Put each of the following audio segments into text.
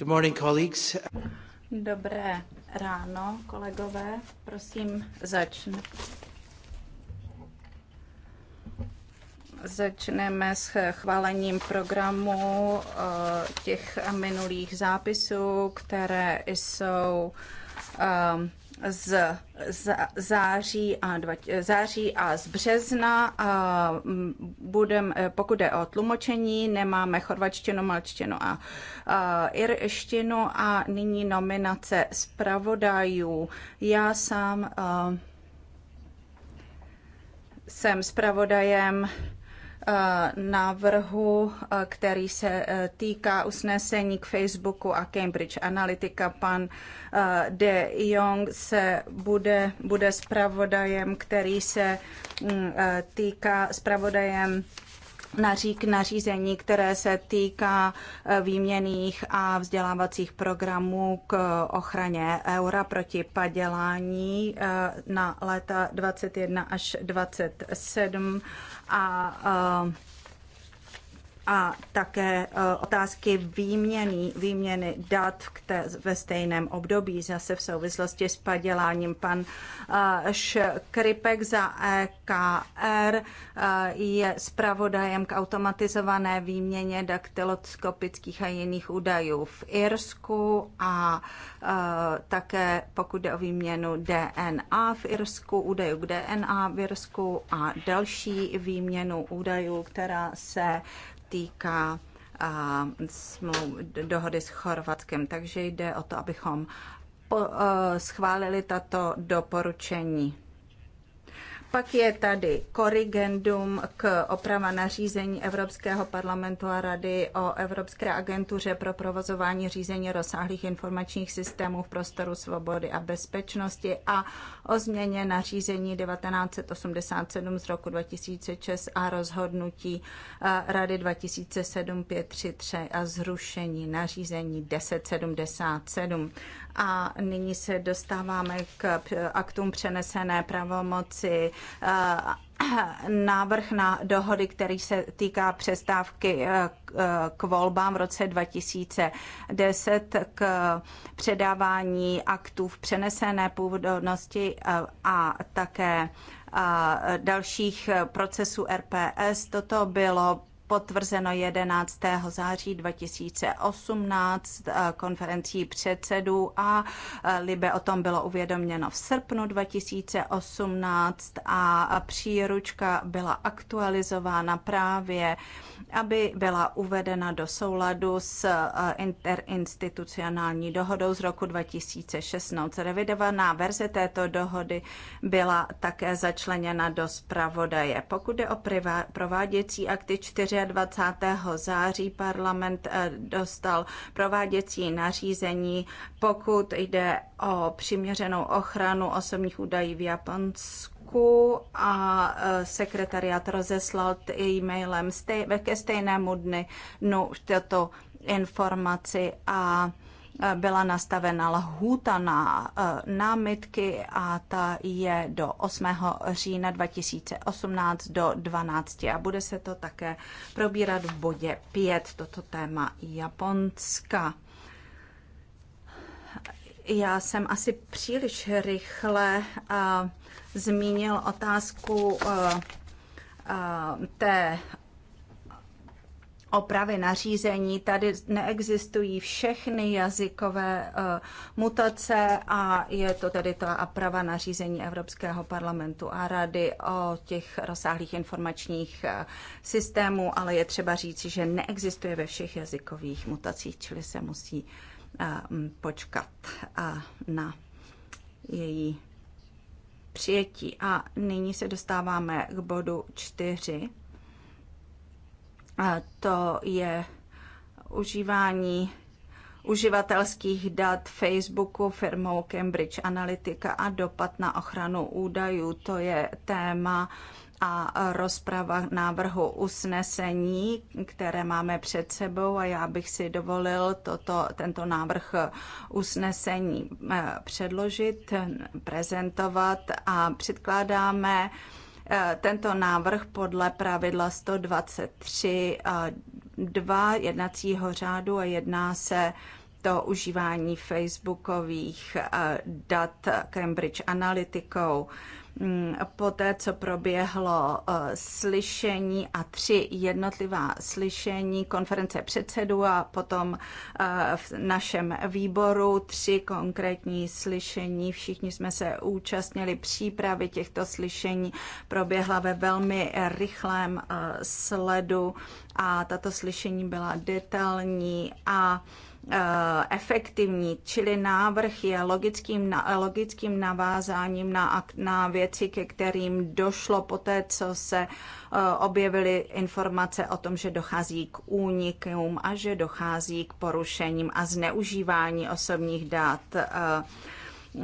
Good morning, colleagues. Dobré ráno, kolegové. Prosím, začn. Začneme s chválením programu eh, těch minulých zápisů, které jsou um, z září a, dva, září a z března. A budem, e, pokud jde o tlumočení, nemáme chorvačtinu, malčtinu a, a irštinu a nyní nominace zpravodajů. Já sám a, jsem zpravodajem Eh, návrhu, eh, který se eh, týká usnesení k Facebooku a Cambridge Analytica. Pan De Jong se bude, bude zpravodajem, který se mm, týká zpravodajem nařík nařízení, které se týká výměných a vzdělávacích programů k ochraně eura proti padělání na léta 21 až 27 a a také e, otázky výměny, výměny dat té, ve stejném období, zase v souvislosti s paděláním. Pan e, Škripek za EKR e, je zpravodajem k automatizované výměně daktyloskopických a jiných údajů v Irsku a také pokud jde o výměnu DNA v Irsku, údajů k DNA v Irsku a další výměnu údajů, která se týká dohody s Chorvatskem. Takže jde o to, abychom schválili tato doporučení. Pak je tady korigendum k oprava nařízení Evropského parlamentu a rady o Evropské agentuře pro provozování řízení rozsáhlých informačních systémů v prostoru svobody a bezpečnosti a o změně nařízení 1987 z roku 2006 a rozhodnutí eh, rady 2007 533 a zrušení nařízení 1077. A nyní se dostáváme k aktům přenesené pravomoci eh, návrh na dohody, který se týká přestávky eh, eh, k volbám v roce 2010 k předávání aktů v přenesené původnosti a také dalších procesů RPS. Toto bylo potvrzeno 11. září 2018 eh, konferencí předsedů a eh, Libe o tom bylo uvědoměno v srpnu 2018 a příručka byla aktualizována právě, aby byla uvedena do souladu s eh, interinstitucionální dohodou z roku 2016. Revidovaná verze této dohody byla také začleněna do zpravodaje. Pokud je o prováděcí akty čtyři 23. září parlament eh, dostal prováděcí nařízení, pokud jde o přiměřenou ochranu osobních údajů v Japonsku a eh, sekretariat rozeslal e-mailem ke stejnému dny no, tato informaci a Eh, byla nastavena lhůta na eh, námitky a ta je do 8. října 2018 do 12. A bude se to také probírat v bodě 5, toto téma Japonska. Já jsem asi příliš rychle uh, zmínil otázku uh, té opravy nařízení. Tady neexistují všechny jazykové eh, mutace a je to tedy ta oprava nařízení Evropského parlamentu a rady o těch rozsáhlých informačních eh, systémů, ale je třeba říci, že neexistuje ve všech jazykových mutacích, čili se musí eh, mm, počkat na její přijetí. A nyní se dostáváme k bodu čtyři to je užívání uživatelských dat Facebooku firmou Cambridge Analytica a dopad na ochranu údajů. To je téma a rozprava návrhu usnesení, které máme před sebou a já bych si dovolil toto, tento návrh usnesení eh, předložit, prezentovat a předkládáme Eh, tento návrh podle pravidla 123 2 eh, jednacího řádu a jedná se to užívání facebookových eh, dat Cambridge Analytikou. Mm, po té, co proběhlo eh, slyšení a tři jednotlivá slyšení konference předsedů a potom eh, v našem výboru tři konkrétní slyšení. Všichni jsme se účastnili přípravy těchto slyšení. Proběhla ve velmi rychlém eh, sledu a tato slyšení byla detailní a Eh, efektivní, čili návrh je logickým, logickým navázáním na, na věci, ke kterým došlo po té, co se eh, objevily informace o tom, že dochází k únikům a že dochází k porušením a zneužívání osobních dat. Eh,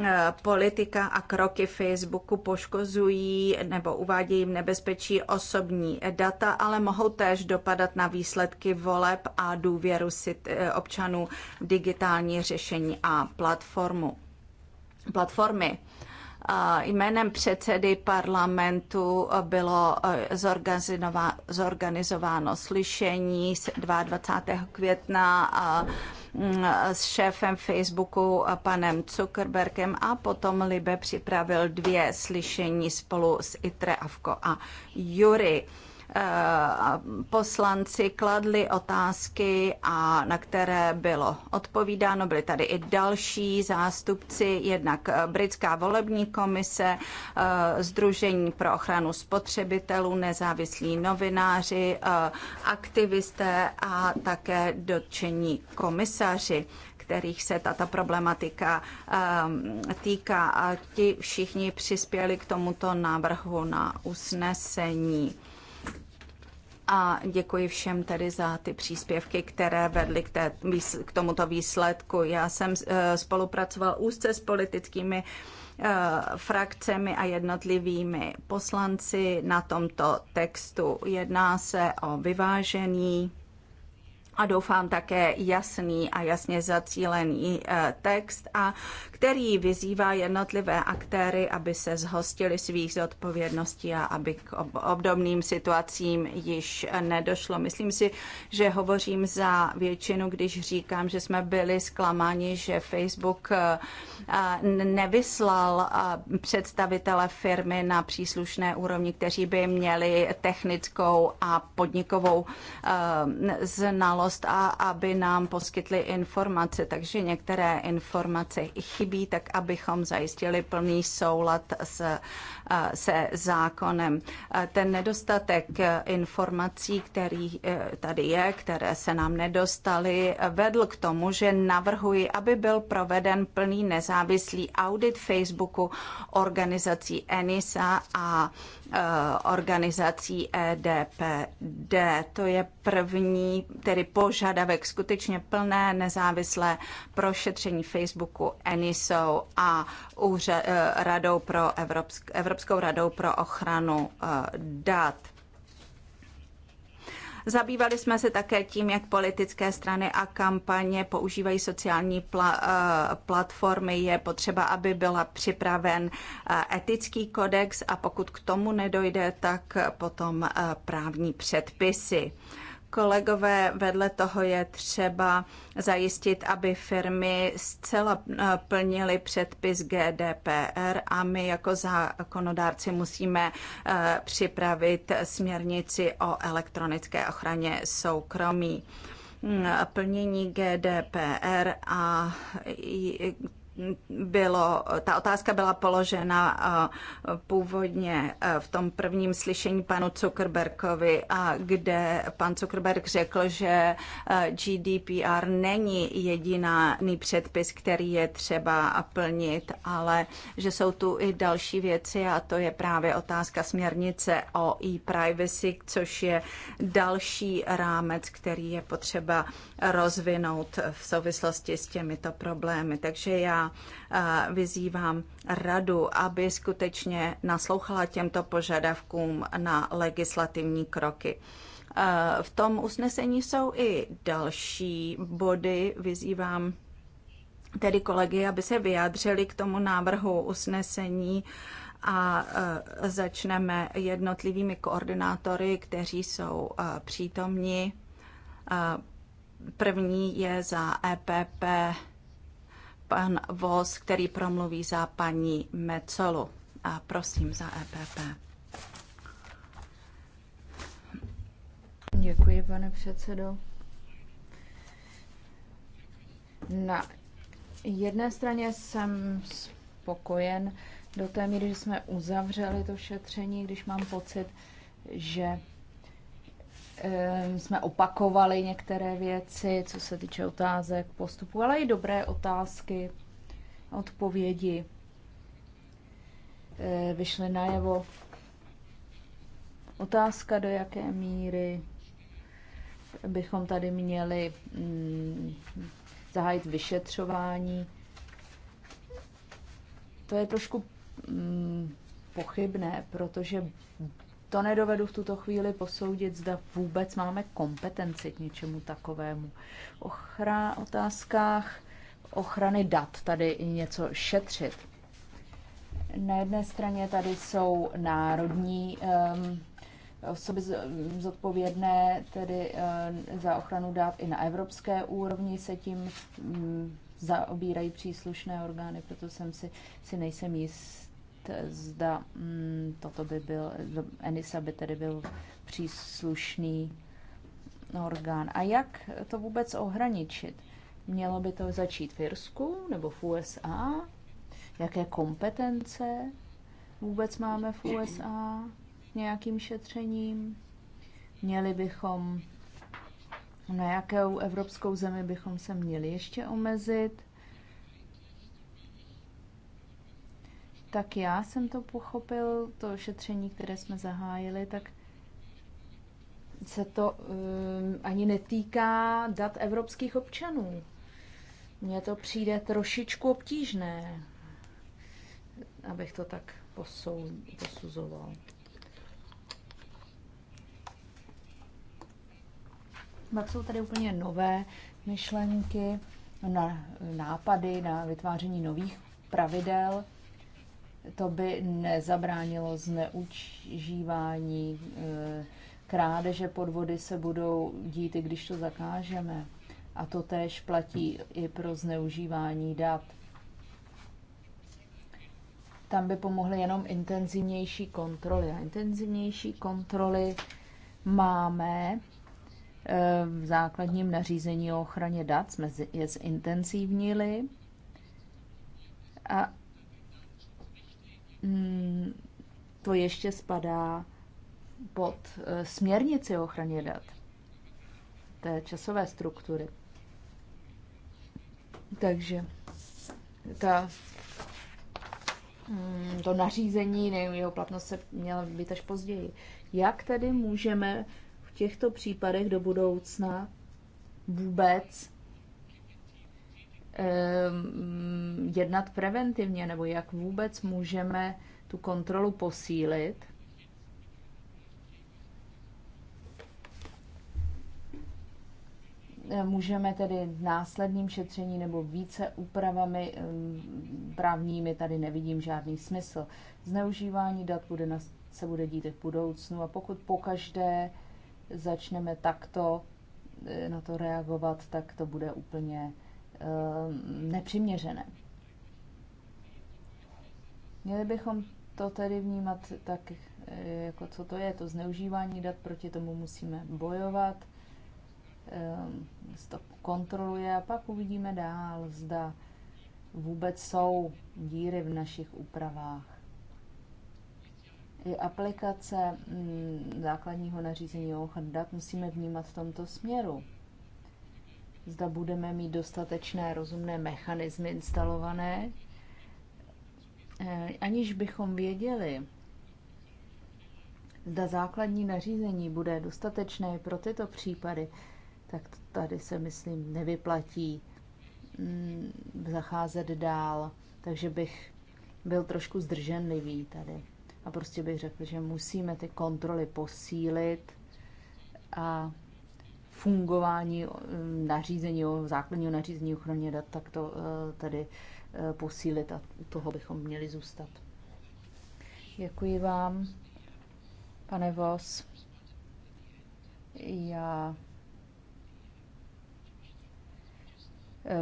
Eh, politika a kroky Facebooku poškozují nebo uvádějí v nebezpečí osobní data, ale mohou též dopadat na výsledky voleb a důvěru eh, občanů v digitální řešení a platformu. platformy eh, jménem předsedy parlamentu bylo zorganizováno slyšení 22. května Mm, s šéfem Facebooku panem Zuckerbergem a potom Libe připravil dvě slyšení spolu s Itre Avko a Jury. Eh, poslanci kladli otázky a na které bylo odpovídáno. Byli tady i další zástupci, jednak eh, Britská volební komise, Združení eh, pro ochranu spotřebitelů, nezávislí novináři, aktivisté a také dotčení komisaři kterých se tato problematika týká. A ti všichni přispěli k tomuto návrhu na usnesení a děkuji všem tedy za ty příspěvky, které vedly k, té, k tomuto výsledku. Já jsem eh, spolupracoval úzce s politickými eh, frakcemi a jednotlivými poslanci na tomto textu. Jedná se o vyvážený a doufám také jasný a jasně zacílený eh, text, a který vyzývá jednotlivé aktéry, aby se zhostili svých zodpovědností a aby k obdobným situacím již nedošlo. Myslím si, že hovořím za většinu, když říkám, že jsme byli zklamáni, že Facebook eh, nevyslal eh, představitele firmy na příslušné úrovni, kteří by měli technickou a podnikovou eh, znalost a aby nám poskytli informace. Takže některé informace chybí chybí, tak abychom zajistili plný soulad s se zákonem. Ten nedostatek informací, který e, tady je, které se nám nedostaly, vedl k tomu, že navrhuji, aby byl proveden plný nezávislý audit Facebooku organizací ENISA a e, organizací EDPD. To je první, tedy požadavek skutečně plné nezávislé prošetření Facebooku ENISA a úřad, e, Radou pro Evropské, Evropské Evropskou radou pro ochranu eh, dat. Zabývali jsme se také tím, jak politické strany a kampaně používají sociální pla- eh, platformy. Je potřeba, aby byla připraven eh, etický kodex a pokud k tomu nedojde, tak potom právní předpisy. Kolegové, vedle toho je třeba zajistit, aby firmy zcela eh, plnily předpis GDPR a my jako zákonodárci musíme eh, připravit směrnici o elektronické ochraně soukromí hmm, plnění GDPR a bylo, ta otázka byla položena eh, původně eh, v tom prvním slyšení panu Zuckerbergovi, a kde pan Zuckerberg řekl, že eh, GDPR není jediný předpis, který je třeba plnit, ale že jsou tu i další věci a to je právě otázka směrnice o e-privacy, což je další rámec, který je potřeba rozvinout v souvislosti s těmito problémy. Takže já vyzývám radu, aby skutečně naslouchala těmto požadavkům na legislativní kroky. V tom usnesení jsou i další body. Vyzývám tedy kolegy, aby se vyjádřili k tomu návrhu usnesení a začneme jednotlivými koordinátory, kteří jsou přítomni. První je za EPP pan Vos, který promluví za paní Mecolu. A prosím za EPP. Děkuji, pane předsedo. Na jedné straně jsem spokojen do té míry, že jsme uzavřeli to šetření, když mám pocit, že Ehm, jsme opakovali některé věci, co se týče otázek, postupu, ale i dobré otázky, odpovědi eh, vyšly najevo. Otázka, do jaké míry bychom tady měli mm, zahájit vyšetřování, to je trošku mm, pochybné, protože to nedovedu v tuto chvíli posoudit, zda vůbec máme kompetenci k něčemu takovému. Ochra, otázkách ochrany dat tady něco šetřit. Na jedné straně tady jsou národní um, osoby zodpovědné tedy um, za ochranu dat i na evropské úrovni se tím um, zaobírají příslušné orgány, proto jsem si, si nejsem jist, zda mm, toto by byl, Enisa by tedy byl příslušný orgán. A jak to vůbec ohraničit? Mělo by to začít v Irsku nebo v USA? Jaké kompetence vůbec máme v USA nějakým šetřením? Měli bychom, na jakou evropskou zemi bychom se měli ještě omezit? tak já jsem to pochopil, to šetření, které jsme zahájili, tak se to um, ani netýká dat evropských občanů. Mně to přijde trošičku obtížné, abych to tak posou, posuzoval. Pak jsou tady úplně nové myšlenky, na, nápady na vytváření nových pravidel to by nezabránilo zneužívání, eh, krádeže, podvody se budou dít, i když to zakážeme. A to též platí i pro zneužívání dat. Tam by pomohly jenom intenzivnější kontroly. A intenzivnější kontroly máme eh, v základním nařízení o ochraně dat, jsme je zintenzivnili. a Mm, to ještě spadá pod eh, směrnici o ochraně dat té časové struktury. Takže ta, mm, to nařízení, jeho platnost se měla být až později. Jak tedy můžeme v těchto případech do budoucna vůbec Ehm, jednat preventivně, nebo jak vůbec můžeme tu kontrolu posílit. Můžeme tedy následným šetření nebo více úpravami ehm, právními, tady nevidím žádný smysl. Zneužívání dat bude na, se bude dít v budoucnu a pokud pokaždé začneme takto eh, na to reagovat, tak to bude úplně Eh, nepřiměřené. Měli bychom to tedy vnímat tak, eh, jako co to je, to zneužívání dat, proti tomu musíme bojovat, eh, to kontroluje a pak uvidíme dál, zda vůbec jsou díry v našich úpravách. I aplikace mm, základního nařízení o dat musíme vnímat v tomto směru zda budeme mít dostatečné rozumné mechanismy instalované, eh, aniž bychom věděli, zda základní nařízení bude dostatečné pro tyto případy, tak tady se, myslím, nevyplatí mm, zacházet dál. Takže bych byl trošku zdrženlivý tady. A prostě bych řekl, že musíme ty kontroly posílit a fungování eh, nařízení, o základního nařízení ochraně dat, tak to eh, tady eh, posílit a toho bychom měli zůstat. Děkuji vám, pane Vos. Já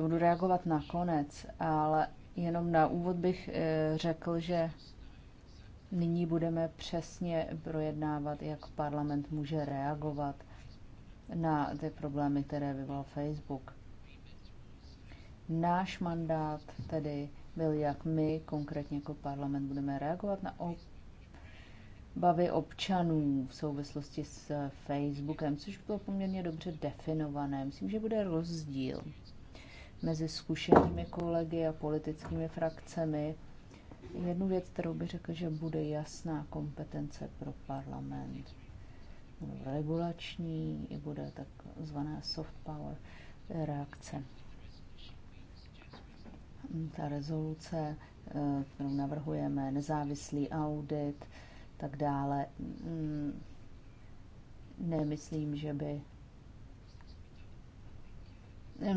budu reagovat na konec, ale jenom na úvod bych řekl, že nyní budeme přesně projednávat, jak parlament může reagovat na ty problémy, které vyvolal Facebook. Náš mandát tedy byl, jak my, konkrétně jako parlament, budeme reagovat na obavy občanů v souvislosti s Facebookem, což bylo poměrně dobře definované. Myslím, že bude rozdíl mezi zkušenými kolegy a politickými frakcemi. Jednu věc, kterou bych řekl, že bude jasná kompetence pro parlament regulační, i bude takzvaná soft power reakce. Ta rezoluce, kterou navrhujeme, nezávislý audit, tak dále, mm, nemyslím, že by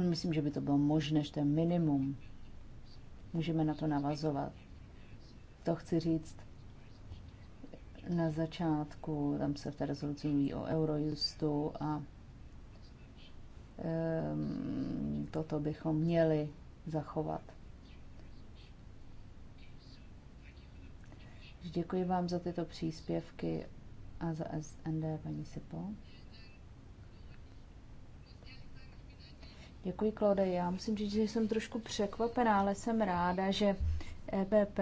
Myslím, že by to bylo možné, že to je minimum. Můžeme na to navazovat. To chci říct na začátku, tam se v té rezoluci mluví o Eurojustu a um, toto bychom měli zachovat. Děkuji vám za tyto příspěvky a za SND, paní Sipo. Děkuji, Klode. Já musím říct, že jsem trošku překvapená, ale jsem ráda, že EPP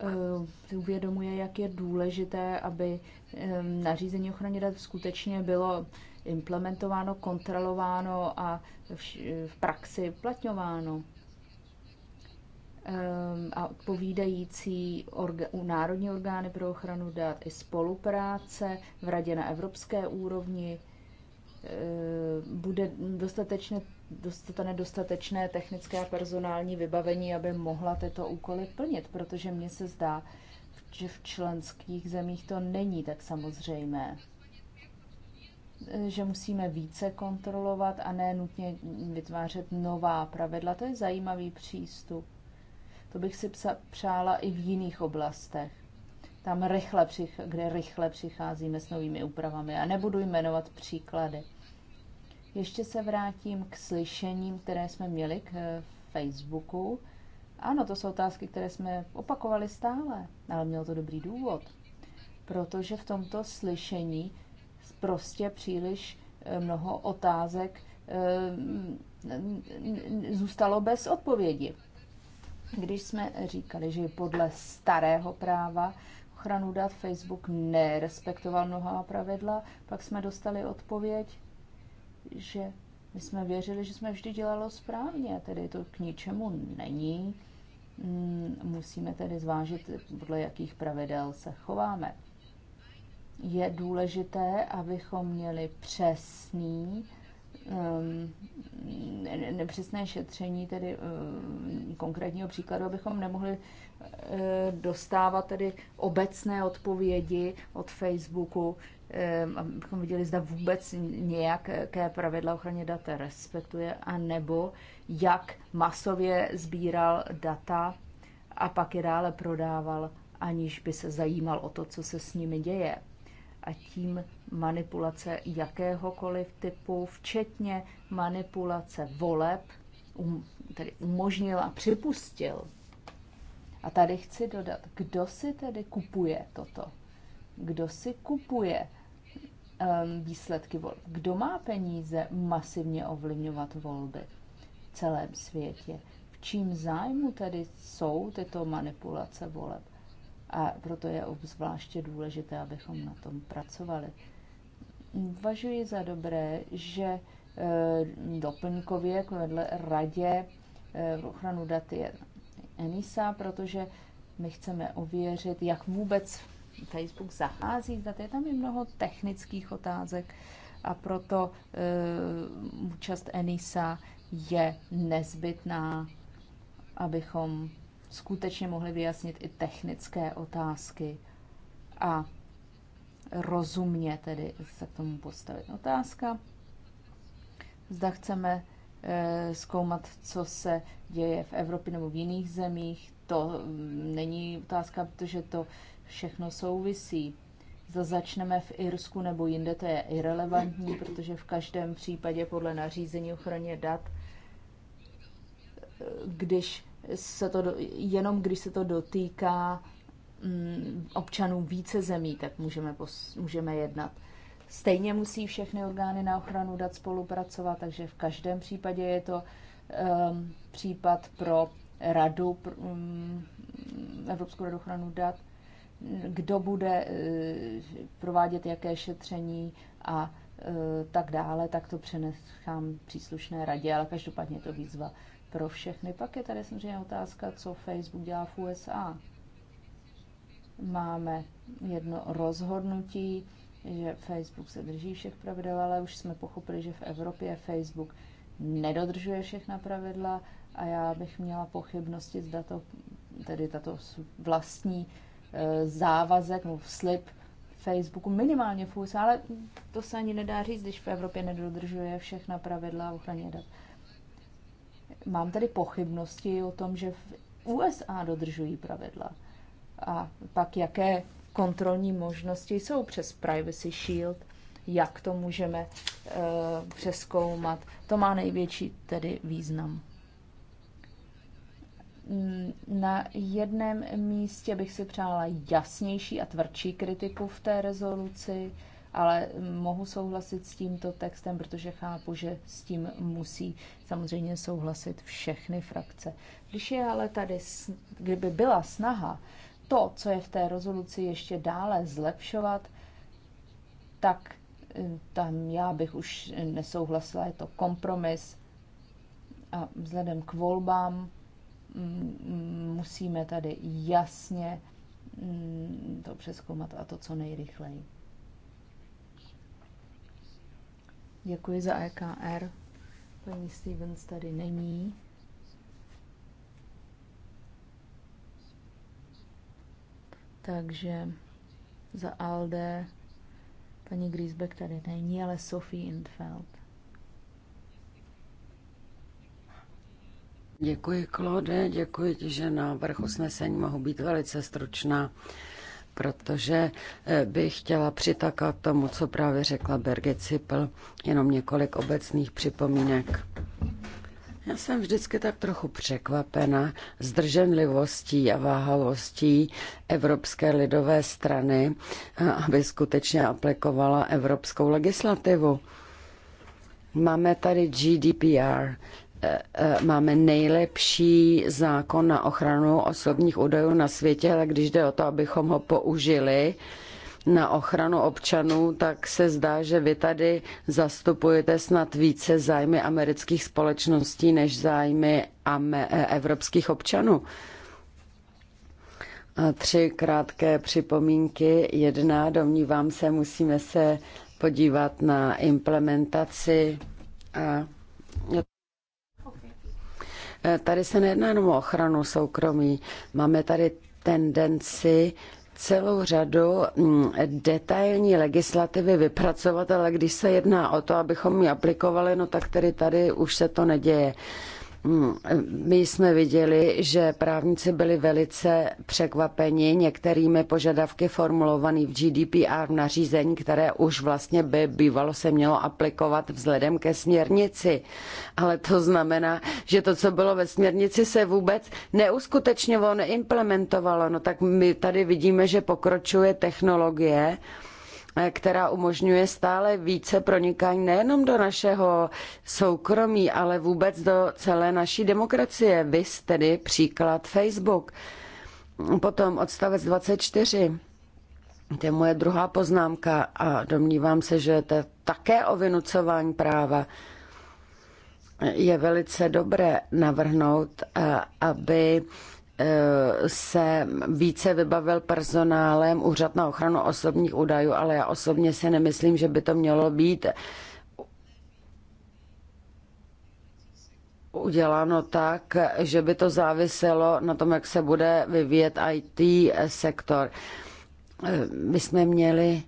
si eh, uvědomuje, jak je důležité, aby nařízení ochrany dat skutečně bylo implementováno, kontrolováno a v praxi uplatňováno. A odpovídající orga, národní orgány pro ochranu dat i spolupráce v radě na evropské úrovni eh, bude dostatečně dostane dostatečné technické a personální vybavení, aby mohla tyto úkoly plnit, protože mně se zdá, že v členských zemích to není tak samozřejmé. Že musíme více kontrolovat a ne nutně vytvářet nová pravidla. To je zajímavý přístup. To bych si přála i v jiných oblastech. Tam rychle, kde rychle přicházíme s novými úpravami. A nebudu jmenovat příklady ještě se vrátím k slyšením, které jsme měli k eh, Facebooku. Ano, to jsou otázky, které jsme opakovali stále, ale měl to dobrý důvod. Protože v tomto slyšení prostě příliš eh, mnoho otázek eh, zůstalo bez odpovědi. Když jsme říkali, že podle starého práva ochranu dat Facebook nerespektoval mnoha pravidla, pak jsme dostali odpověď, že my jsme věřili, že jsme vždy dělalo správně, tedy to k ničemu není. Mm, musíme tedy zvážit, podle jakých pravidel se chováme. Je důležité, abychom měli přesný Ehm, nepřesné šetření tedy ehm, konkrétního příkladu, abychom nemohli eh, dostávat tedy obecné odpovědi od Facebooku, ehm, abychom viděli, zda vůbec nějaké pravidla ochraně dat respektuje, anebo jak masově sbíral data a pak je dále prodával, aniž by se zajímal o to, co se s nimi děje. A tím manipulace jakéhokoliv typu, včetně manipulace voleb, um, tedy umožnil a připustil. A tady chci dodat, kdo si tedy kupuje toto? Kdo si kupuje um, výsledky voleb? Kdo má peníze masivně ovlivňovat volby v celém světě? V čím zájmu tedy jsou tyto manipulace voleb? A proto je obzvláště důležité, abychom na tom pracovali. Uvažuji za dobré, že eh, doplňkově k radě eh, ochranu dat je ENISA, protože my chceme ověřit, jak vůbec Facebook zachází s daty. Tam je mnoho technických otázek a proto eh, účast ENISA je nezbytná, abychom skutečně mohli vyjasnit i technické otázky a rozumně tedy se k tomu postavit. Otázka, zda chceme eh, zkoumat, co se děje v Evropě nebo v jiných zemích, to mm, není otázka, protože to všechno souvisí. Zda začneme v Irsku nebo jinde, to je irrelevantní, protože v každém případě podle nařízení ochraně dat, eh, když se to, jenom když se to dotýká Mm, Občanů více zemí, tak můžeme, můžeme jednat. Stejně musí všechny orgány na ochranu dat spolupracovat, takže v každém případě je to um, případ pro radu, um, Evropskou radu ochranu dat, kdo bude uh, provádět jaké šetření a uh, tak dále, tak to přenechám příslušné radě, ale každopádně je to výzva pro všechny. Pak je tady samozřejmě otázka, co Facebook dělá v USA. Máme jedno rozhodnutí, že Facebook se drží všech pravidel, ale už jsme pochopili, že v Evropě Facebook nedodržuje všechna pravidla a já bych měla pochybnosti, zda to, tedy tato vlastní e, závazek nebo slib Facebooku, minimálně fůz, ale to se ani nedá říct, když v Evropě nedodržuje všechna pravidla o ochraně dat. Mám tady pochybnosti o tom, že v USA dodržují pravidla. A pak jaké kontrolní možnosti jsou přes Privacy Shield, jak to můžeme e, přeskoumat. To má největší tedy význam. Mm, na jednom místě bych si přála jasnější a tvrdší kritiku v té rezoluci, ale mohu souhlasit s tímto textem, protože chápu, že s tím musí samozřejmě souhlasit všechny frakce. Když je ale tady, kdyby byla snaha to, co je v té rezoluci ještě dále zlepšovat, tak eh, tam já bych už nesouhlasila, je to kompromis. A vzhledem k volbám mm, musíme tady jasně mm, to přeskoumat a to co nejrychleji. Děkuji za EKR. Paní Stevens tady není. Takže za Alde paní Griesbeck tady není, ale Sophie Infeld. Děkuji, Klode, děkuji ti, že návrh usnesení mohu být velice stručná, protože eh, bych chtěla přitakat tomu, co právě řekla Birgit Cipel, jenom několik obecných připomínek. Já jsem vždycky tak trochu překvapena zdrženlivostí a váhavostí Evropské lidové strany, aby skutečně aplikovala evropskou legislativu. Máme tady GDPR, e, e, máme nejlepší zákon na ochranu osobních údajů na světě, ale když jde o to, abychom ho použili, na ochranu občanů, tak se zdá, že vy tady zastupujete snad více zájmy amerických společností než zájmy e, evropských občanů. Tři krátké připomínky. Jedna, domnívám se, musíme se podívat na implementaci. A Tady se nejedná jenom o ochranu soukromí. Máme tady tendenci celou řadu mm, detailní legislativy vypracovat, ale když se jedná o to, abychom ji aplikovali, no tak tedy tady už se to neděje. Mm, my jsme viděli, že právníci byli velice překvapeni některými požadavky formulovaný v GDPR v nařízení, které už vlastně by bývalo se mělo aplikovat vzhledem ke směrnici. Ale to znamená, že to, co bylo ve směrnici, se vůbec neuskutečňovalo, neimplementovalo. No tak my tady vidíme, že pokročuje technologie, která umožňuje stále více pronikání nejenom do našeho soukromí, ale vůbec do celé naší demokracie. Vys tedy příklad Facebook. Potom odstavec 24. To je moje druhá poznámka a domnívám se, že to je také o vynucování práva. Je velice dobré navrhnout, eh, aby Eh, se více vybavil personálem úřad na ochranu osobních údajů, ale já osobně si nemyslím, že by to mělo být uděláno tak, že by to záviselo na tom, jak se bude vyvíjet IT sektor. Eh, my jsme měli,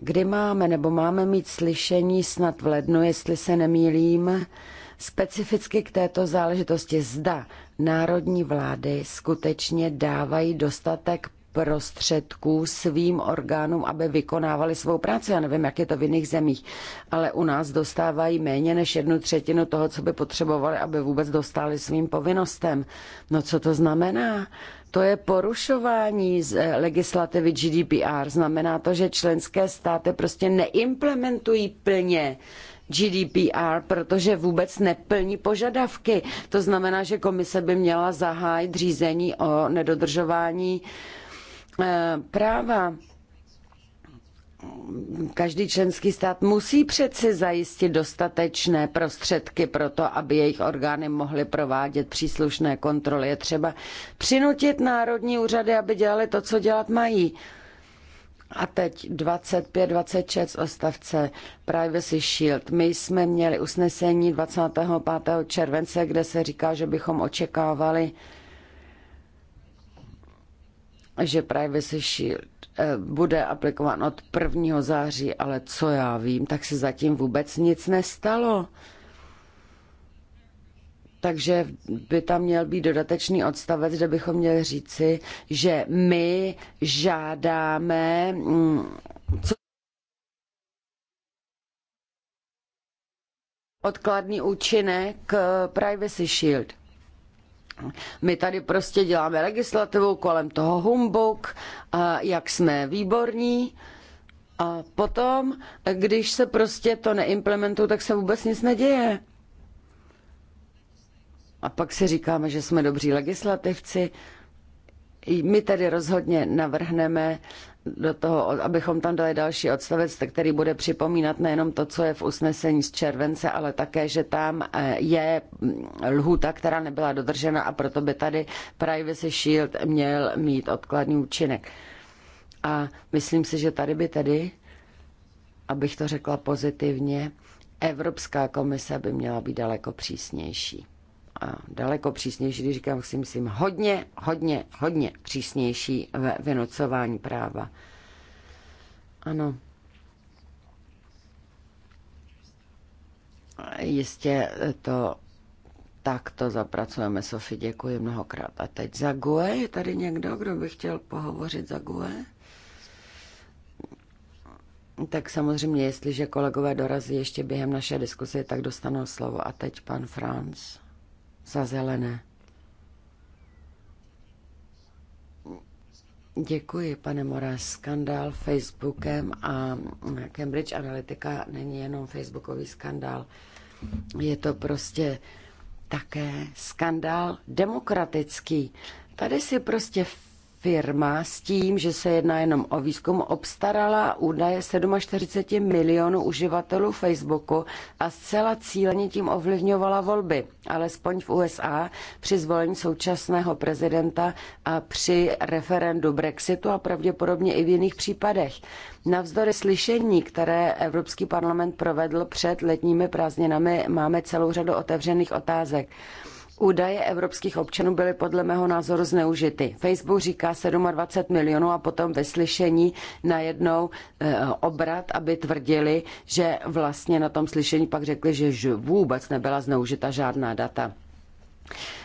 kdy máme, nebo máme mít slyšení snad v lednu, jestli se nemýlím, specificky k této záležitosti. Zda národní vlády skutečně dávají dostatek prostředků svým orgánům, aby vykonávali svou práci. Já nevím, jak je to v jiných zemích, ale u nás dostávají méně než jednu třetinu toho, co by potřebovali, aby vůbec dostali svým povinnostem. No co to znamená? To je porušování z eh, legislativy GDPR. Znamená to, že členské státy prostě neimplementují plně GDPR, protože vůbec neplní požadavky. To znamená, že komise by měla zahájit řízení o nedodržování eh, práva každý členský stát musí přeci zajistit dostatečné prostředky pro to, aby jejich orgány mohly provádět příslušné kontroly. Je třeba přinutit národní úřady, aby dělali to, co dělat mají. A teď 25, 26 ostavce Privacy Shield. My jsme měli usnesení 25. července, kde se říká, že bychom očekávali, že Privacy Shield eh, bude aplikován od 1. září, ale co já vím, tak se zatím vůbec nic nestalo. Takže by tam měl být dodatečný odstavec, kde bychom měli říci, že my žádáme. Mm, co odkladný účinek eh, Privacy Shield. My tady prostě děláme legislativu kolem toho humbuk, a jak jsme výborní. A potom, když se prostě to neimplementuje, tak se vůbec nic neděje. A pak si říkáme, že jsme dobří legislativci. My tedy rozhodně navrhneme do toho, abychom tam dali další odstavec, který bude připomínat nejenom to, co je v usnesení z července, ale také, že tam eh, je mm, lhůta, která nebyla dodržena a proto by tady Privacy Shield měl mít odkladný účinek. A myslím si, že tady by tedy, abych to řekla pozitivně, Evropská komise by měla být daleko přísnější daleko přísnější, když říkám, si myslím, hodně, hodně, hodně přísnější ve vynocování práva. Ano. Jistě to tak to zapracujeme, Sofi, děkuji mnohokrát. A teď za GUE, je tady někdo, kdo by chtěl pohovořit za GUE? Tak samozřejmě, jestliže kolegové dorazí ještě během naše diskuse, tak dostanou slovo. A teď pan Franz za zelené. Děkuji, pane Moraes. Skandál Facebookem a Cambridge Analytica není jenom Facebookový skandál. Je to prostě také skandál demokratický. Tady si prostě firma s tím, že se jedná jenom o výzkum, obstarala údaje 47 milionů uživatelů Facebooku a zcela cíleně tím ovlivňovala volby, alespoň v USA při zvolení současného prezidenta a při referendu Brexitu a pravděpodobně i v jiných případech. Navzdory slyšení, které Evropský parlament provedl před letními prázdninami, máme celou řadu otevřených otázek. Údaje evropských občanů byly podle mého názoru zneužity. Facebook říká 27 milionů a potom ve slyšení najednou e, obrat, aby tvrdili, že vlastně na tom slyšení pak řekli, že vůbec nebyla zneužita žádná data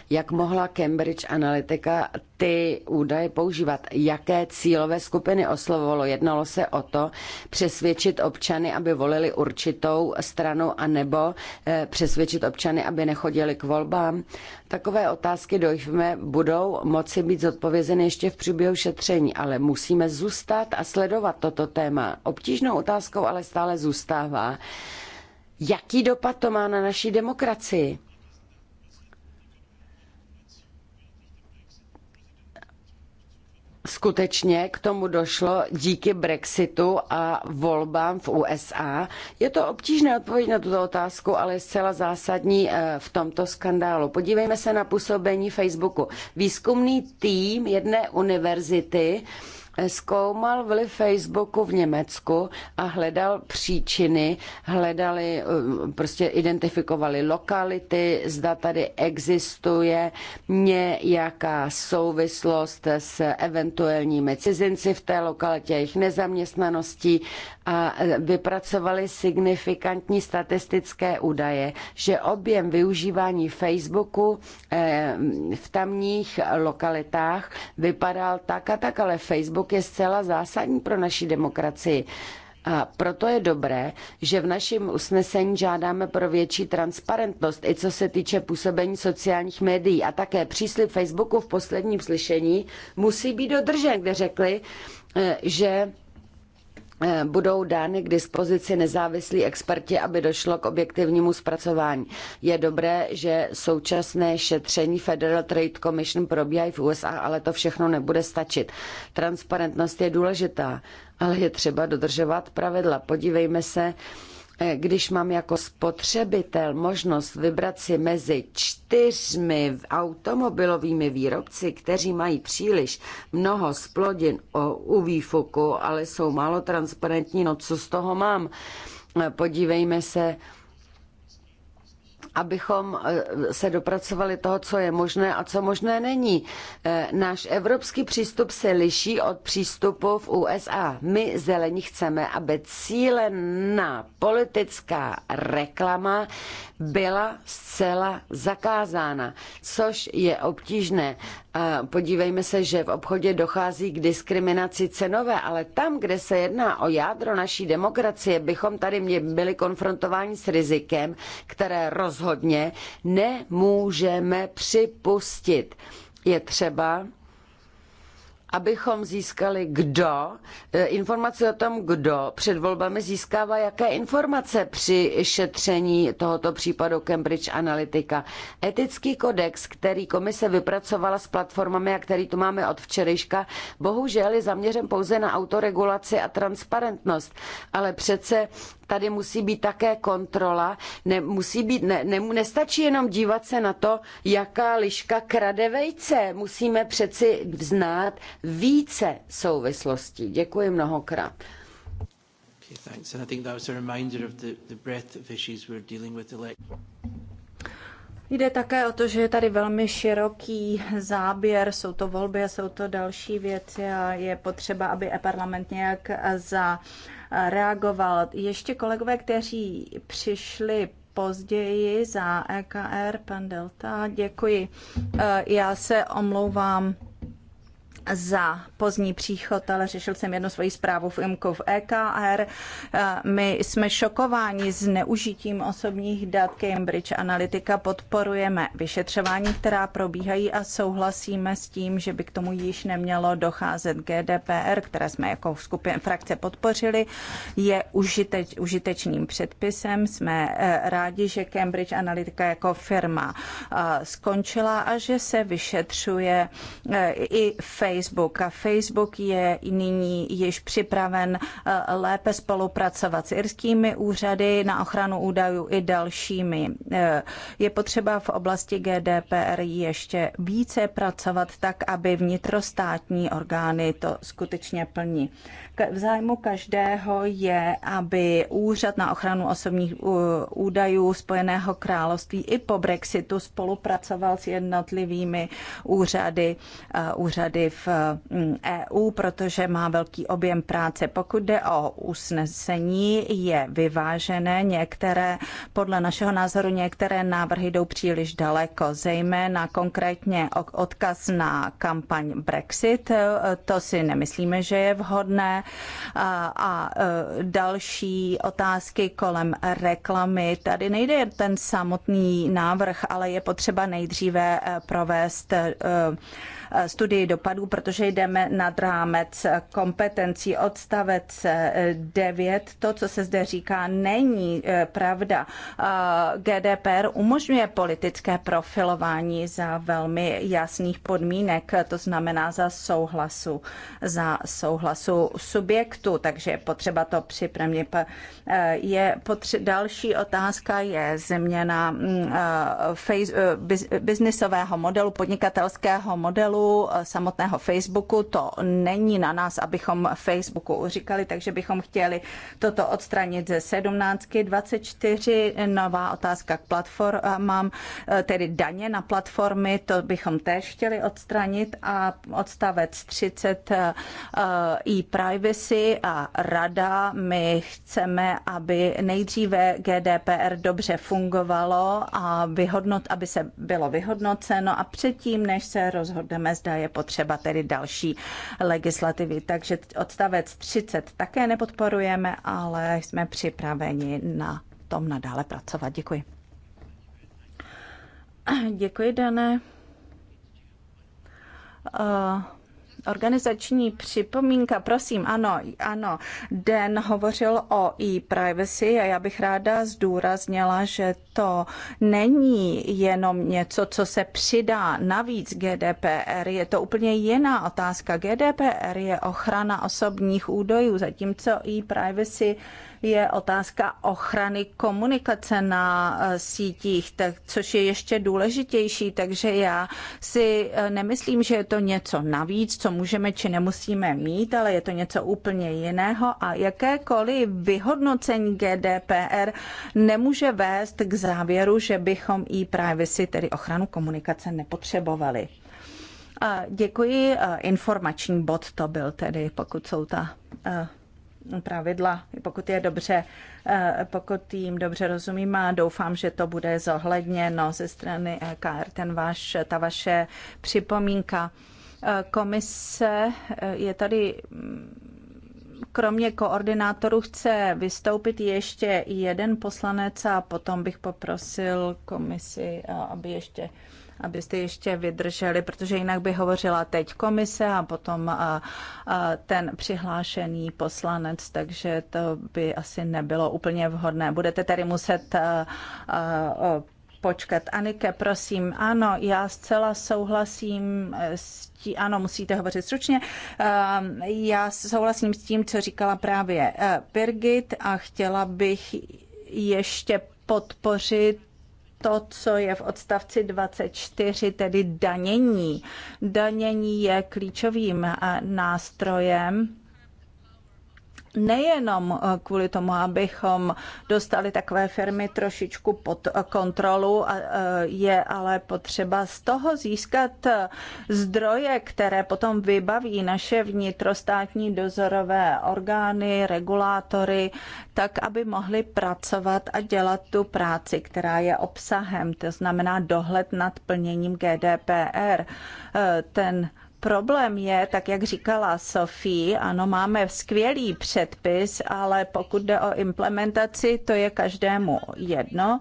jak mohla Cambridge Analytica ty údaje používat, jaké cílové skupiny oslovovalo. Jednalo se o to přesvědčit občany, aby volili určitou stranu, anebo eh, přesvědčit občany, aby nechodili k volbám. Takové otázky, doufíme, budou moci být zodpovězeny ještě v průběhu šetření, ale musíme zůstat a sledovat toto téma. Obtížnou otázkou ale stále zůstává, jaký dopad to má na naší demokracii skutečně k tomu došlo díky Brexitu a volbám v USA. Je to obtížné odpověď na tuto otázku, ale je zcela zásadní eh, v tomto skandálu. Podívejme se na působení Facebooku. Výzkumný tým jedné univerzity Eh, zkoumal vliv Facebooku v Německu a hledal příčiny, hledali, eh, prostě identifikovali lokality, zda tady existuje nějaká souvislost s eventuálními cizinci v té lokalitě, jejich nezaměstnaností a eh, vypracovali signifikantní statistické údaje, že objem využívání Facebooku v tamních lokalitách vypadal tak a tak, ale Facebook Facebook je zcela zásadní pro naši demokracii. A proto je dobré, že v našem usnesení žádáme pro větší transparentnost, i co se týče působení sociálních médií. A také příslip Facebooku v posledním slyšení musí být dodržen, kde řekli, eh, že Eh, budou dány k dispozici nezávislí experti, aby došlo k objektivnímu zpracování. Je dobré, že současné šetření Federal Trade Commission probíhají v USA, ale to všechno nebude stačit. Transparentnost je důležitá, ale je třeba dodržovat pravidla. Podívejme se, Eh, když mám jako spotřebitel možnost vybrat si mezi čtyřmi automobilovými výrobci, kteří mají příliš mnoho splodin u výfuku, ale jsou málo transparentní, no co z toho mám? Eh, podívejme se abychom eh, se dopracovali toho, co je možné a co možné není. Eh, náš evropský přístup se liší od přístupu v USA. My zelení chceme, aby cílená politická reklama byla zcela zakázána, což je obtížné Podívejme se, že v obchodě dochází k diskriminaci cenové, ale tam, kde se jedná o jádro naší demokracie, bychom tady byli konfrontováni s rizikem, které rozhodně nemůžeme připustit. Je třeba abychom získali kdo, e, informace o tom, kdo před volbami získává jaké informace při šetření tohoto případu Cambridge Analytica. Etický kodex, který komise vypracovala s platformami a který tu máme od včerejška, bohužel je zaměřen pouze na autoregulaci a transparentnost, ale přece tady musí být také kontrola. Ne, musí být, ne, ne, nestačí jenom dívat se na to, jaká liška krade vejce. Musíme přeci znát více souvislostí. Děkuji mnohokrát. Jde také o to, že je tady velmi široký záběr, jsou to volby a jsou to další věci a je potřeba, aby e parlament nějak za reagoval. Ještě kolegové, kteří přišli později za EKR, pan Delta, děkuji. Eh, já se omlouvám za pozdní příchod, ale řešil jsem jednu svoji zprávu v IMKU v EKR. E, my jsme šokováni s neužitím osobních dat Cambridge Analytica, podporujeme vyšetřování, která probíhají a souhlasíme s tím, že by k tomu již nemělo docházet GDPR, které jsme jako skupin, frakce podpořili, je užiteč, užitečným předpisem. Jsme e, rádi, že Cambridge Analytica jako firma e, skončila a že se vyšetřuje i fake Facebook. A Facebook je nyní již připraven eh, lépe spolupracovat s irskými úřady na ochranu údajů i dalšími. Eh, je potřeba v oblasti GDPR ještě více pracovat tak, aby vnitrostátní orgány to skutečně plní. V zájmu každého je, aby úřad na ochranu osobních údajů Spojeného království i po Brexitu spolupracoval s jednotlivými úřady, eh, úřady v mm, EU, protože má velký objem práce. Pokud jde o usnesení, je vyvážené. Některé, podle našeho názoru, některé návrhy jdou příliš daleko, zejména konkrétně odkaz na kampaň Brexit. Eh, to si nemyslíme, že je vhodné a e, další otázky kolem reklamy. Tady nejde ten samotný návrh, ale je potřeba nejdříve e, provést e, studii dopadů, protože jdeme nad rámec kompetencí. Odstavec 9, to, co se zde říká, není eh, pravda. Eh, GDPR umožňuje politické profilování za velmi jasných podmínek, to znamená za souhlasu, za souhlasu subjektu, takže je potřeba to připravit. Eh, je potře- další otázka je změna mm, face- biznisového modelu, podnikatelského modelu, úkolů samotného Facebooku. To není na nás, abychom Facebooku říkali, takže bychom chtěli toto odstranit ze 17. 24. Nová otázka k platformám, tedy daně na platformy, to bychom též chtěli odstranit a odstavec 30 eh, eh, e-privacy a rada. My chceme, aby nejdříve GDPR dobře fungovalo a vyhodnot, aby se bylo vyhodnoceno a předtím, než se rozhodneme zda je potřeba tedy další legislativy. Takže odstavec 30 také nepodporujeme, ale jsme připraveni na tom nadále pracovat. Děkuji. Děkuji, Dané. Uh, Organizační připomínka, prosím, ano, ano. Den hovořil o e-privacy a já bych ráda zdůraznila, že to není jenom něco, co se přidá navíc GDPR, je to úplně jiná otázka. GDPR je ochrana osobních údajů, zatímco e-privacy je otázka ochrany komunikace na eh, sítích, tak, což je ještě důležitější, takže já si eh, nemyslím, že je to něco navíc, co můžeme či nemusíme mít, ale je to něco úplně jiného a jakékoliv vyhodnocení GDPR nemůže vést k závěru, že bychom i privacy, tedy ochranu komunikace, nepotřebovali. Eh, děkuji. Informační bod to byl tedy, pokud jsou ta pravidla, pokud je dobře, eh, pokud jim dobře rozumím a doufám, že to bude zohledněno ze strany e KR, ten váš, ta vaše připomínka. Eh, komise eh, je tady mm, kromě koordinátorů chce vystoupit ještě jeden poslanec a potom bych poprosil komisi, aby ještě abyste ještě vydrželi, protože jinak by hovořila teď komise a potom ten přihlášený poslanec, takže to by asi nebylo úplně vhodné. Budete tedy muset počkat. Anike, prosím, ano, já zcela souhlasím s tím, ano, musíte hovořit stručně. Já souhlasím s tím, co říkala právě e, Birgit a chtěla bych ještě podpořit to, co je v odstavci 24, tedy danění. Danění je klíčovým eh, nástrojem nejenom eh, kvůli tomu, abychom dostali takové firmy trošičku pod eh, kontrolu, eh, je ale potřeba z toho získat zdroje, které potom vybaví naše vnitrostátní dozorové orgány, regulátory, tak, aby mohli pracovat a dělat tu práci, která je obsahem, to znamená dohled nad plněním GDPR. Ten Problém je, tak jak říkala Sofie, ano, máme skvělý předpis, ale pokud jde o implementaci, to je každému jedno.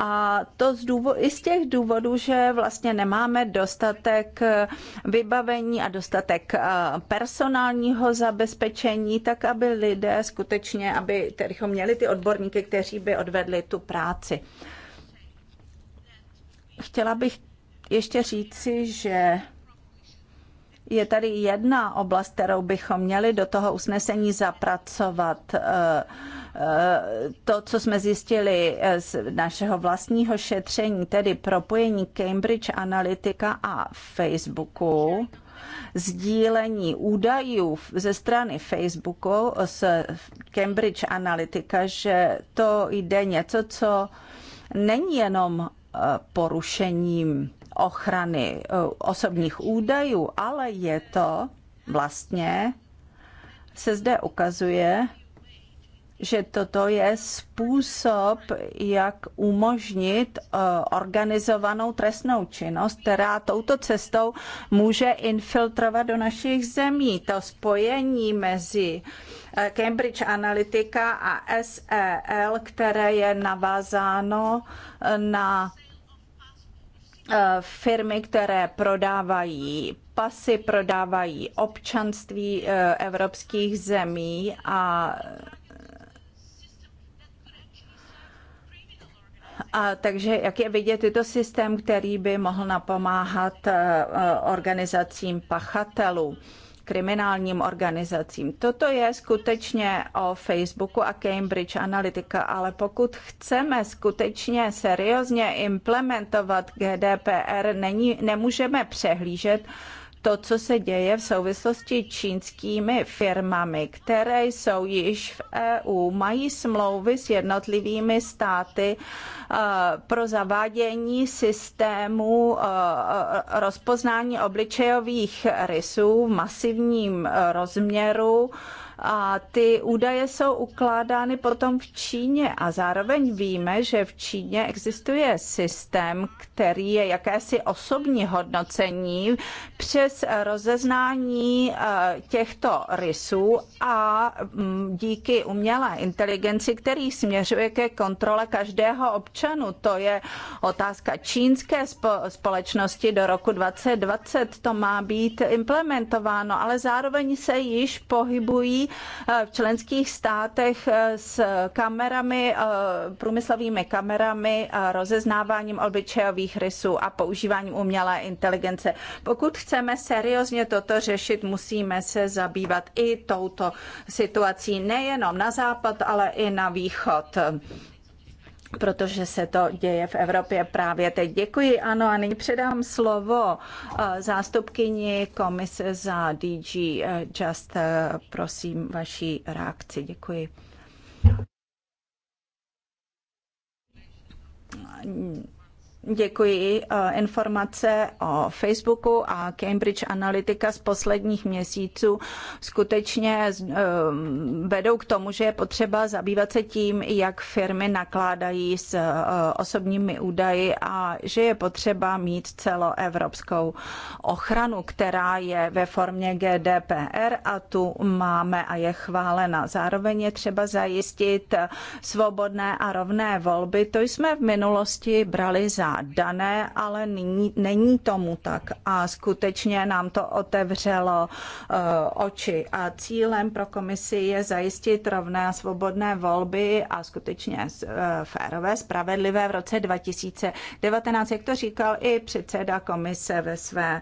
A to z důvod, i z těch důvodů, že vlastně nemáme dostatek vybavení a dostatek eh, personálního zabezpečení, tak aby lidé skutečně, aby abychom měli ty odborníky, kteří by odvedli tu práci. Chtěla bych ještě říci, že je tady jedna oblast, kterou bychom měli do toho usnesení zapracovat. Eh, eh, to, co jsme zjistili eh, z našeho vlastního šetření, tedy propojení Cambridge Analytica a Facebooku, sdílení údajů ze strany Facebooku z Cambridge Analytica, že to jde něco, co není jenom porušením ochrany e, osobních údajů, ale je to vlastně, se zde ukazuje, že toto je způsob, jak umožnit e, organizovanou trestnou činnost, která touto cestou může infiltrovat do našich zemí. To spojení mezi e, Cambridge Analytica a SEL, které je navázáno na Eh, firmy, které prodávají pasy, prodávají občanství eh, evropských zemí a A takže jak je vidět, je to systém, který by mohl napomáhat eh, organizacím pachatelů kriminálním organizacím. Toto je skutečně o Facebooku a Cambridge Analytica, ale pokud chceme skutečně seriózně implementovat GDPR, není, nemůžeme přehlížet, to, co se děje v souvislosti čínskými firmami, které jsou již v EU, mají smlouvy s jednotlivými státy eh, pro zavádění systému eh, rozpoznání obličejových rysů v masivním eh, rozměru a ty údaje jsou ukládány potom v Číně a zároveň víme, že v Číně existuje systém, který je jakési osobní hodnocení přes rozeznání eh, těchto rysů a mm, díky umělé inteligenci, který směřuje ke kontrole každého občanu. To je otázka čínské společnosti do roku 2020. To má být implementováno, ale zároveň se již pohybují Eh, v členských státech eh, s kamerami, eh, průmyslovými kamerami, rozeznáváním obličejových rysů a používáním umělé inteligence. Pokud chceme seriózně toto řešit, musíme se zabývat i touto situací nejenom na západ, ale i na východ protože se to děje v Evropě právě teď. Děkuji, ano, a nyní předám slovo eh, zástupkyni komise za DG eh, Just. Eh, prosím vaší reakci. Děkuji. Děkuji. Eh, informace o Facebooku a Cambridge Analytica z posledních měsíců skutečně eh, vedou k tomu, že je potřeba zabývat se tím, jak firmy nakládají s eh, osobními údaji a že je potřeba mít celoevropskou ochranu, která je ve formě GDPR a tu máme a je chválena. Zároveň je třeba zajistit svobodné a rovné volby. To jsme v minulosti brali za dané, ale nyní, není tomu tak a skutečně nám to otevřelo eh, oči. A cílem pro komisi je zajistit rovné a svobodné volby a skutečně eh, férové, spravedlivé v roce 2019, jak to říkal i předseda komise ve svém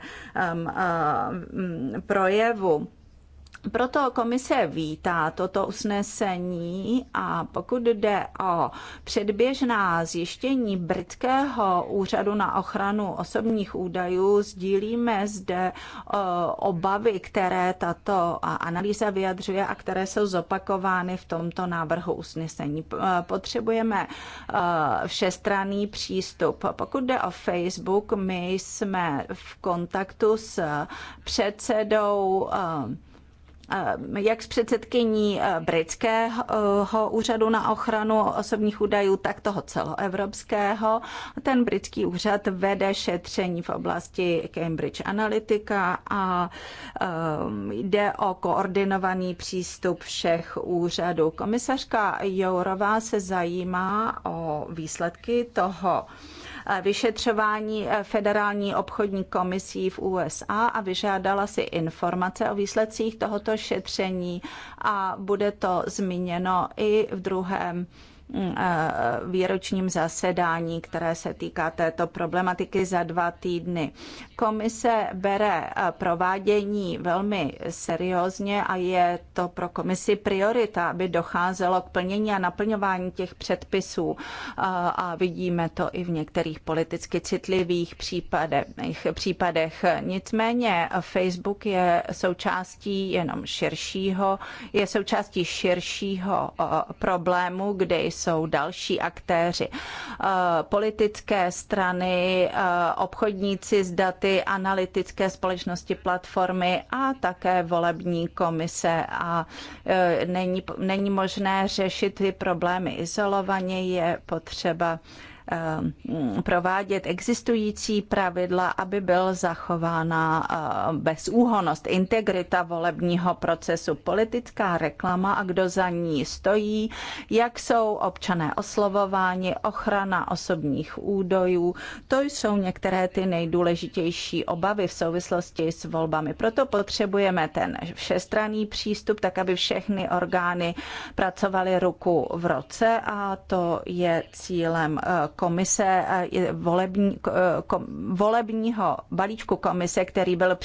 eh, projevu. Proto komise vítá toto usnesení a pokud jde o předběžná zjištění Britského úřadu na ochranu osobních údajů, sdílíme zde e, obavy, které tato analýza vyjadřuje a které jsou zopakovány v tomto návrhu usnesení. E, potřebujeme e, všestranný přístup. Pokud jde o Facebook, my jsme v kontaktu s předsedou Ehm, jak s předsedkyní ehm, britského úřadu na ochranu osobních údajů, tak toho celoevropského. Ten britský úřad vede šetření v oblasti Cambridge Analytica a ehm, jde o koordinovaný přístup všech úřadů. Komisařka Jourová se zajímá o výsledky toho Eh, vyšetřování eh, Federální obchodní komisí v USA a vyžádala si informace o výsledcích tohoto šetření a bude to zmíněno i v druhém Mm, výročním zasedání, které se týká této problematiky za dva týdny. Komise bere provádění velmi seriózně a je to pro komisi priorita, aby docházelo k plnění a naplňování těch předpisů a vidíme to i v některých politicky citlivých případech. případech. Nicméně Facebook je součástí jenom širšího, je součástí širšího problému, kde jsou další aktéři. Eh, politické strany, eh, obchodníci s daty, analytické společnosti, platformy a také volební komise. A eh, není, není možné řešit ty problémy izolovaně, je potřeba Eh, provádět existující pravidla, aby byl zachována eh, bezúhonost, integrita volebního procesu, politická reklama a kdo za ní stojí, jak jsou občané oslovováni, ochrana osobních údajů. To jsou některé ty nejdůležitější obavy v souvislosti s volbami. Proto potřebujeme ten všestranný přístup, tak aby všechny orgány pracovaly ruku v roce a to je cílem eh, komise, eh, volební, eh, kom, volebního balíčku komise, který byl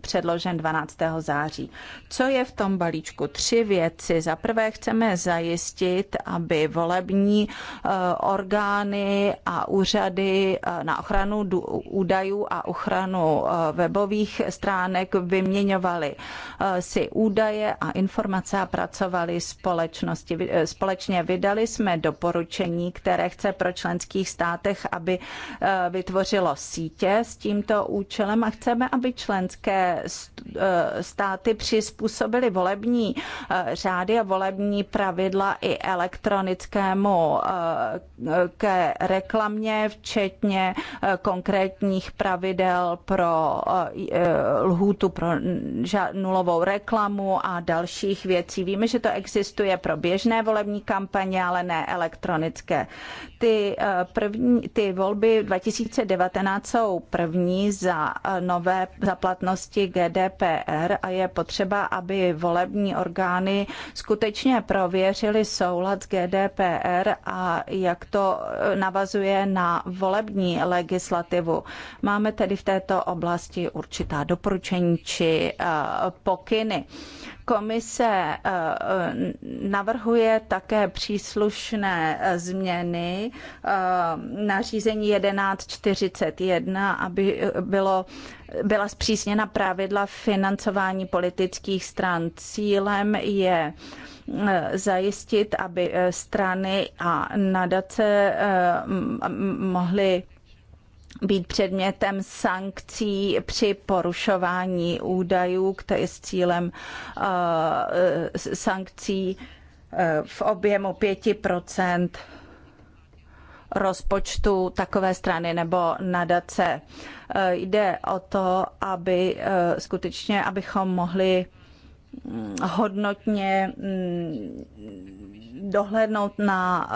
předložen 12. září. Co je v tom balíčku? Tři věci. Za prvé chceme zajistit, aby volební eh, orgány a úřady na ochranu údajů a ochranu webových stránek vyměňovaly si údaje a informace a pracovali společnosti. Společně vydali jsme doporučení, které chce pro členské členských státech, aby eh, vytvořilo sítě s tímto účelem a chceme, aby členské eh, státy přizpůsobily volební eh, řády a volební pravidla i elektronickému ke reklamě, včetně konkrétních pravidel pro lhůtu pro nulovou reklamu a dalších věcí. Víme, že to existuje pro běžné volební kampaně, ale ne elektronické. Ty první, ty volby 2019 jsou první za eh, nové zaplatnosti GDPR a je potřeba, aby volební orgány skutečně prověřily soulad s GDPR a jak to eh, navazuje na volební legislativu. Máme tedy v této oblasti určitá doporučení či eh, pokyny. Komise eh, eh, navrhuje také příslušné eh, změny nařízení 1141, aby bylo byla zpřísněna pravidla financování politických stran. Cílem je zajistit, aby strany a nadace mohly být předmětem sankcí při porušování údajů, které je s cílem uh, sankcí uh, v objemu 5 rozpočtu takové strany nebo nadace. Uh, jde o to, aby uh, skutečně, abychom mohli mm, hodnotně mm, dohlédnout na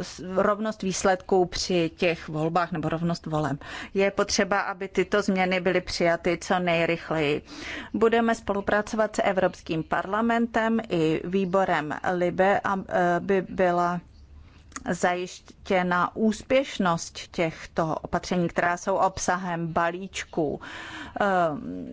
eh, rovnost výsledků při těch volbách nebo rovnost volem. Je potřeba, aby tyto změny byly přijaty co nejrychleji. Budeme spolupracovat s Evropským parlamentem i výborem LIBE, aby byla zajištěna úspěšnost těchto opatření, která jsou obsahem balíčků. Ehm,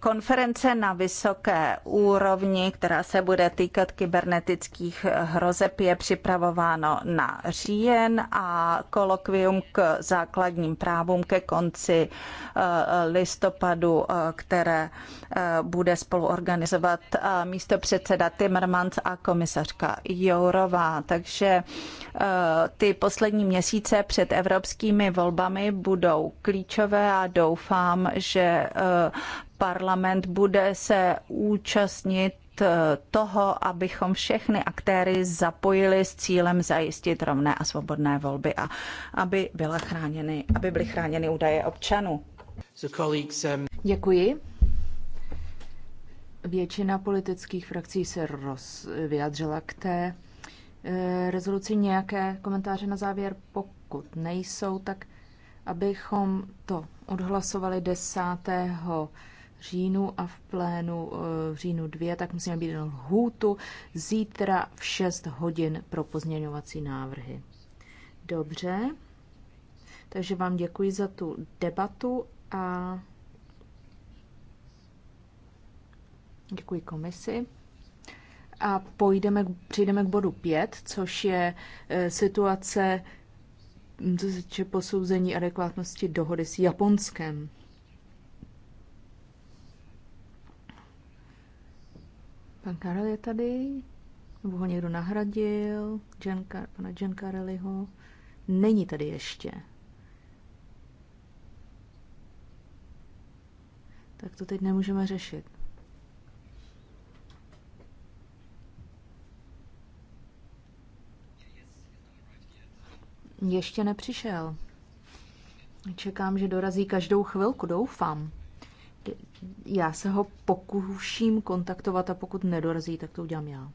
konference na vysoké úrovni, která se bude týkat kybernetických hrozeb, je připravováno na říjen a kolokvium k základním právům ke konci eh, listopadu, eh, které eh, bude spoluorganizovat místo předseda Timmermans a komisařka Jourová. Takže Eh, ty poslední měsíce před evropskými volbami budou klíčové a doufám, že eh, parlament bude se účastnit eh, toho, abychom všechny aktéry zapojili s cílem zajistit rovné a svobodné volby a aby, byla chráněny, aby byly chráněny údaje občanů. Um, Děkuji. Většina politických frakcí se roz, vyjádřila k té Eh, rezoluci nějaké komentáře na závěr? Pokud nejsou, tak abychom to odhlasovali 10. říjnu a v plénu eh, v říjnu 2, tak musíme být na lhůtu zítra v 6 hodin pro pozměňovací návrhy. Dobře, takže vám děkuji za tu debatu a děkuji komisi a pojdeme, přijdeme k bodu 5, což je e, situace co se týče posouzení adekvátnosti dohody s Japonskem. Pan Karel je tady? Nebo ho někdo nahradil? Jen, pana Jen Kareliho? Není tady ještě. Tak to teď nemůžeme řešit. ještě nepřišel. Čekám, že dorazí každou chvilku, doufám. Já se ho pokuším kontaktovat a pokud nedorazí, tak to udělám já.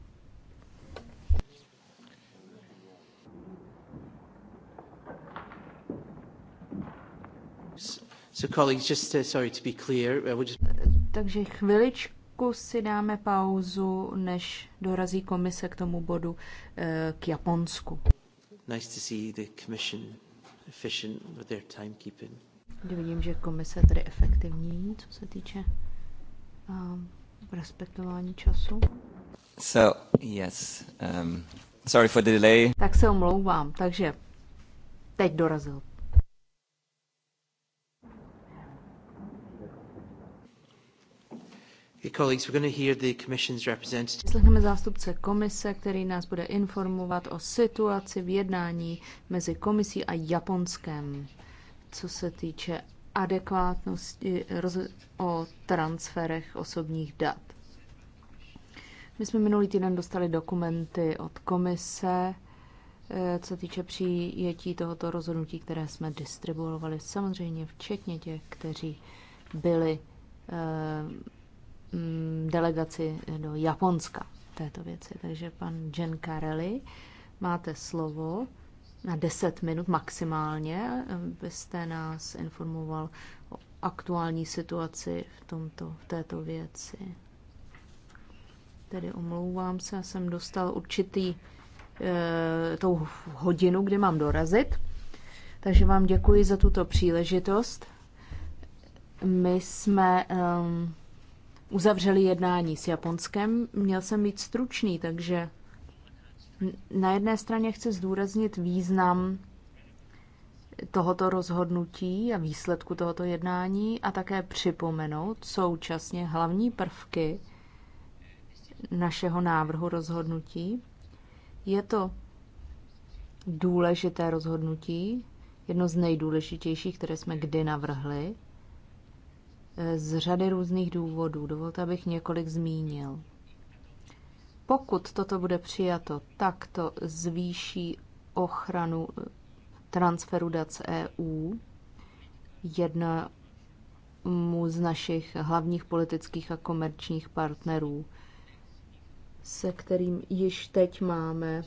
So colleagues, just to, sorry to be clear, uh, we'll just... Takže chviličku si dáme pauzu, než dorazí komise k tomu bodu eh, k Japonsku. Nice to see the Commission efficient with their timekeeping. Vidím, že komise tady efektivní, co se týče um, respektování času. So, yes, um, sorry for the delay. Tak se omlouvám, takže teď dorazil Slyšíme zástupce komise, který nás bude informovat o situaci v jednání mezi komisí a Japonskem, co se týče adekvátnosti o transferech osobních dat. My jsme minulý týden dostali dokumenty od komise, eh, co se týče přijetí tohoto rozhodnutí, které jsme distribuovali, samozřejmě včetně těch, kteří byli eh, Mm, delegaci do Japonska této věci. Takže pan Jen Carelli, máte slovo na 10 minut maximálně, byste nás informoval o aktuální situaci v, tomto, v této věci. Tedy omlouvám se, já jsem dostal určitý e, tou hodinu, kdy mám dorazit. Takže vám děkuji za tuto příležitost. My jsme E, uzavřeli jednání s Japonskem. Měl jsem být stručný, takže na jedné straně chci zdůraznit význam tohoto rozhodnutí a výsledku tohoto jednání a také připomenout současně hlavní prvky našeho návrhu rozhodnutí. Je to důležité rozhodnutí, jedno z nejdůležitějších, které jsme kdy navrhli, z řady různých důvodů. Dovolte, abych několik zmínil. Pokud toto bude přijato, tak to zvýší ochranu transferu dat z EU. Jedna z našich hlavních politických a komerčních partnerů, se kterým již teď máme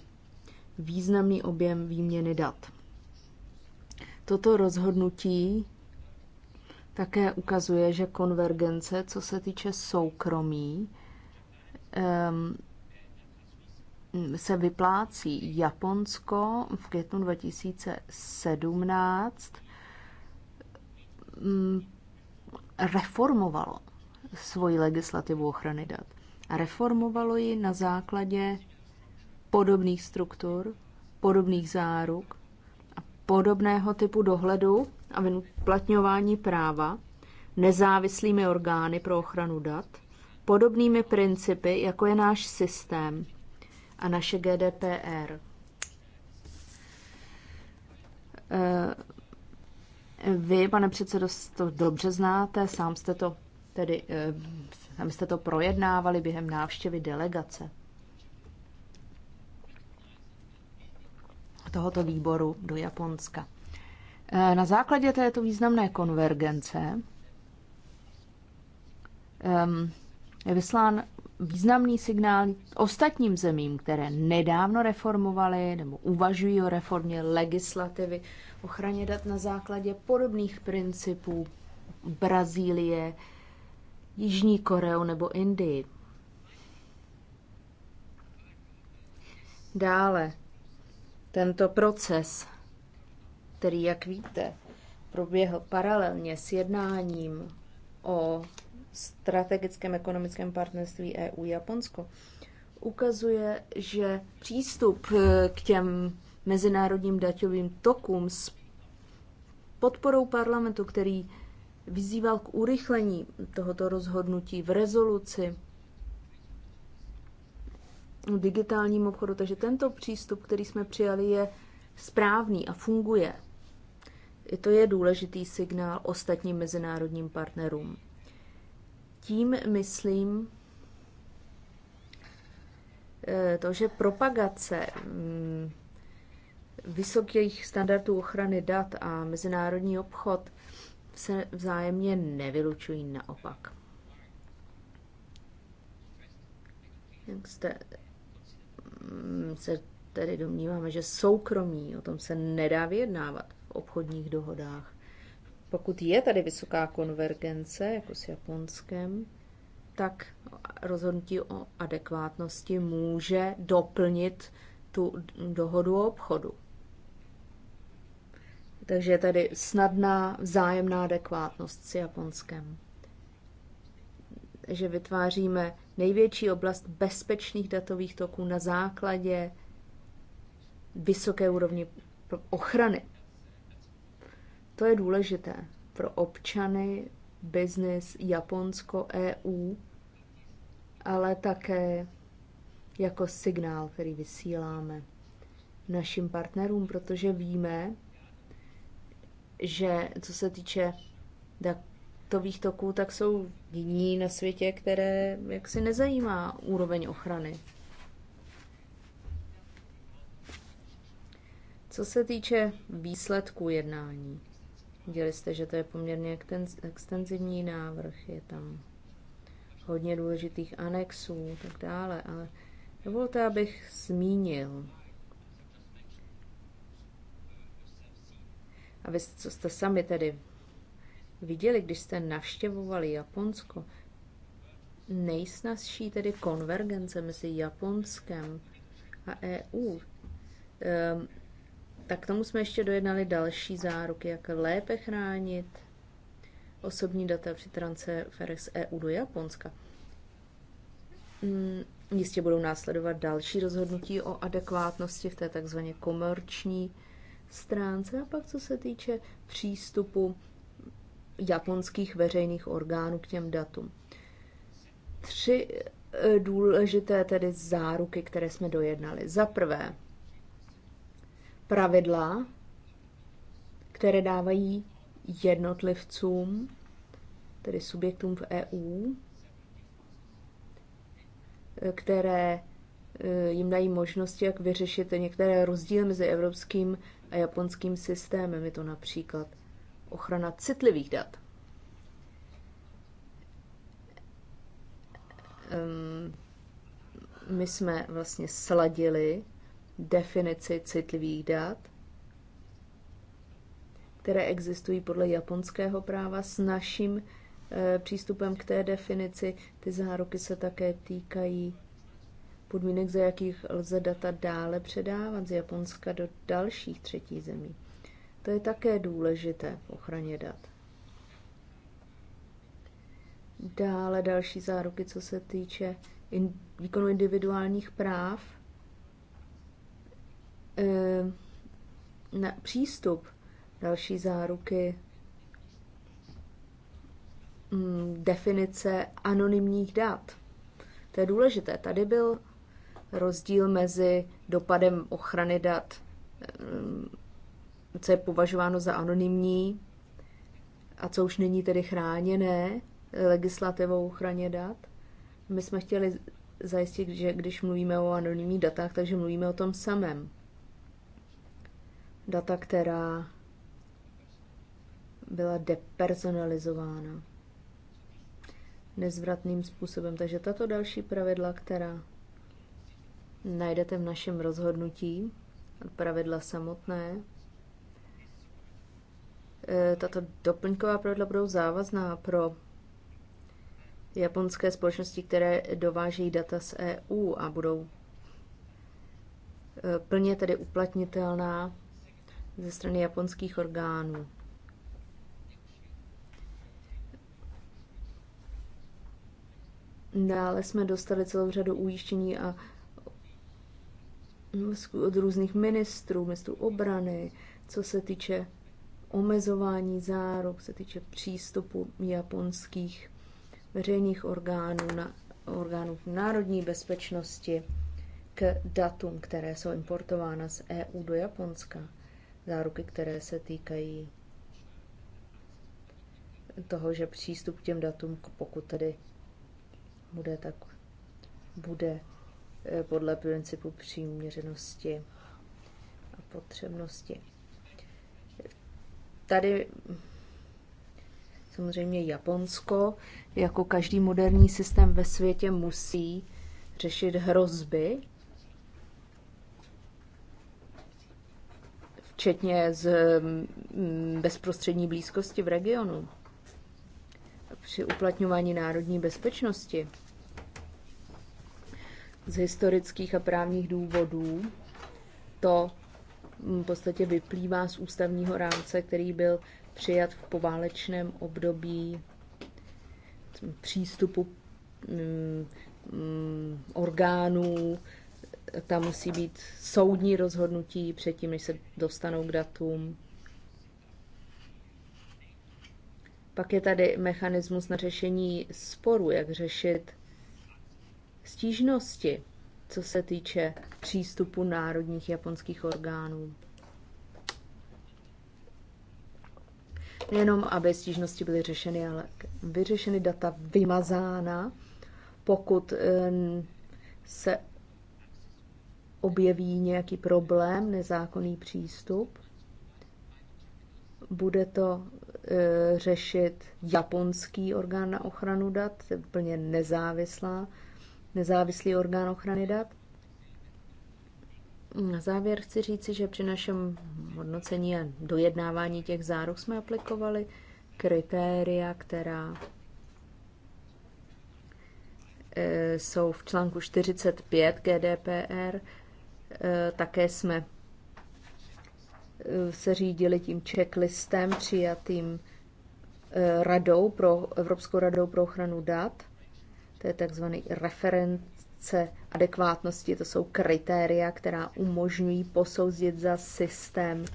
významný objem výměny dat. Toto rozhodnutí také ukazuje, že konvergence, co se týče soukromí, se vyplácí Japonsko v květnu 2017 mm, reformovalo svoji legislativu ochrany dat. A reformovalo ji na základě podobných struktur, podobných záruk a podobného typu dohledu, a uplatňování práva nezávislými orgány pro ochranu dat, podobnými principy, jako je náš systém a naše GDPR. Eh, vy, pane předsedo, to dobře znáte, sám jste to tedy eh, sami jste to projednávali během návštěvy delegace tohoto výboru do Japonska. Eh, na základě této významné konvergence je vyslán významný signál ostatním zemím, které nedávno reformovaly nebo uvažují o reformě legislativy ochraně dat na základě podobných principů Brazílie, Jižní Koreu nebo Indii. Dále tento proces který, jak víte, proběhl paralelně s jednáním o strategickém ekonomickém partnerství EU-Japonsko, ukazuje, že přístup eh, k těm mezinárodním daťovým tokům s podporou parlamentu, který vyzýval k urychlení tohoto rozhodnutí v rezoluci o digitálním obchodu. Takže tento přístup, který jsme přijali, je správný a funguje. I to je důležitý signál ostatním mezinárodním partnerům. Tím myslím eh, to, že propagace mm, vysokých standardů ochrany dat a mezinárodní obchod se vzájemně nevylučují naopak. Jak jste mm, se tedy domníváme, že soukromí, o tom se nedá vyjednávat obchodních dohodách. Pokud je tady vysoká konvergence, jako s Japonskem, tak rozhodnutí o adekvátnosti může doplnit tu dohodu o obchodu. Takže je tady snadná vzájemná adekvátnost s Japonskem. Že vytváříme největší oblast bezpečných datových toků na základě vysoké úrovni ochrany to je důležité pro občany, biznis, Japonsko, EU, ale také jako signál, který vysíláme našim partnerům, protože víme, že co se týče datových toků, tak jsou jiní na světě, které jaksi nezajímá úroveň ochrany. Co se týče výsledků jednání, Viděli jste, že to je poměrně extenzivní návrh, je tam hodně důležitých anexů a tak dále, ale dovolte, abych zmínil, a vy, co jste sami tedy viděli, když jste navštěvovali Japonsko, nejsnazší tedy konvergence mezi Japonskem a EU ehm, tak tomu jsme ještě dojednali další záruky, jak lépe chránit osobní data při transferech z EU do Japonska. Hmm, jistě budou následovat další rozhodnutí o adekvátnosti v té takzvaně komerční stránce a pak co se týče přístupu japonských veřejných orgánů k těm datům. Tři eh, důležité tedy záruky, které jsme dojednali. Za prvé, pravidla, které dávají jednotlivcům, tedy subjektům v EU, které eh, jim dají možnosti, jak vyřešit některé rozdíly mezi evropským a japonským systémem. Je to například ochrana citlivých dat. Ehm, my jsme vlastně sladili definici citlivých dat, které existují podle japonského práva s naším e, přístupem k té definici. Ty záruky se také týkají podmínek, za jakých lze data dále předávat z Japonska do dalších třetí zemí. To je také důležité v ochraně dat. Dále další záruky, co se týče in, výkonu individuálních práv E, na přístup, další záruky, mm, definice anonymních dat. To je důležité. Tady byl rozdíl mezi dopadem ochrany dat, e, co je považováno za anonymní a co už není tedy chráněné legislativou ochraně dat. My jsme chtěli zajistit, že když mluvíme o anonymních datách, takže mluvíme o tom samém data, která byla depersonalizována nezvratným způsobem. Takže tato další pravidla, která najdete v našem rozhodnutí, pravidla samotné, e, tato doplňková pravidla budou závazná pro japonské společnosti, které dovážejí data z EU a budou e, plně tedy uplatnitelná ze strany japonských orgánů. Dále jsme dostali celou řadu ujištění a od různých ministrů, ministrů obrany, co se týče omezování záruk, se týče přístupu japonských veřejných orgánů na orgánů národní bezpečnosti k datům, které jsou importována z EU do Japonska záruky, které se týkají toho, že přístup k těm datům, pokud tedy bude, tak bude eh, podle principu příměřenosti a potřebnosti. Tady samozřejmě Japonsko, jako každý moderní systém ve světě, musí řešit hrozby, včetně z mm, bezprostřední blízkosti v regionu při uplatňování národní bezpečnosti. Z historických a právních důvodů to mm, v podstatě vyplývá z ústavního rámce, který byl přijat v poválečném období přístupu mm, orgánů tam musí být soudní rozhodnutí předtím, než se dostanou k datům. Pak je tady mechanismus na řešení sporu, jak řešit stížnosti, co se týče přístupu národních japonských orgánů. Nejenom, aby stížnosti byly řešeny, ale vyřešeny data vymazána, pokud eh, se objeví nějaký problém, nezákonný přístup, bude to e, řešit japonský orgán na ochranu dat, úplně nezávislá, nezávislý orgán ochrany dat. Na závěr chci říci, že při našem hodnocení a dojednávání těch záruk jsme aplikovali kritéria, která e, jsou v článku 45 GDPR Eh, také jsme eh, se řídili tím checklistem přijatým eh, radou pro, Evropskou radou pro ochranu dat. To je takzvaný reference adekvátnosti, to jsou kritéria, která umožňují posoudit za systém,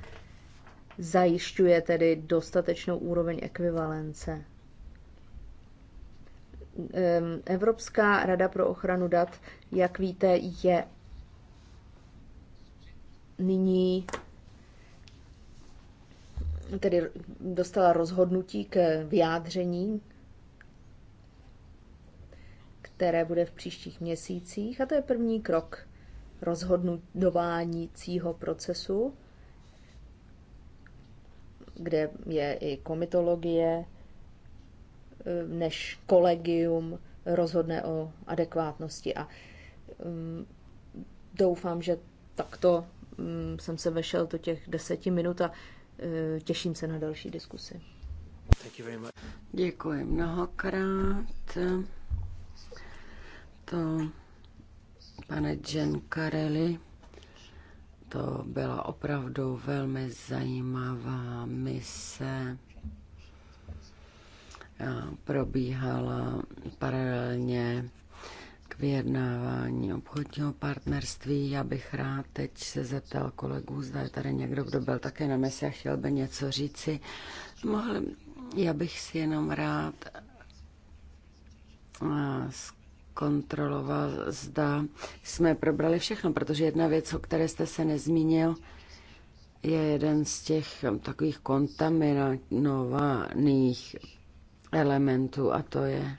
zajišťuje tedy dostatečnou úroveň ekvivalence. Evropská rada pro ochranu dat, jak víte, je nyní tedy dostala rozhodnutí k vyjádření, které bude v příštích měsících. A to je první krok rozhodnovánícího procesu, kde je i komitologie, než kolegium rozhodne o adekvátnosti. A mm, doufám, že takto Mm, jsem se vešel do těch deseti minut a e, těším se na další diskusy. Děkuji mnohokrát. To pane Jen Kareli to byla opravdu velmi zajímavá mise probíhala paralelně vyjednávání obchodního partnerství. Já bych rád teď se zeptal kolegů, zda je tady někdo, kdo byl také na mesi a chtěl by něco říci. Mohl, já bych si jenom rád eh, zkontroloval, zda jsme probrali všechno, protože jedna věc, o které jste se nezmínil, je jeden z těch takových kontaminovaných elementů a to je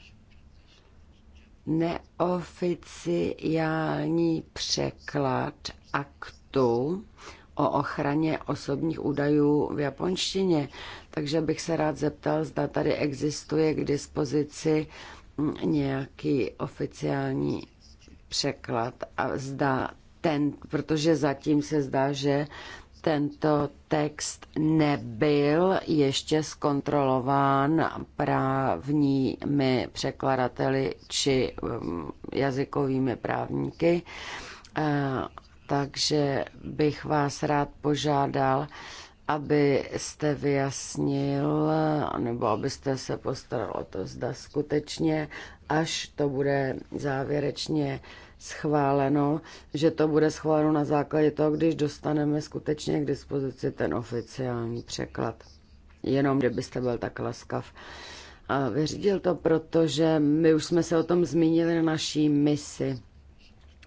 neoficiální překlad aktu o ochraně osobních údajů v japonštině. Takže bych se rád zeptal, zda tady existuje k dispozici mm, nějaký oficiální překlad a zda ten, protože zatím se zdá, že tento text nebyl ještě zkontrolován právními překladateli či um, jazykovými právníky, eh, takže bych vás rád požádal, abyste vyjasnil, nebo abyste se postaral o to, zda skutečně, až to bude závěrečně schváleno, že to bude schváleno na základě toho, když dostaneme skutečně k dispozici ten oficiální překlad. Jenom kdybyste byl tak laskav. A vyřídil to, protože my už jsme se o tom zmínili na naší misi.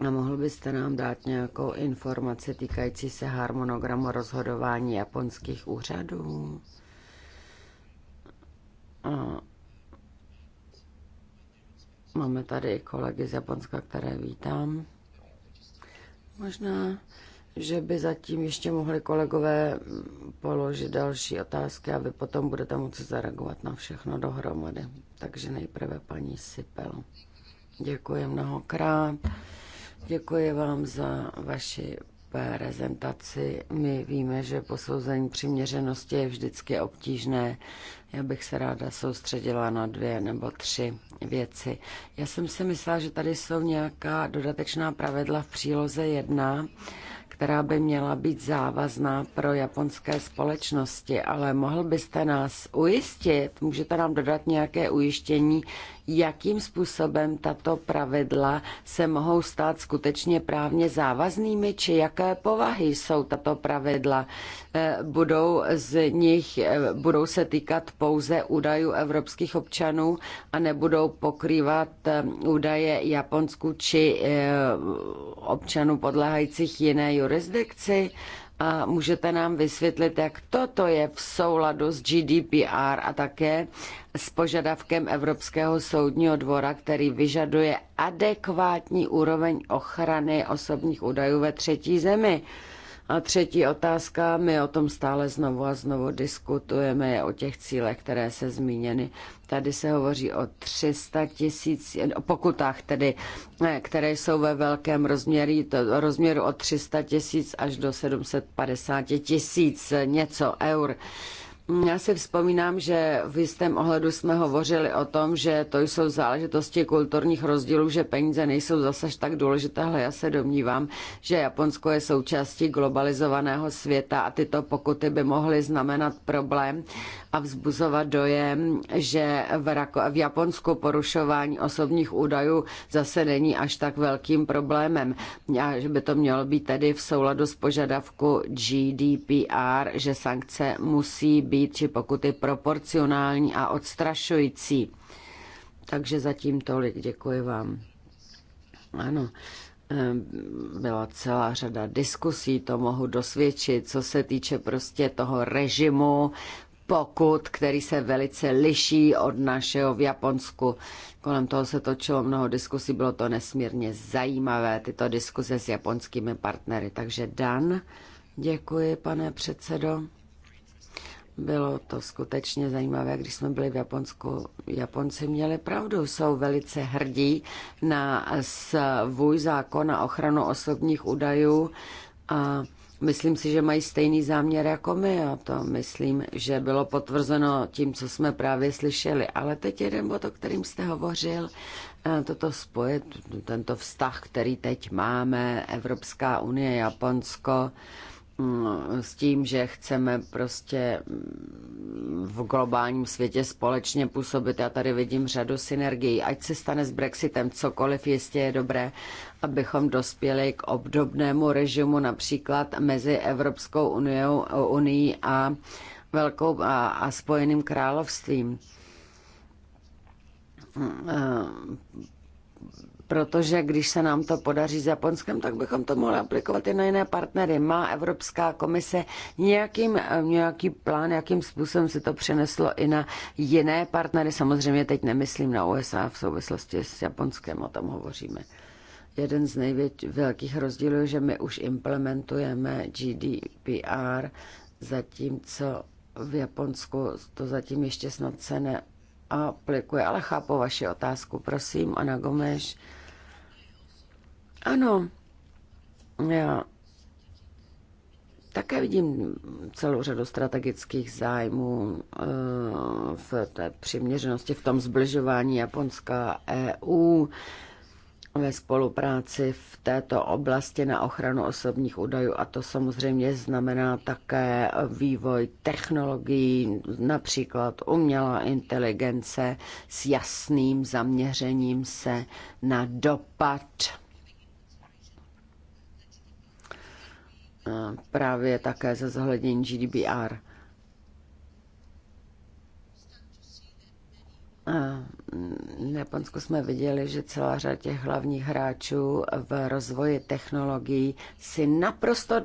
A mohl byste nám dát nějakou informaci týkající se harmonogramu rozhodování japonských úřadů? A Máme tady i kolegy z Japonska, které vítám. Možná, že by zatím ještě mohli kolegové položit další otázky a vy potom budete moci zareagovat na všechno dohromady. Takže nejprve paní Sipel. Děkuji mnohokrát. Děkuji vám za vaši prezentaci. My víme, že posouzení přiměřenosti je vždycky obtížné. Já bych se ráda soustředila na dvě nebo tři věci. Já jsem si myslela, že tady jsou nějaká dodatečná pravidla v příloze jedna, která by měla být závazná pro japonské společnosti, ale mohl byste nás ujistit, můžete nám dodat nějaké ujištění, jakým způsobem tato pravidla se mohou stát skutečně právně závaznými, či jaké povahy jsou tato pravidla. Eh, budou z nich, eh, budou se týkat pouze údajů evropských občanů a nebudou pokrývat eh, údaje Japonsku či občanů podléhajících jiné jurisdikci a můžete nám vysvětlit, jak toto je v souladu s GDPR a také s požadavkem Evropského soudního dvora, který vyžaduje adekvátní úroveň ochrany osobních údajů ve třetí zemi. A třetí otázka, my o tom stále znovu a znovu diskutujeme, je o těch cílech, které se zmíněny Tady se hovoří o 300 tisíc, o pokutách tedy, eh, které jsou ve velkém rozměru, to, rozměru od 300 tisíc až do 750 tisíc něco eur. Já si vzpomínám, že v jistém ohledu jsme hovořili o tom, že to jsou záležitosti kulturních rozdílů, že peníze nejsou zase tak důležité, ale já se domnívám, že Japonsko je součástí globalizovaného světa a tyto pokuty by mohly znamenat problém a vzbuzovat dojem, že v, Rako- v Japonsku porušování osobních údajů zase není až tak velkým problémem a že by to mělo být tedy v souladu s požadavku GDPR, že sankce musí být být, či pokuty proporcionální a odstrašující. Takže zatím tolik, děkuji vám. Ano, byla celá řada diskusí, to mohu dosvědčit, co se týče prostě toho režimu pokut, který se velice liší od našeho v Japonsku. Kolem toho se točilo mnoho diskusí, bylo to nesmírně zajímavé, tyto diskuse s japonskými partnery. Takže Dan, děkuji, pane předsedo. Bylo to skutečně zajímavé, když jsme byli v Japonsku. Japonci měli pravdu, jsou velice hrdí na svůj zákon na ochranu osobních údajů a Myslím si, že mají stejný záměr jako my a to myslím, že bylo potvrzeno tím, co jsme právě slyšeli. Ale teď jeden bod, o kterým jste hovořil, toto spojet, tento vztah, který teď máme, Evropská unie, Japonsko, No, s tím, že chceme prostě v globálním světě společně působit. Já tady vidím řadu synergií. Ať se stane s Brexitem cokoliv, jistě je dobré, abychom dospěli k obdobnému režimu například mezi Evropskou unii a Velkou a, a Spojeným královstvím protože když se nám to podaří s Japonskem, tak bychom to mohli aplikovat i na jiné partnery. Má Evropská komise nějakým, eh, nějaký plán, jakým způsobem se to přeneslo i na jiné partnery? Samozřejmě teď nemyslím na USA v souvislosti s Japonskem, o tom hovoříme. Jeden z největších velkých rozdílů je, že my už implementujeme GDPR, zatímco v Japonsku to zatím ještě snad se neaplikuje. Ale chápu vaši otázku, prosím, Ana Gomeš. Ano, já také vidím celou řadu strategických zájmů eh, v té přiměřenosti, v tom zbližování Japonska EU ve spolupráci v této oblasti na ochranu osobních údajů a to samozřejmě znamená také vývoj technologií, například umělá inteligence s jasným zaměřením se na dopad právě také ze zohlednění GDPR. V Japonsku jsme viděli, že celá řada těch hlavních hráčů v rozvoji technologií si naprosto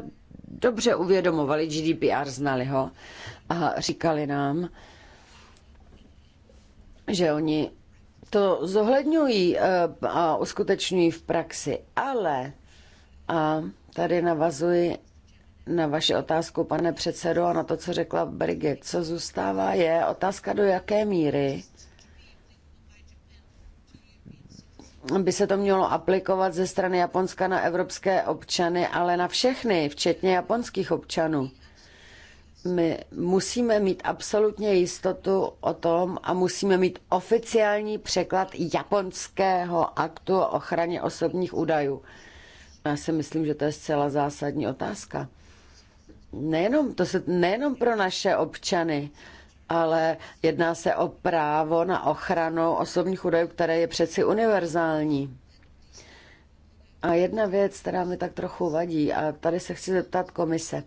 dobře uvědomovali GDPR, znali ho a říkali nám, že oni to zohledňují eh, a uskutečňují v praxi, ale a tady navazuji na vaši otázku, pane předsedo, a na to, co řekla Brigit. Co zůstává, je otázka, do jaké míry by se to mělo aplikovat ze strany Japonska na evropské občany, ale na všechny, včetně japonských občanů. My musíme mít absolutně jistotu o tom a musíme mít oficiální překlad japonského aktu o ochraně osobních údajů. Já si myslím, že to je zcela zásadní otázka nejenom, to se, nejenom pro naše občany, ale jedná se o právo na ochranu osobních údajů, které je přeci univerzální. A jedna věc, která mi tak trochu vadí, a tady se chci zeptat komise.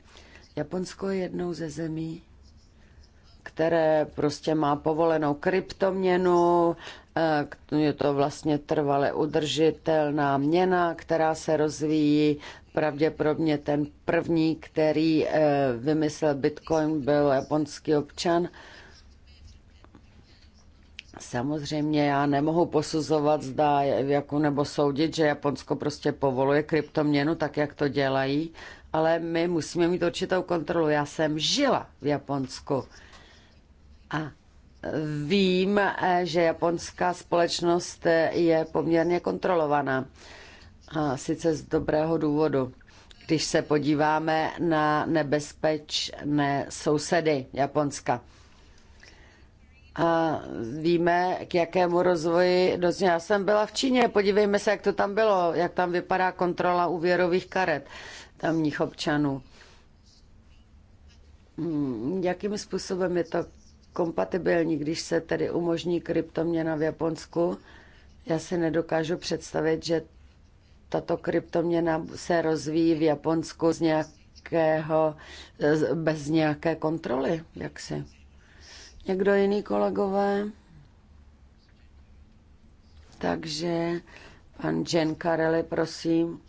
Japonsko je jednou ze zemí, které prostě má povolenou kryptoměnu, Eh, je to vlastně trvale udržitelná měna, která se rozvíjí. Pravděpodobně ten první, který eh, vymyslel Bitcoin, byl japonský občan. Samozřejmě já nemohu posuzovat, zda jako nebo soudit, že Japonsko prostě povoluje kryptoměnu tak, jak to dělají, ale my musíme mít určitou kontrolu. Já jsem žila v Japonsku a vím, že japonská společnost je poměrně kontrolovaná. A sice z dobrého důvodu. Když se podíváme na nebezpečné sousedy Japonska. A víme, k jakému rozvoji dozně. Já jsem byla v Číně, podívejme se, jak to tam bylo, jak tam vypadá kontrola úvěrových karet tamních občanů. Hmm, jakým způsobem je to kompatibilní, když se tedy umožní kryptoměna v Japonsku. Já si nedokážu představit, že tato kryptoměna se rozvíjí v Japonsku z nějakého, bez nějaké kontroly, jak si. Někdo jiný kolegové? Takže pan Jen Karely, prosím.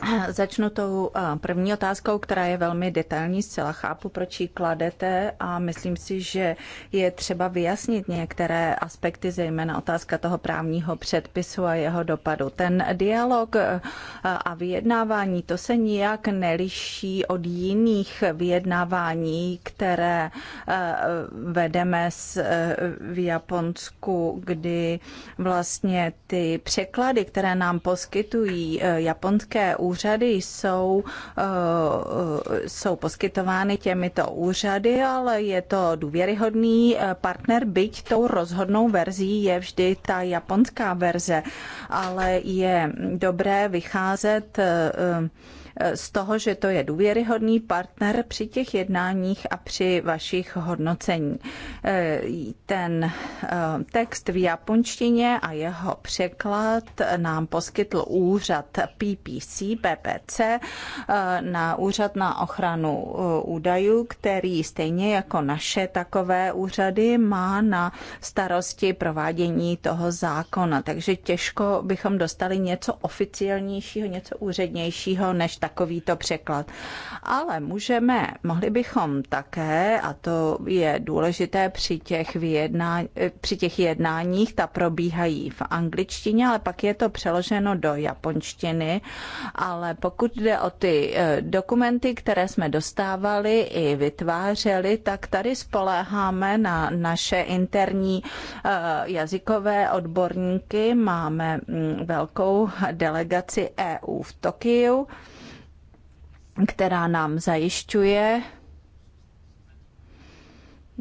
Začnu tou eh, první otázkou, která je velmi detailní, zcela chápu, proč ji kladete a myslím si, že je třeba vyjasnit některé aspekty, zejména otázka toho právního předpisu a jeho dopadu. Ten dialog eh, a vyjednávání, to se nijak neliší od jiných vyjednávání, které eh, vedeme v Japonsku, kdy vlastně ty překlady, které nám poskytují japonské úřady, úřady jsou, eh, eh, jsou poskytovány těmito úřady, ale je to důvěryhodný eh, partner, byť tou rozhodnou verzí je vždy ta japonská verze, ale je dobré vycházet z toho, že to je důvěryhodný partner při těch jednáních a při vašich hodnocení. Eh, ten eh, text v japonštině a jeho překlad nám poskytl úřad PPC, PPC, eh, na úřad na ochranu údajů, který stejně jako naše takové úřady má na starosti provádění toho zákona. Takže těžko bychom dostali něco oficiálnějšího, něco úřednějšího než tak takovýto překlad. Ale můžeme, mohli bychom také, a to je důležité při těch, vyjedná, při těch jednáních, ta probíhají v angličtině, ale pak je to přeloženo do japonštiny, ale pokud jde o ty eh, dokumenty, které jsme dostávali i vytvářeli, tak tady spoléháme na naše interní eh, jazykové odborníky. Máme mm, velkou delegaci EU v Tokiu která nám zajišťuje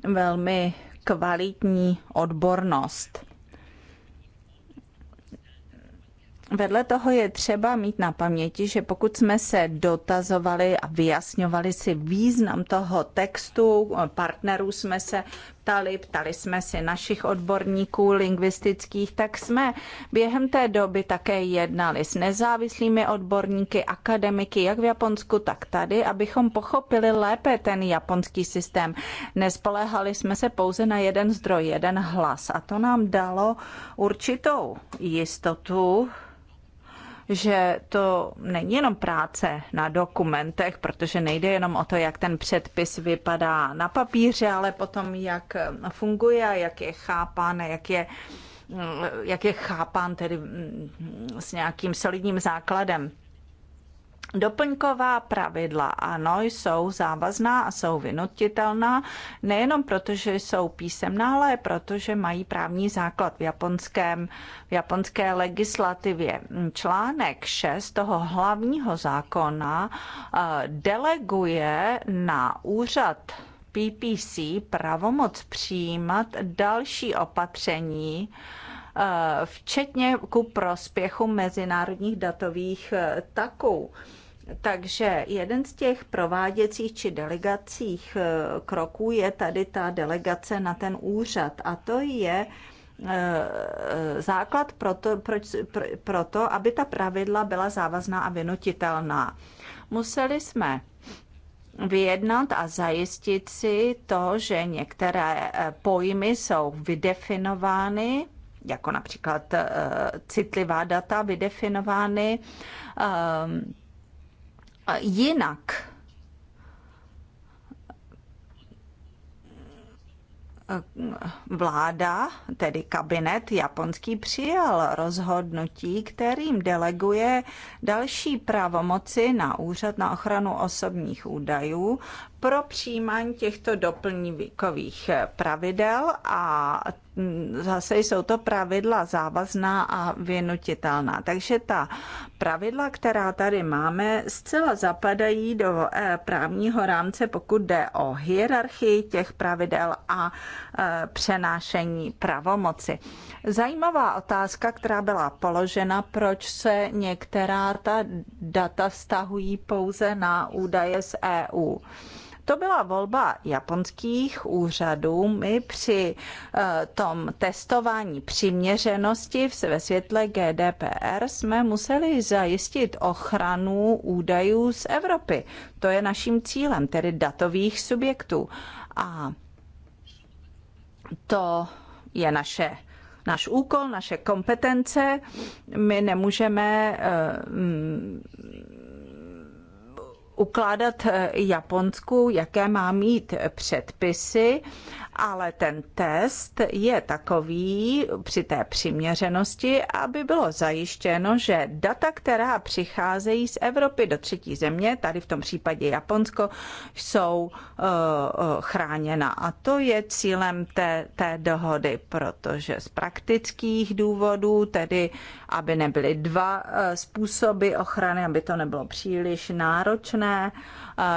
velmi kvalitní odbornost. Vedle toho je třeba mít na paměti, že pokud jsme se dotazovali a vyjasňovali si význam toho textu, partnerů jsme se ptali, ptali jsme si našich odborníků lingvistických, tak jsme během té doby také jednali s nezávislými odborníky, akademiky, jak v Japonsku, tak tady, abychom pochopili lépe ten japonský systém. Nespoléhali jsme se pouze na jeden zdroj, jeden hlas a to nám dalo určitou jistotu, že to není jenom práce na dokumentech, protože nejde jenom o to, jak ten předpis vypadá na papíře, ale potom jak funguje, jak je chápán, jak je, jak je chápán tedy mm, s nějakým solidním základem. Doplňková pravidla, ano, jsou závazná a jsou vynutitelná, nejenom protože jsou písemná, ale protože mají právní základ v, japonském, v japonské legislativě. Článek 6 toho hlavního zákona eh, deleguje na úřad PPC pravomoc přijímat další opatření, eh, včetně ku prospěchu mezinárodních datových eh, taků. Takže jeden z těch prováděcích či delegacích eh, kroků je tady ta delegace na ten úřad a to je eh, eh, základ pro to, proč, pro, pro to, aby ta pravidla byla závazná a vynutitelná. Museli jsme vyjednat a zajistit si to, že některé pojmy jsou vydefinovány, jako například citlivá data vydefinovány, ehm, jinak. vláda, tedy kabinet japonský, přijal rozhodnutí, kterým deleguje další pravomoci na úřad na ochranu osobních údajů pro přijímání těchto doplňkových pravidel a zase jsou to pravidla závazná a vynutitelná. Takže ta pravidla, která tady máme, zcela zapadají do eh, právního rámce, pokud jde o hierarchii těch pravidel a eh, přenášení pravomoci. Zajímavá otázka, která byla položena, proč se některá ta data vztahují pouze na údaje z EU. To byla volba japonských úřadů. My při eh, tom testování přiměřenosti ve světle GDPR jsme museli zajistit ochranu údajů z Evropy. To je naším cílem, tedy datových subjektů. A to je naše náš úkol, naše kompetence. My nemůžeme eh, ukládat eh, Japonsku, jaké má mít předpisy ale ten test je takový při té přiměřenosti, aby bylo zajištěno, že data, která přicházejí z Evropy do třetí země, tady v tom případě Japonsko, jsou eh, eh, chráněna. A to je cílem té, té dohody, protože z praktických důvodů, tedy aby nebyly dva eh, způsoby ochrany, aby to nebylo příliš náročné,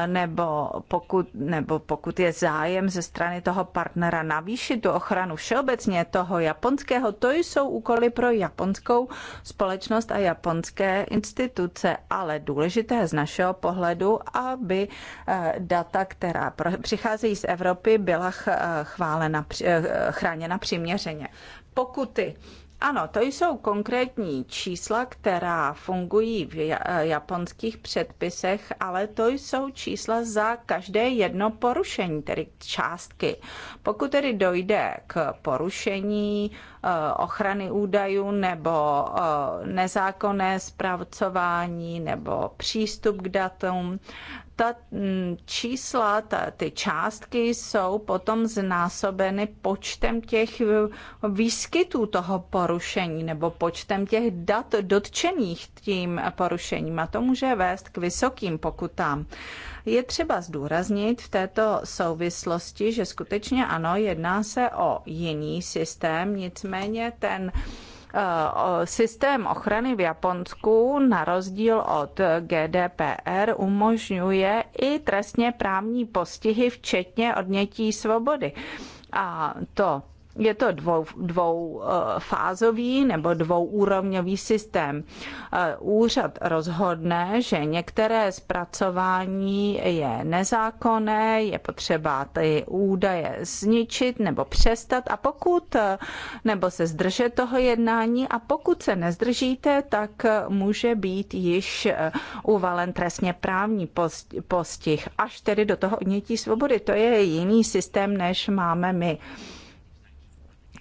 nebo pokud, nebo pokud je zájem ze strany toho partnera navýšit tu ochranu všeobecně toho japonského, to jsou úkoly pro japonskou společnost a japonské instituce, ale důležité z našeho pohledu, aby eh, data, která přicházejí z Evropy, byla eh, chválena, eh, chráněna přiměřeně. Pokuty ano, to jsou konkrétní čísla, která fungují v eh, japonských předpisech, ale to jsou čísla za každé jedno porušení, tedy částky. Pokud tedy dojde k porušení eh, ochrany údajů nebo eh, nezákonné zpracování nebo přístup k datům, ta mm, čísla, ta, ty částky jsou potom znásobeny počtem těch eh, výskytů toho porušení nebo počtem těch dat dotčených tím porušením a to může vést k vysokým pokutám. Je třeba zdůraznit v této souvislosti, že skutečně ano, jedná se o jiný systém, nicméně ten Eh, systém ochrany v Japonsku na rozdíl od GDPR umožňuje i trestně právní postihy, včetně odnětí svobody. A to je to dvou, dvoufázový eh, nebo dvouúrovňový systém. Eh, úřad rozhodne, že některé zpracování je nezákonné, je potřeba ty údaje zničit nebo přestat a pokud eh, nebo se zdrže toho jednání a pokud se nezdržíte, tak může být již uvalen trestně právní postih až tedy do toho odnětí svobody. To je jiný systém, než máme my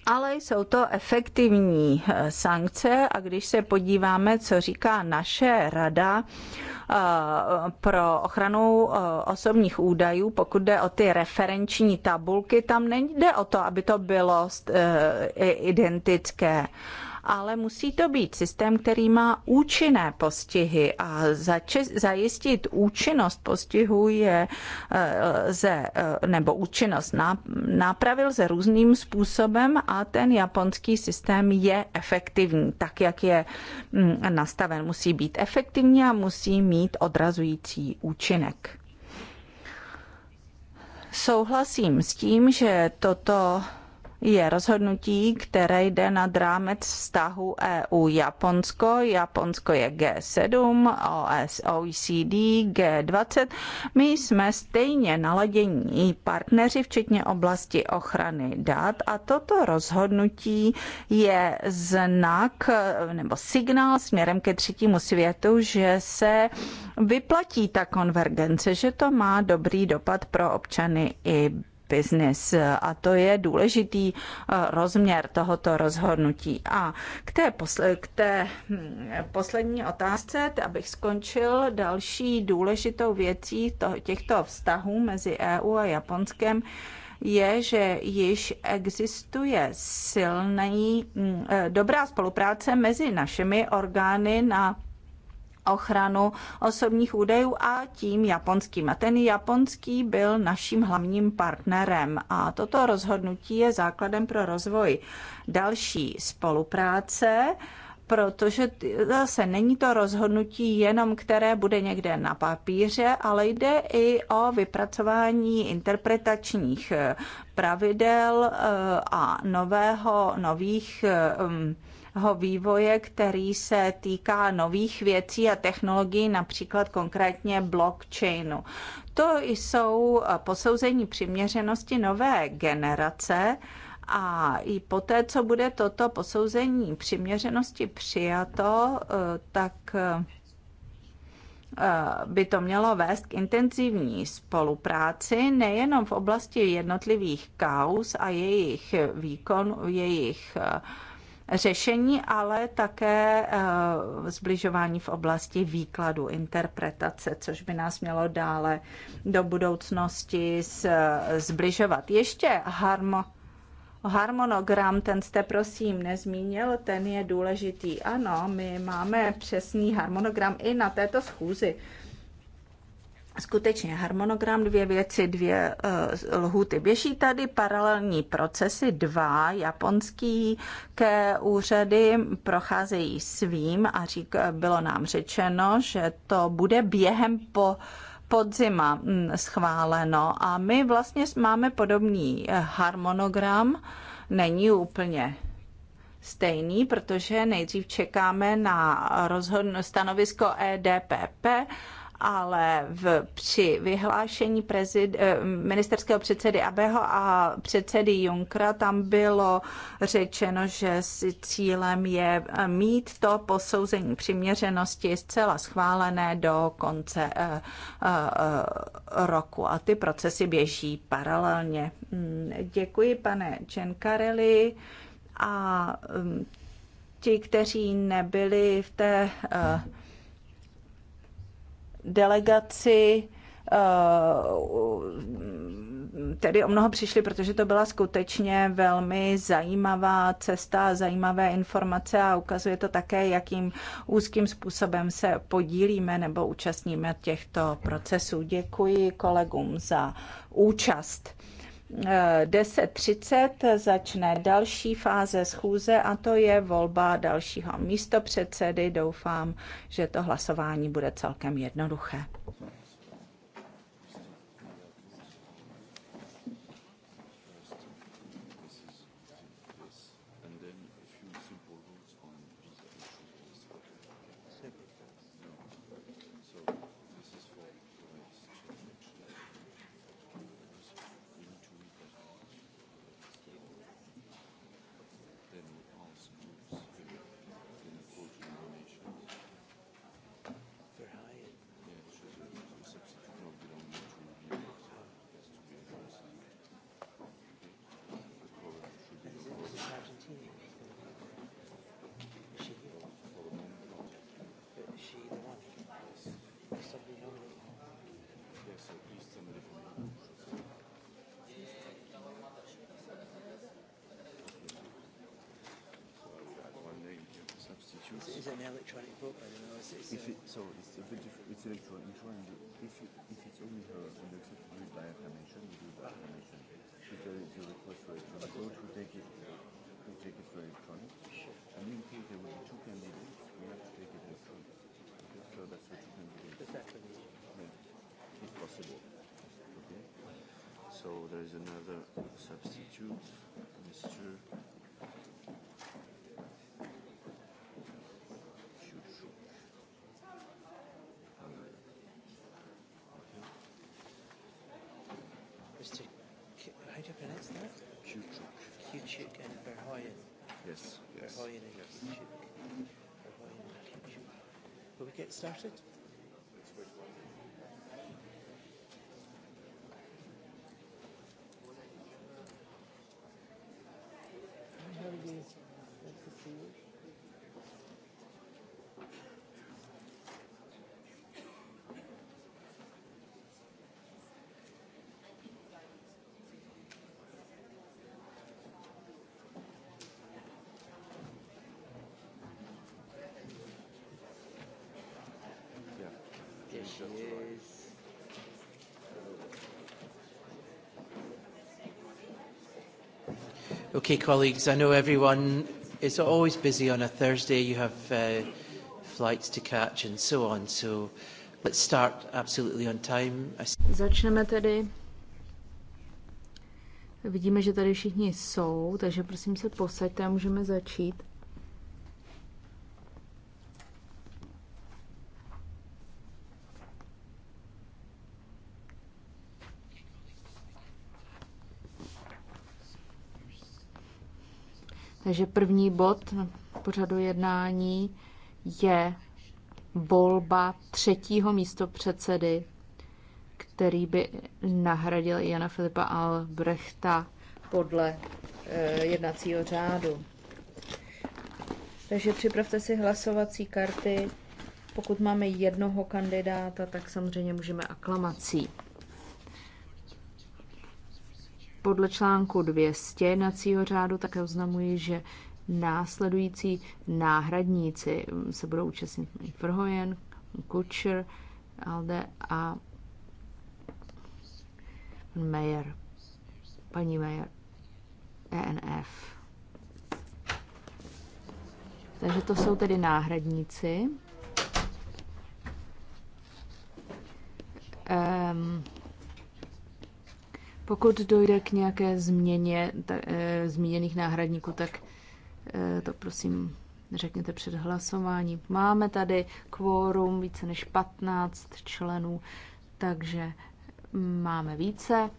ale jsou to efektivní eh, sankce a když se podíváme, co říká naše rada eh, pro ochranu eh, osobních údajů, pokud jde o ty referenční tabulky, tam nejde o to, aby to bylo identické ale musí to být systém, který má účinné postihy a zajistit účinnost postihu je eh, ze, eh, nebo účinnost nápravil se různým způsobem a ten japonský systém je efektivní, tak jak je mm, nastaven. Musí být efektivní a musí mít odrazující účinek. Souhlasím s tím, že toto je rozhodnutí, které jde nad rámec vztahu EU-Japonsko. Japonsko je G7, OS, OECD, G20. My jsme stejně naladění partneři, včetně oblasti ochrany dat a toto rozhodnutí je znak nebo signál směrem ke třetímu světu, že se vyplatí ta konvergence, že to má dobrý dopad pro občany i business. A to je důležitý eh, rozměr tohoto rozhodnutí. A k té, posle, k té hm, poslední otázce, abych skončil, další důležitou věcí těchto vztahů mezi EU a Japonskem je, že již existuje silný, hm, eh, dobrá spolupráce mezi našimi orgány na ochranu osobních údajů a tím japonským. A ten japonský byl naším hlavním partnerem a toto rozhodnutí je základem pro rozvoj další spolupráce protože zase není to rozhodnutí jenom, které bude někde na papíře, ale jde i o vypracování interpretačních eh, pravidel eh, a nového, nových um, vývoje, který se týká nových věcí a technologií, například konkrétně blockchainu. To jsou eh, posouzení přiměřenosti nové generace a i poté, co bude toto posouzení přiměřenosti přijato, eh, tak eh, by to mělo vést k intenzivní spolupráci nejenom v oblasti jednotlivých kaus a jejich výkon, jejich uh, řešení, ale také eh, zbližování v oblasti výkladu, interpretace, což by nás mělo dále do budoucnosti zbližovat. Ještě harmo, Harmonogram, ten jste prosím nezmínil, ten je důležitý. Ano, my máme přesný harmonogram i na této schůzi skutečně harmonogram, dvě věci, dvě uh, eh, lhuty. Běží tady paralelní procesy, dva japonský ke úřady procházejí svým a řík, eh, bylo nám řečeno, že to bude během po podzima hm, schváleno a my vlastně máme podobný eh, harmonogram, není úplně stejný, protože nejdřív čekáme na rozhodn- stanovisko EDPP ale v, při vyhlášení prezid, eh, ministerského předsedy Abeho a předsedy Junkra tam bylo řečeno, že si cílem je eh, mít to posouzení přiměřenosti zcela schválené do konce eh, roku. A ty procesy běží paralelně. Mm, děkuji, pane Čenkareli. A mm, ti, kteří nebyli v té uh, delegaci eh, tedy o mnoho přišli, protože to byla skutečně velmi zajímavá cesta, zajímavé informace a ukazuje to také, jakým úzkým způsobem se podílíme nebo účastníme těchto procesů. Děkuji kolegům za účast. 10.30 eh, začne další fáze schůze a to je volba dalšího místopředsedy. Doufám, že to hlasování bude celkem jednoduché. insurance. It's, it's an electronic book, I don't know. It's, it's if a, it, uh, so it's a bit different. It's electronic insurance. If, it, if it's only her and they accept to it by affirmation, we do by affirmation. If there is a request for electronic vote, we take it. We take it for electronic. Sure. And in case there will be two candidates, we have to take it electronic. Okay? So that's what you can do. If possible. Okay. So there is another substitute, Mr. get started. Okay, colleagues, I know everyone is always busy on a Thursday. You have uh, flights to catch and so on. So let's start absolutely on time. Začneme tedy. Vidíme, že tady všichni jsou, takže prosím se posaďte a můžeme začít. Takže první bod pořadu jednání je volba třetího místo předsedy, který by nahradil Jana Filipa Albrechta podle eh, jednacího řádu. Takže připravte si hlasovací karty. Pokud máme jednoho kandidáta, tak samozřejmě můžeme aklamací. Podle článku 200 jednacího řádu také oznamuji, že následující náhradníci se budou účastnit Verhoeven, Kutcher, Alde a Mayer, paní Mayer, ENF. Takže to jsou tedy náhradníci. Um, pokud dojde k nějaké změně ta, e, zmíněných náhradníků, tak e, to prosím řekněte před hlasováním. Máme tady kvórum více než 15 členů, takže máme více.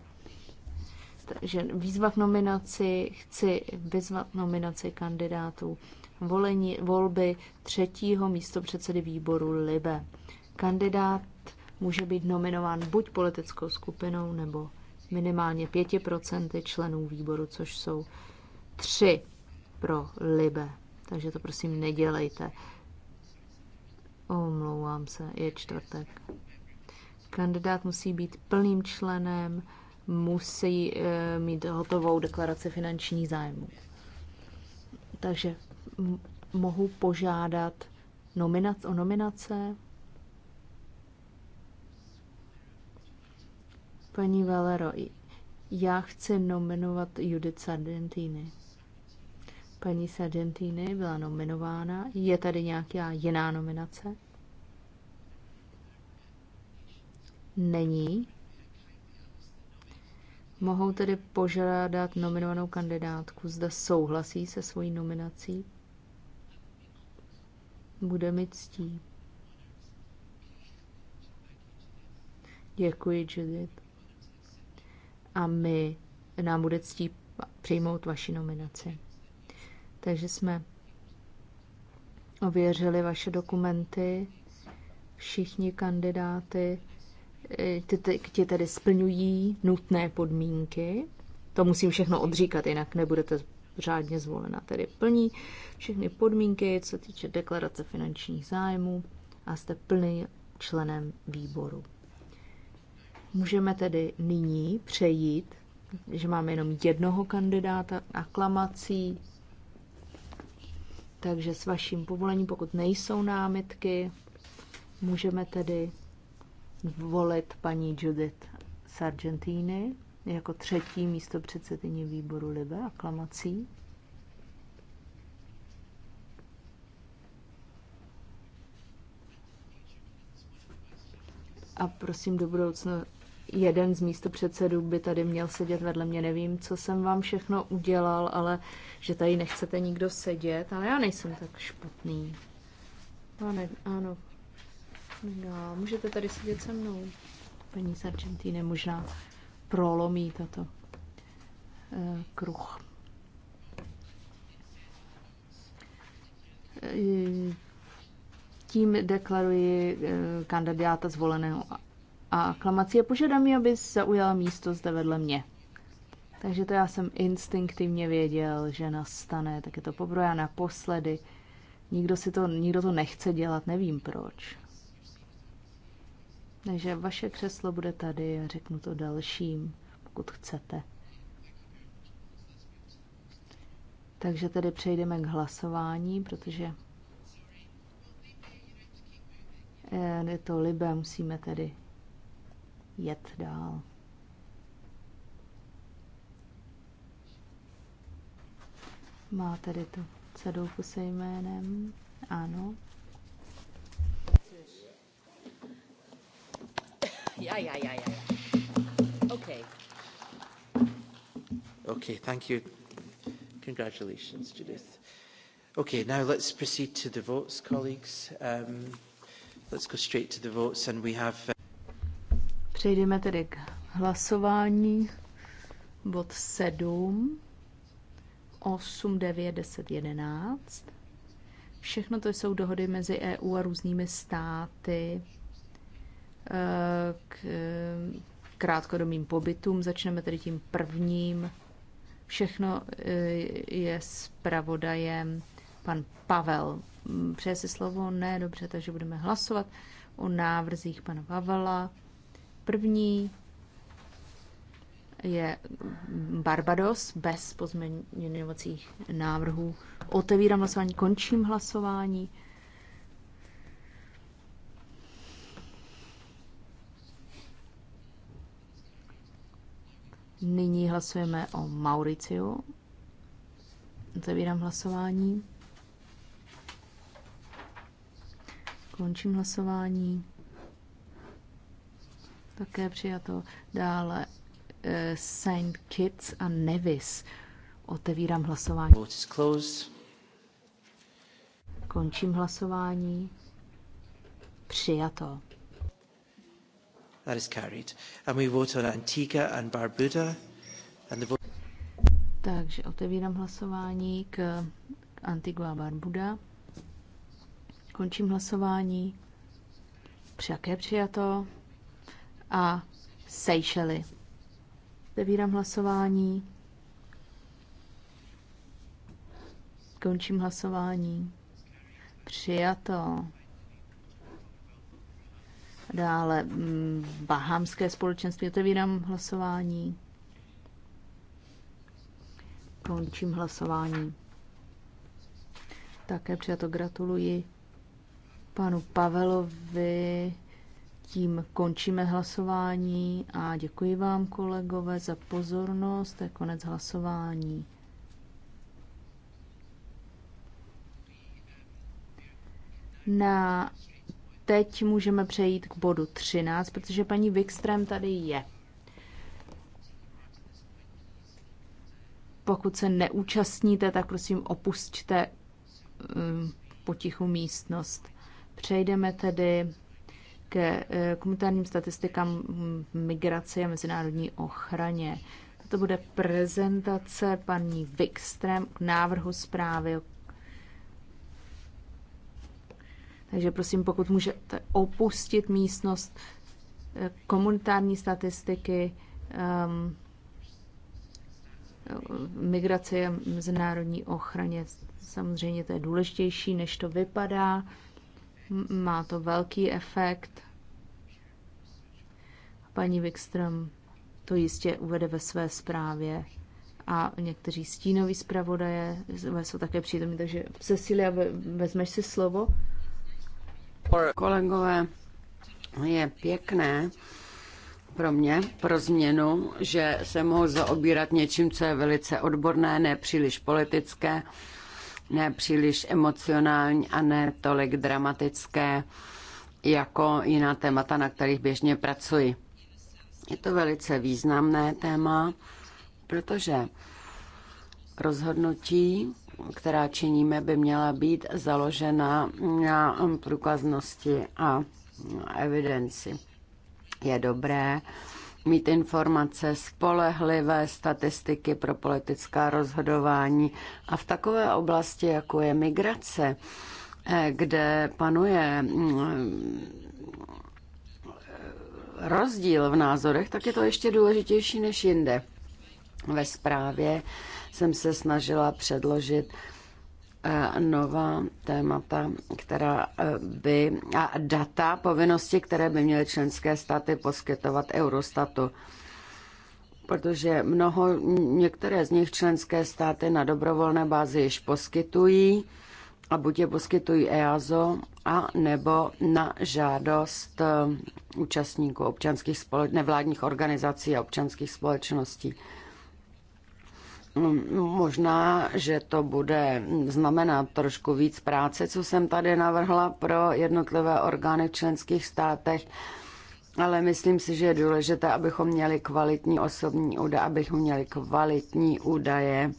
Takže výzva k nominaci, chci vyzvat nominaci kandidátů volení, volby třetího místo předsedy výboru LIBE. Kandidát může být nominován buď politickou skupinou nebo minimálně 5% členů výboru, což jsou tři pro Libe. Takže to prosím nedělejte. Omlouvám se, je čtvrtek. Kandidát musí být plným členem, musí e, mít hotovou deklaraci finančních zájmů. Takže mohu požádat nominac o nominace Paní Valero, já chci nominovat Judith Sargentini. Paní Sargentini byla nominována. Je tady nějaká jiná nominace? Není. Mohou tedy požádat nominovanou kandidátku, zda souhlasí se svojí nominací? Bude mi ctí. Děkuji, Judith a my nám bude ctí přijmout vaši nominaci. Takže jsme ověřili vaše dokumenty, všichni kandidáty, eh, ti tedy splňují nutné podmínky. To musím všechno odříkat, jinak nebudete řádně zvolena. Tedy plní všechny podmínky, co týče deklarace finančních zájmů a jste plný členem výboru. Můžeme tedy nyní přejít, že máme jenom jednoho kandidáta aklamací, takže s vaším povolením, pokud nejsou námitky, můžeme tedy volit paní Judith Sargentini jako třetí místo předsedkyně výboru Libe aklamací. A prosím do budoucna jeden z místopředsedů by tady měl sedět vedle mě. Nevím, co jsem vám všechno udělal, ale že tady nechcete nikdo sedět, ale já nejsem tak špatný. No, ne, ano. Já, můžete tady sedět se mnou. Paní Sargentine možná prolomí tato eh, kruh. Eh, tím deklaruji eh, kandidáta zvoleného a aklamací a požádám ji, aby zaujala místo zde vedle mě. Takže to já jsem instinktivně věděl, že nastane, tak je to poprvé naposledy. Nikdo, si to, nikdo to nechce dělat, nevím proč. Takže vaše křeslo bude tady a řeknu to dalším, pokud chcete. Takže tedy přejdeme k hlasování, protože eh, je to libe, musíme tedy jet dál. Má tady tu cedulku se jménem. Ano. Ja, ja, ja, ja. Okay. Okay, thank you. Congratulations, Judith. Okay, now let's proceed to the votes, colleagues. Um, let's go straight to the votes, and we have Přejdeme tedy k hlasování. Bod 7, 8, 9, 10, 11. Všechno to jsou dohody mezi EU a různými státy eh, k eh, krátkodobým pobytům. Začneme tedy tím prvním. Všechno eh, je s pravodajem pan Pavel. Přeje si slovo? Ne, dobře, takže budeme hlasovat o návrzích pana Pavela První je Barbados bez pozměňovacích návrhů. Otevírám hlasování, končím hlasování. Nyní hlasujeme o Mauriciu. Otevírám hlasování. Končím hlasování také přijato. Dále eh, Saint Kitts a Nevis. Otevírám hlasování. Vote is closed. Končím hlasování. Přijato. That is carried. And we vote on Antigua and Barbuda. And the vote... Takže otevírám hlasování k Antigua a Barbuda. Končím hlasování. Při jaké přijato? a Seychely. Otevírám hlasování. Končím hlasování. Přijato. Dále mm, Bahamské společenství. Otevírám hlasování. Končím hlasování. Také přijato gratuluji panu Pavelovi tím končíme hlasování a děkuji vám, kolegové, za pozornost. To je konec hlasování. Na teď můžeme přejít k bodu 13, protože paní Wikström tady je. Pokud se neúčastníte, tak prosím opusťte um, potichu místnost. Přejdeme tedy ke eh, komunitárním statistikám migraci a mezinárodní ochraně. To bude prezentace paní Wikström k návrhu zprávy. Takže prosím, pokud můžete opustit místnost eh, komunitární statistiky, um, ehm, eh, migrace a mezinárodní ochraně. Samozřejmě to je důležitější, než to vypadá. Má to velký efekt. Paní Wikström to jistě uvede ve své zprávě a někteří stínoví zpravodaje jsou také přítomní, takže Cecilia, vezmeš si slovo? Kolegové, je pěkné pro mě, pro změnu, že se mohu zaobírat něčím, co je velice odborné, nepříliš politické ne příliš emocionální a ne tolik dramatické jako jiná témata, na kterých běžně pracuji. Je to velice významné téma, protože rozhodnutí, která činíme, by měla být založena na průkaznosti a evidenci. Je dobré, mít informace, spolehlivé statistiky pro politická rozhodování. A v takové oblasti, jako je migrace, eh, kde panuje mm, rozdíl v názorech, tak je to ještě důležitější než jinde. Ve zprávě jsem se snažila předložit Eh, nová témata, která eh, by, a data, povinnosti, které by měly členské státy poskytovat Eurostatu. Protože mnoho, některé z nich členské státy na dobrovolné bázi již poskytují, a buď je poskytují EASO, a nebo na žádost eh, účastníků občanských společ- nevládních organizací a občanských společností. Možná, že to bude znamenat trošku víc práce, co jsem tady navrhla pro jednotlivé orgány v členských státech, ale myslím si, že je důležité, abychom měli kvalitní osobní údaje, abychom měli kvalitní údaje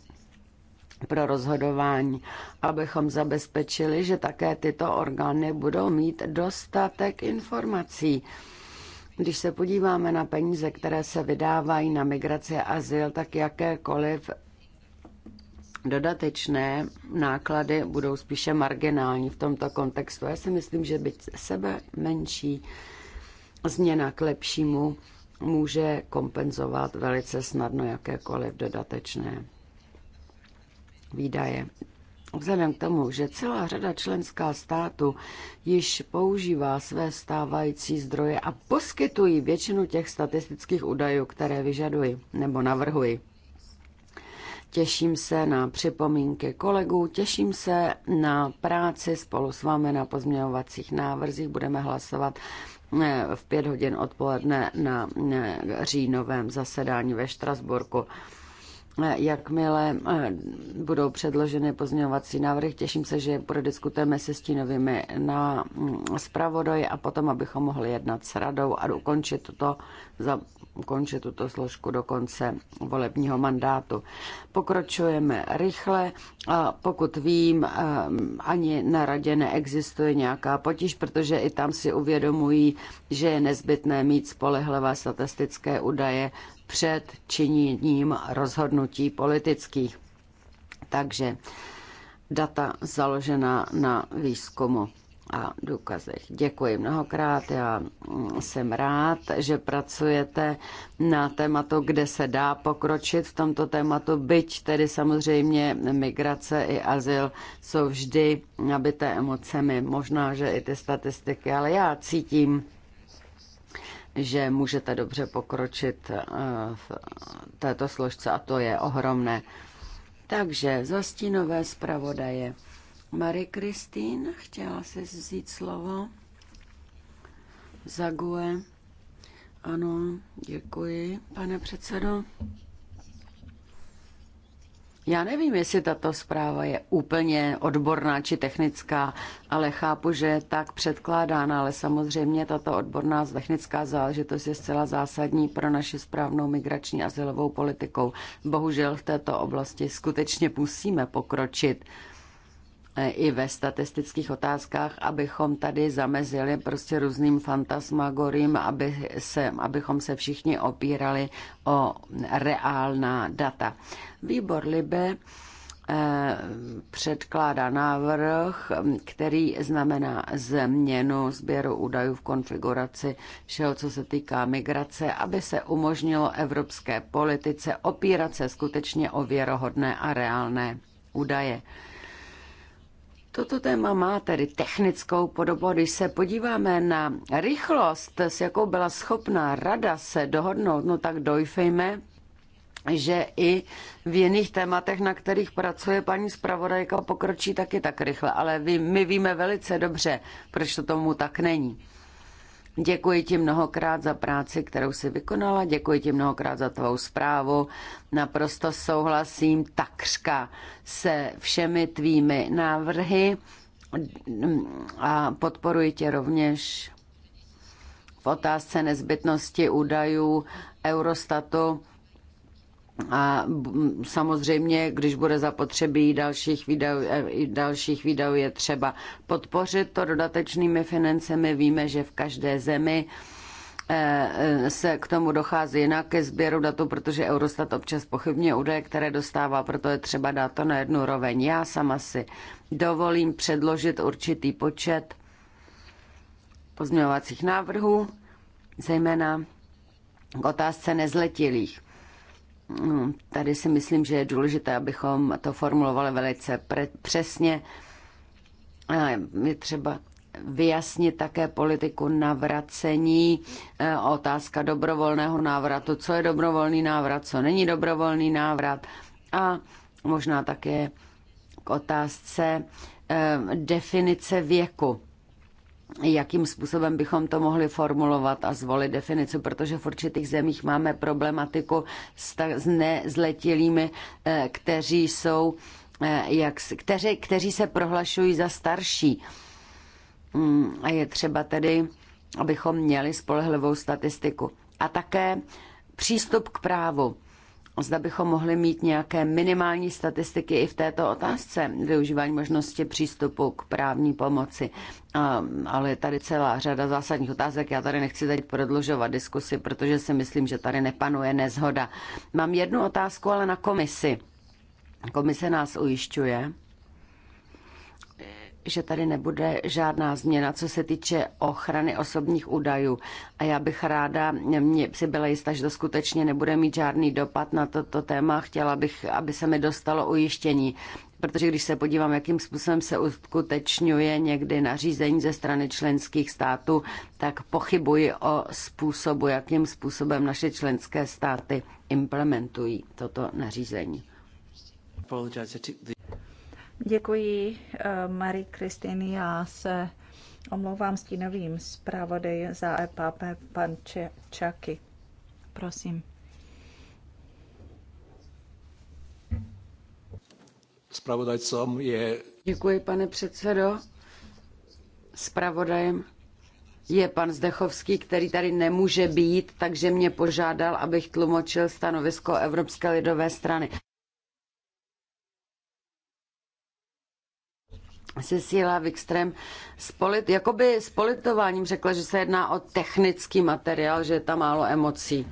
pro rozhodování, abychom zabezpečili, že také tyto orgány budou mít dostatek informací. Když se podíváme na peníze, které se vydávají na migraci a azyl, tak jakékoliv dodatečné náklady budou spíše marginální v tomto kontextu. Já si myslím, že byť sebe menší změna k lepšímu může kompenzovat velice snadno jakékoliv dodatečné výdaje. Vzhledem k tomu, že celá řada členská státu již používá své stávající zdroje a poskytují většinu těch statistických údajů, které vyžadují nebo navrhují, Těším se na připomínky kolegů, těším se na práci spolu s vámi na pozměňovacích návrzích. Budeme hlasovat eh, v pět hodin odpoledne na eh, říjnovém zasedání ve Štrasburku. Eh, jakmile budou předloženy pozměňovací návrhy, těším se, že prodiskutujeme se stínovými na mm, zpravodaj a potom, abychom mohli jednat s radou a ukončit za ukončit tuto složku do konce volebního mandátu. Pokročujeme rychle a pokud vím, ani na radě neexistuje nějaká potíž, protože i tam si uvědomují, že je nezbytné mít spolehlivé statistické údaje před činěním rozhodnutí politických. Takže data založená na výzkumu a důkazech. Děkuji mnohokrát. Já mm, jsem rád, že pracujete na tématu, kde se dá pokročit v tomto tématu, byť tedy samozřejmě migrace i azyl jsou vždy nabité emocemi. Možná, že i ty statistiky, ale já cítím, že můžete dobře pokročit eh, v této složce a to je ohromné. Takže zastínové zpravodaje. Marie Kristýn chtěla se vzít slovo. Zague. Ano, děkuji, pane předsedo. Já nevím, jestli tato zpráva je úplně odborná či technická, ale chápu, že je tak předkládána, ale samozřejmě tato odborná technická záležitost je zcela zásadní pro naši správnou migrační a zelovou politikou. Bohužel v této oblasti skutečně musíme pokročit i ve statistických otázkách, abychom tady zamezili prostě různým fantasmagorím, aby se, abychom se všichni opírali o reálná data. Výbor Libe eh, předkládá návrh, který znamená změnu sběru údajů v konfiguraci všeho, co se týká migrace, aby se umožnilo evropské politice opírat se skutečně o věrohodné a reálné údaje. Toto téma má tedy technickou podobu. Když se podíváme na rychlost, s jakou byla schopná rada se dohodnout, no tak dojfejme, že i v jiných tématech, na kterých pracuje paní zpravodajka, pokročí taky tak rychle. Ale my víme velice dobře, proč to tomu tak není. Děkuji ti mnohokrát za práci, kterou jsi vykonala, děkuji ti mnohokrát za tvou zprávu. Naprosto souhlasím takřka se všemi tvými návrhy a podporuji tě rovněž v otázce nezbytnosti údajů Eurostatu a samozřejmě, když bude zapotřebí dalších výdajů, e, dalších výdajů je třeba podpořit to dodatečnými financemi. Víme, že v každé zemi e, e, se k tomu dochází jinak ke sběru datu, protože Eurostat občas pochybně údaje, které dostává, proto je třeba dát to na jednu roveň. Já sama si dovolím předložit určitý počet pozměňovacích návrhů, zejména k otázce nezletilých No, tady si myslím, že je důležité, abychom to formulovali velice přesně. Je třeba vyjasnit také politiku navracení, e, otázka dobrovolného návratu, co je dobrovolný návrat, co není dobrovolný návrat a možná také k otázce e, definice věku jakým způsobem bychom to mohli formulovat a zvolit definici, protože v určitých zemích máme problematiku s nezletilými, eh, kteří jsou, eh, jak, kteři, kteří se prohlašují za starší. Mm, a je třeba tedy, abychom měli spolehlivou statistiku. A také přístup k právu. Zda bychom mohli mít nějaké minimální statistiky i v této otázce využívání možnosti přístupu k právní pomoci. ale je tady celá řada zásadních otázek. Já tady nechci teď prodlužovat diskusi, protože si myslím, že tady nepanuje nezhoda. Mám jednu otázku, ale na komisi. Komise nás ujišťuje, že tady nebude žádná změna, co se týče ochrany osobních údajů. A já bych ráda mě si byla jistá, že to skutečně nebude mít žádný dopad na toto téma. Chtěla bych, aby se mi dostalo ujištění, protože když se podívám, jakým způsobem se uskutečňuje někdy nařízení ze strany členských států, tak pochybuji o způsobu, jakým způsobem naše členské státy implementují toto nařízení. Děkuji, eh, Marie Kristýny. Já se omlouvám stínovým zpravodaj za EPAP, pan Čaky. Prosím. Spravodajcom je... Děkuji, pane předsedo. Spravodajem je pan Zdechovský, který tady nemůže být, takže mě požádal, abych tlumočil stanovisko Evropské lidové strany. Cecilia Wikström s polit, jakoby s politováním řekla, že se jedná o technický materiál, že je tam málo emocí.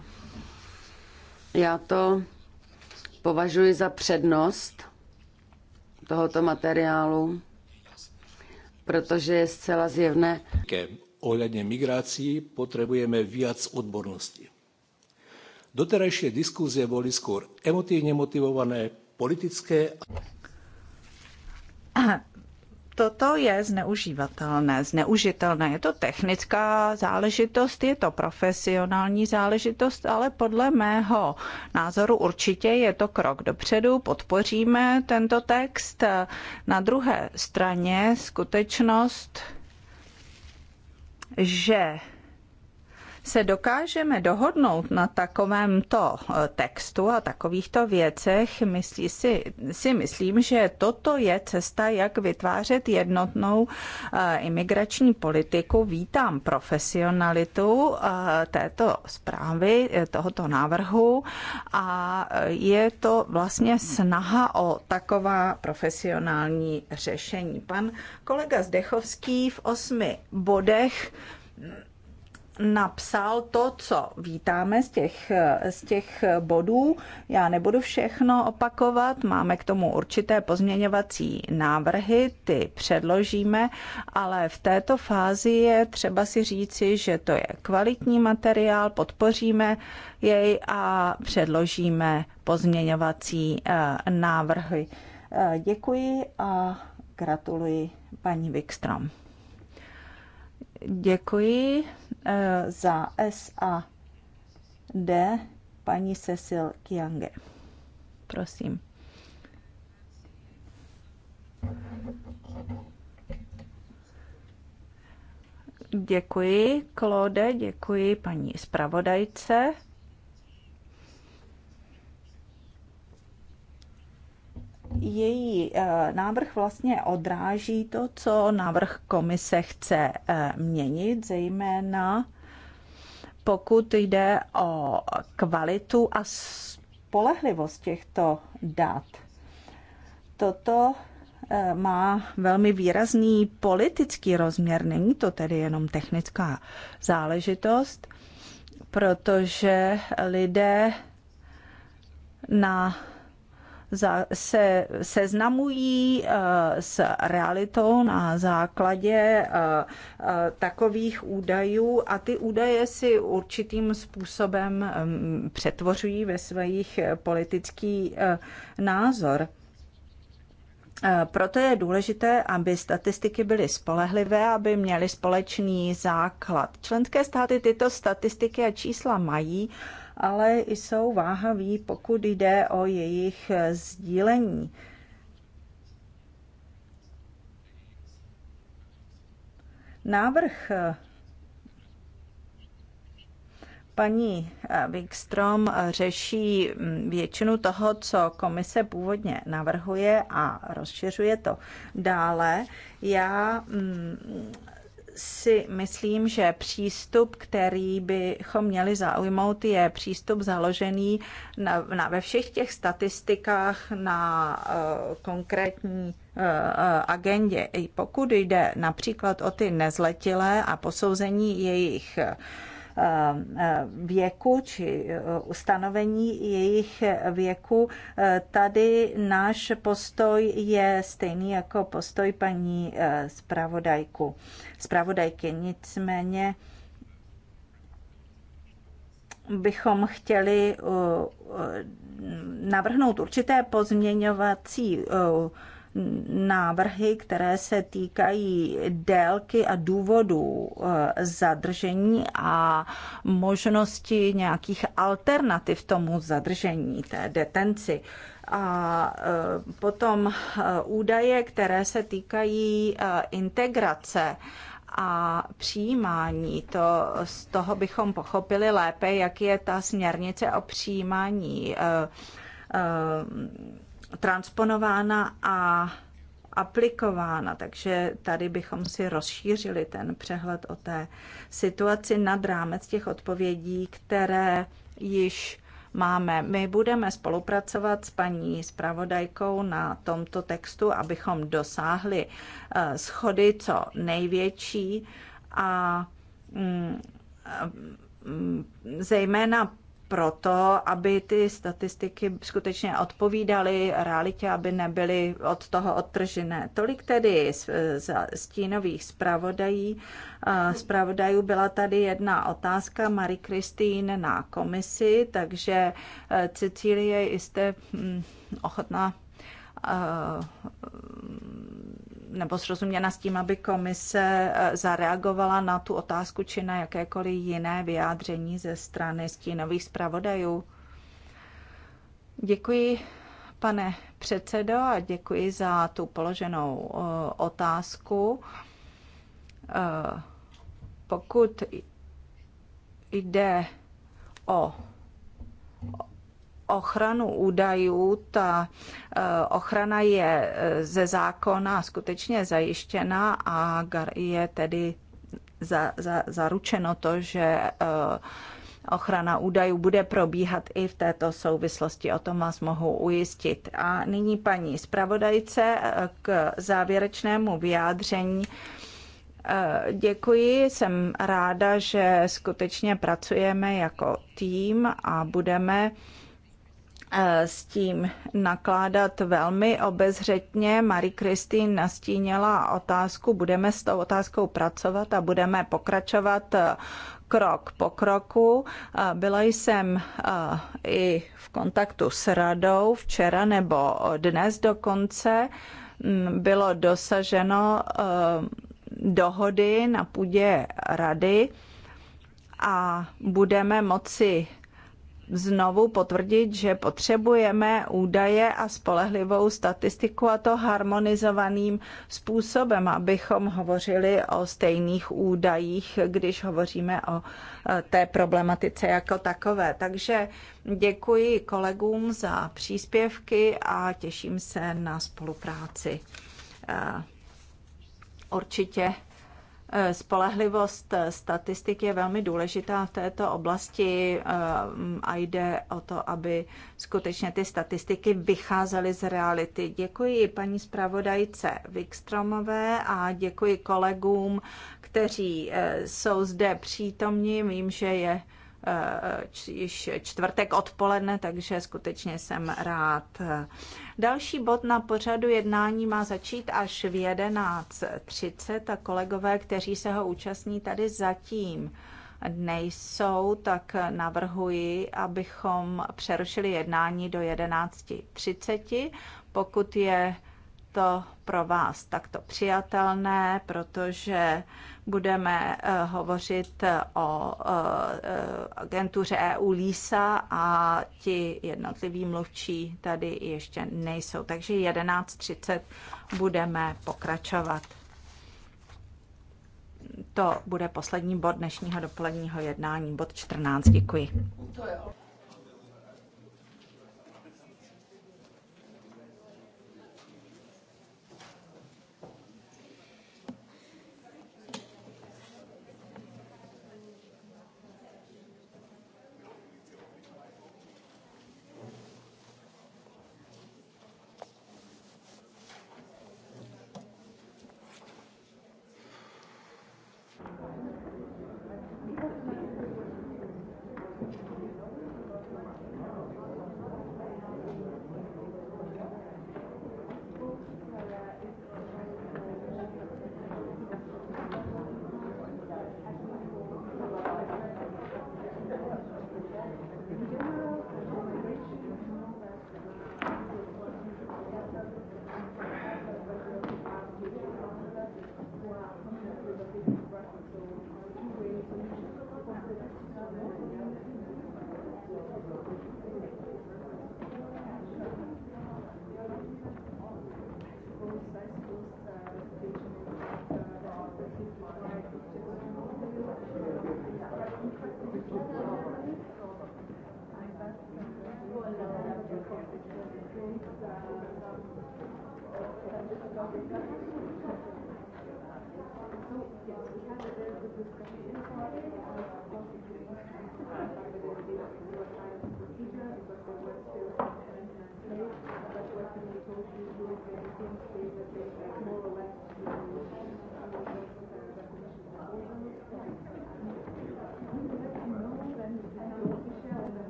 Já to považuji za přednost tohoto materiálu, protože je zcela zjevné. Ohledně migrací potřebujeme víc odbornosti. Doterajšie diskuze byly skôr emotivně motivované, politické. toto je zneužívatelné, zneužitelné. Je to technická záležitost, je to profesionální záležitost, ale podle mého názoru určitě je to krok dopředu. Podpoříme tento text. Na druhé straně skutečnost, že se dokážeme dohodnout na takovémto eh, textu a takovýchto věcech, myslí si, si myslím, že toto je cesta, jak vytvářet jednotnou eh, imigrační politiku. Vítám profesionalitu eh, této zprávy, tohoto návrhu a je to vlastně snaha o taková profesionální řešení. Pan kolega Zdechovský v osmi bodech napsal to, co vítáme z těch, z těch bodů. Já nebudu všechno opakovat, máme k tomu určité pozměňovací návrhy, ty předložíme, ale v této fázi je třeba si říci, že to je kvalitní materiál, podpoříme jej a předložíme pozměňovací eh, návrhy. Eh, děkuji a gratuluji paní Wikstrom. Děkuji. Eh, za SAD paní Cecil Kiange. Prosím. Děkuji, Klode, děkuji paní zpravodajce. její eh, návrh vlastně odráží to, co návrh komise chce eh, měnit, zejména pokud jde o kvalitu a spolehlivost těchto dat. Toto eh, má velmi výrazný politický rozměr, není to tedy jenom technická záležitost, protože lidé na se seznamují eh, s realitou na základě eh, eh, takových údajů a ty údaje si určitým způsobem mm, přetvořují ve svých politický názor. Proto je důležité, aby statistiky byly spolehlivé, aby měly společný základ. Členské státy tyto statistiky a čísla mají, ale jsou váhaví, pokud jde o jejich sdílení. Návrh paní Wikstrom řeší většinu toho, co komise původně navrhuje a rozšiřuje to dále. Já mm, si myslím, že přístup, který bychom měli zaujmout, je přístup založený na, na, ve všech těch statistikách na uh, konkrétní eh, eh, agendě. I pokud jde například o ty nezletilé a posouzení jejich Eh, věku či eh, ustanovení jejich věku, eh, tady náš postoj je stejný jako postoj paní zpravodajku, zpravodajky. Nicméně bychom chtěli navrhnout určité pozměňovací návrhy, které se týkají délky a důvodů eh, zadržení a možnosti nějakých alternativ tomu zadržení, té detenci a eh, potom eh, údaje, které se týkají integrace a přijímání. To, z toho bychom pochopili lépe, jak je ta směrnice o přijímání transponována a aplikována, takže tady bychom si rozšířili ten přehled o té situaci nad rámec těch odpovědí, které již máme. My budeme spolupracovat s paní zpravodajkou na tomto textu, abychom dosáhli eh, schody co největší a mm, mm, zejména proto, aby ty statistiky skutečně odpovídaly realitě, aby nebyly od toho odtržené. Tolik tedy z, z stínových zpravodají. Zpravodajů byla tady jedna otázka Marie Kristýn na komisi, takže e, Cecílie, jste hm, ochotná e, nebo srozuměna s tím, aby komise eh, zareagovala na tu otázku či na jakékoliv jiné vyjádření ze strany stínových zpravodajů. Děkuji, pane předsedo, a děkuji za tu položenou eh, otázku. Eh, pokud jde o ochranu údajů. Ta eh, ochrana je eh, ze zákona skutečně zajištěna a je tedy za, za, zaručeno to, že eh, ochrana údajů bude probíhat i v této souvislosti. O tom vás mohu ujistit. A nyní paní zpravodajce k závěrečnému vyjádření. Děkuji, jsem ráda, že skutečně pracujeme jako tým a budeme Eh, s tím nakládat velmi obezřetně. Marie Christine nastínila otázku, budeme s tou otázkou pracovat a budeme pokračovat eh, krok po kroku. Eh, byla jsem i v kontaktu s radou včera nebo dnes dokonce. Mm, bylo dosaženo dohody na půdě rady a budeme moci znovu potvrdit, že potřebujeme údaje a spolehlivou statistiku a to harmonizovaným způsobem, abychom hovořili o stejných údajích, když hovoříme o eh, té problematice jako takové. Takže děkuji kolegům za příspěvky a těším se na spolupráci. Eh, určitě Eh, spolehlivost eh, statistik je velmi důležitá v této oblasti eh, a jde o to, aby skutečně ty statistiky vycházely z reality. Děkuji paní zpravodajce Wikstromové a děkuji kolegům, kteří jsou zde přítomní. Vím, že je již čtvrtek odpoledne, takže skutečně jsem rád. Další bod na pořadu jednání má začít až v 11.30 a kolegové, kteří se ho účastní tady zatím nejsou, tak navrhuji, abychom přerušili jednání do 11.30, pokud je to pro vás takto přijatelné, protože budeme eh, hovořit eh, o eh, agentuře EU LISA a ti jednotliví mluvčí tady ještě nejsou. Takže 11.30 budeme pokračovat. To bude poslední bod dnešního dopoledního jednání, bod 14. Děkuji.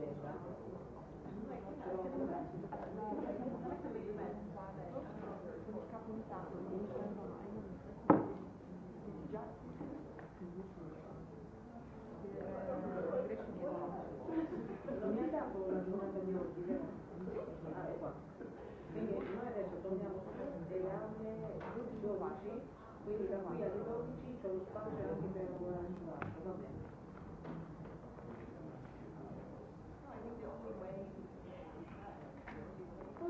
quindi da qui alle 12 sono spazio anche per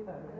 kita. Ya.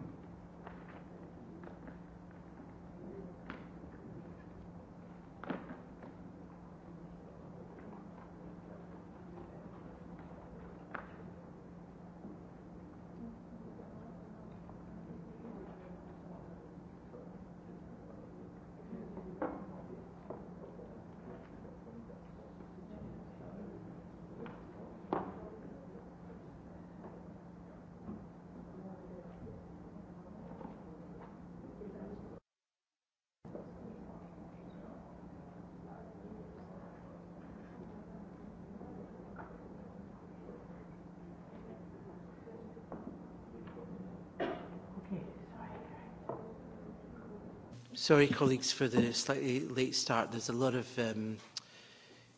Sorry, colleagues, for the slightly late start. There's a lot of um,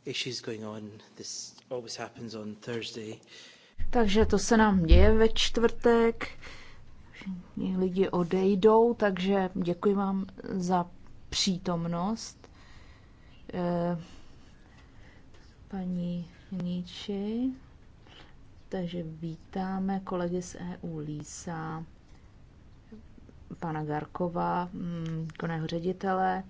issues going on. This always happens on Thursday. Takže to se nám děje ve čtvrtek. Všichni lidi odejdou, takže děkuji vám za přítomnost. Eh, paní Níči, takže vítáme kolegy z EU Lísa pana Garkova, mm, koného ředitele.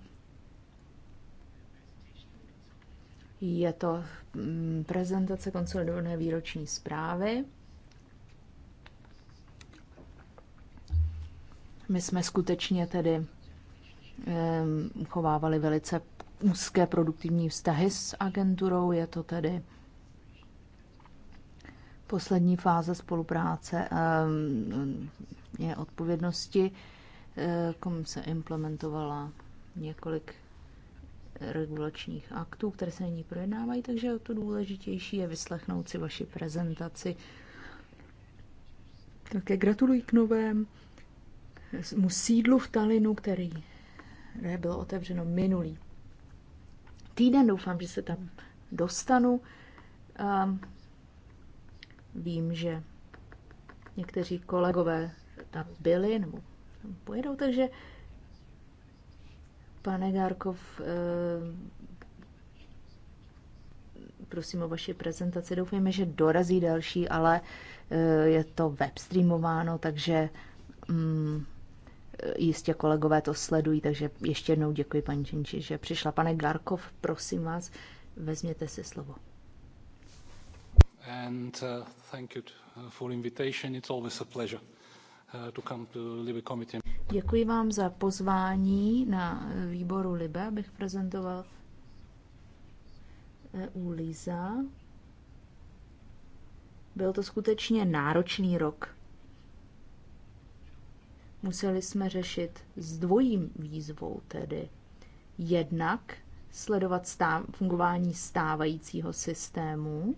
Je to mm, prezentace konsolidované výroční zprávy. My jsme skutečně tedy uchovávali velice úzké produktivní vztahy s agenturou. Je to tedy poslední fáze spolupráce je odpovědnosti. Eh, komise implementovala několik regulačních aktů, které se nyní projednávají, takže to důležitější je vyslechnout si vaši prezentaci. Také gratuluji k novému sídlu v Talinu, který bylo otevřeno minulý týden. Doufám, že se tam dostanu. A vím, že někteří kolegové tam byli, nebo pojedou, takže pane Gárkov, eh, prosím o vaši prezentaci. Doufejme, že dorazí další, ale eh, je to webstreamováno, takže mm, jistě kolegové to sledují, takže ještě jednou děkuji paní Činči, že přišla. Pane Garkov, prosím vás, vezměte si slovo. And uh, thank you for invitation. It's always a pleasure. Eh, eh, Děkuji vám za pozvání na eh, výboru Libe, abych prezentoval u Liza. Byl to skutečně náročný rok. Museli jsme řešit s dvojím výzvou, tedy jednak sledovat stáv, fungování stávajícího systému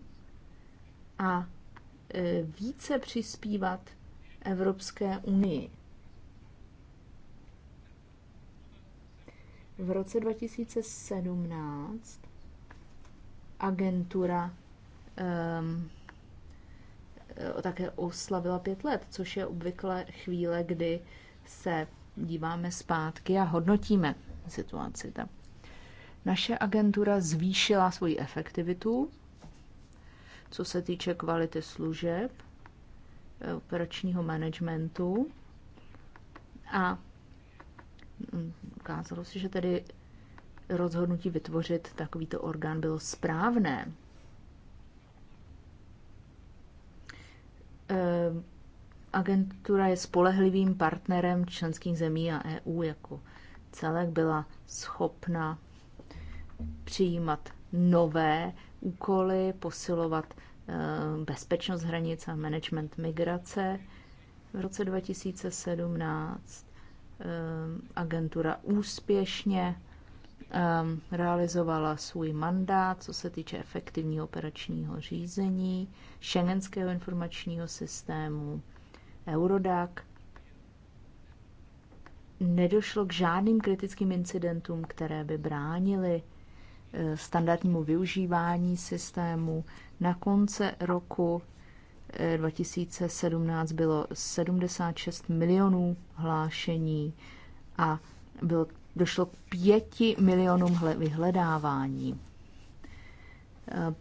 a více přispívat Evropské unii. V roce 2017 agentura um, také oslavila pět let, což je obvykle chvíle, kdy se díváme zpátky a hodnotíme situaci. Tam. Naše agentura zvýšila svoji efektivitu, co se týče kvality služeb, operačního managementu a mm, ukázalo se, že tedy rozhodnutí vytvořit takovýto orgán bylo správné. Eh, agentura je spolehlivým partnerem členských zemí a EU jako celek byla schopna přijímat nové úkoly, posilovat Eh, bezpečnost hranic a management migrace. V roce 2017 eh, agentura úspěšně eh, realizovala svůj mandát, co se týče efektivního operačního řízení, šengenského informačního systému, Eurodac. Nedošlo k žádným kritickým incidentům, které by bránily standardnímu využívání systému na konce roku 2017 eh, bylo 76 milionů hlášení a bylo, došlo k 5 milionům vyhledávání. Eh,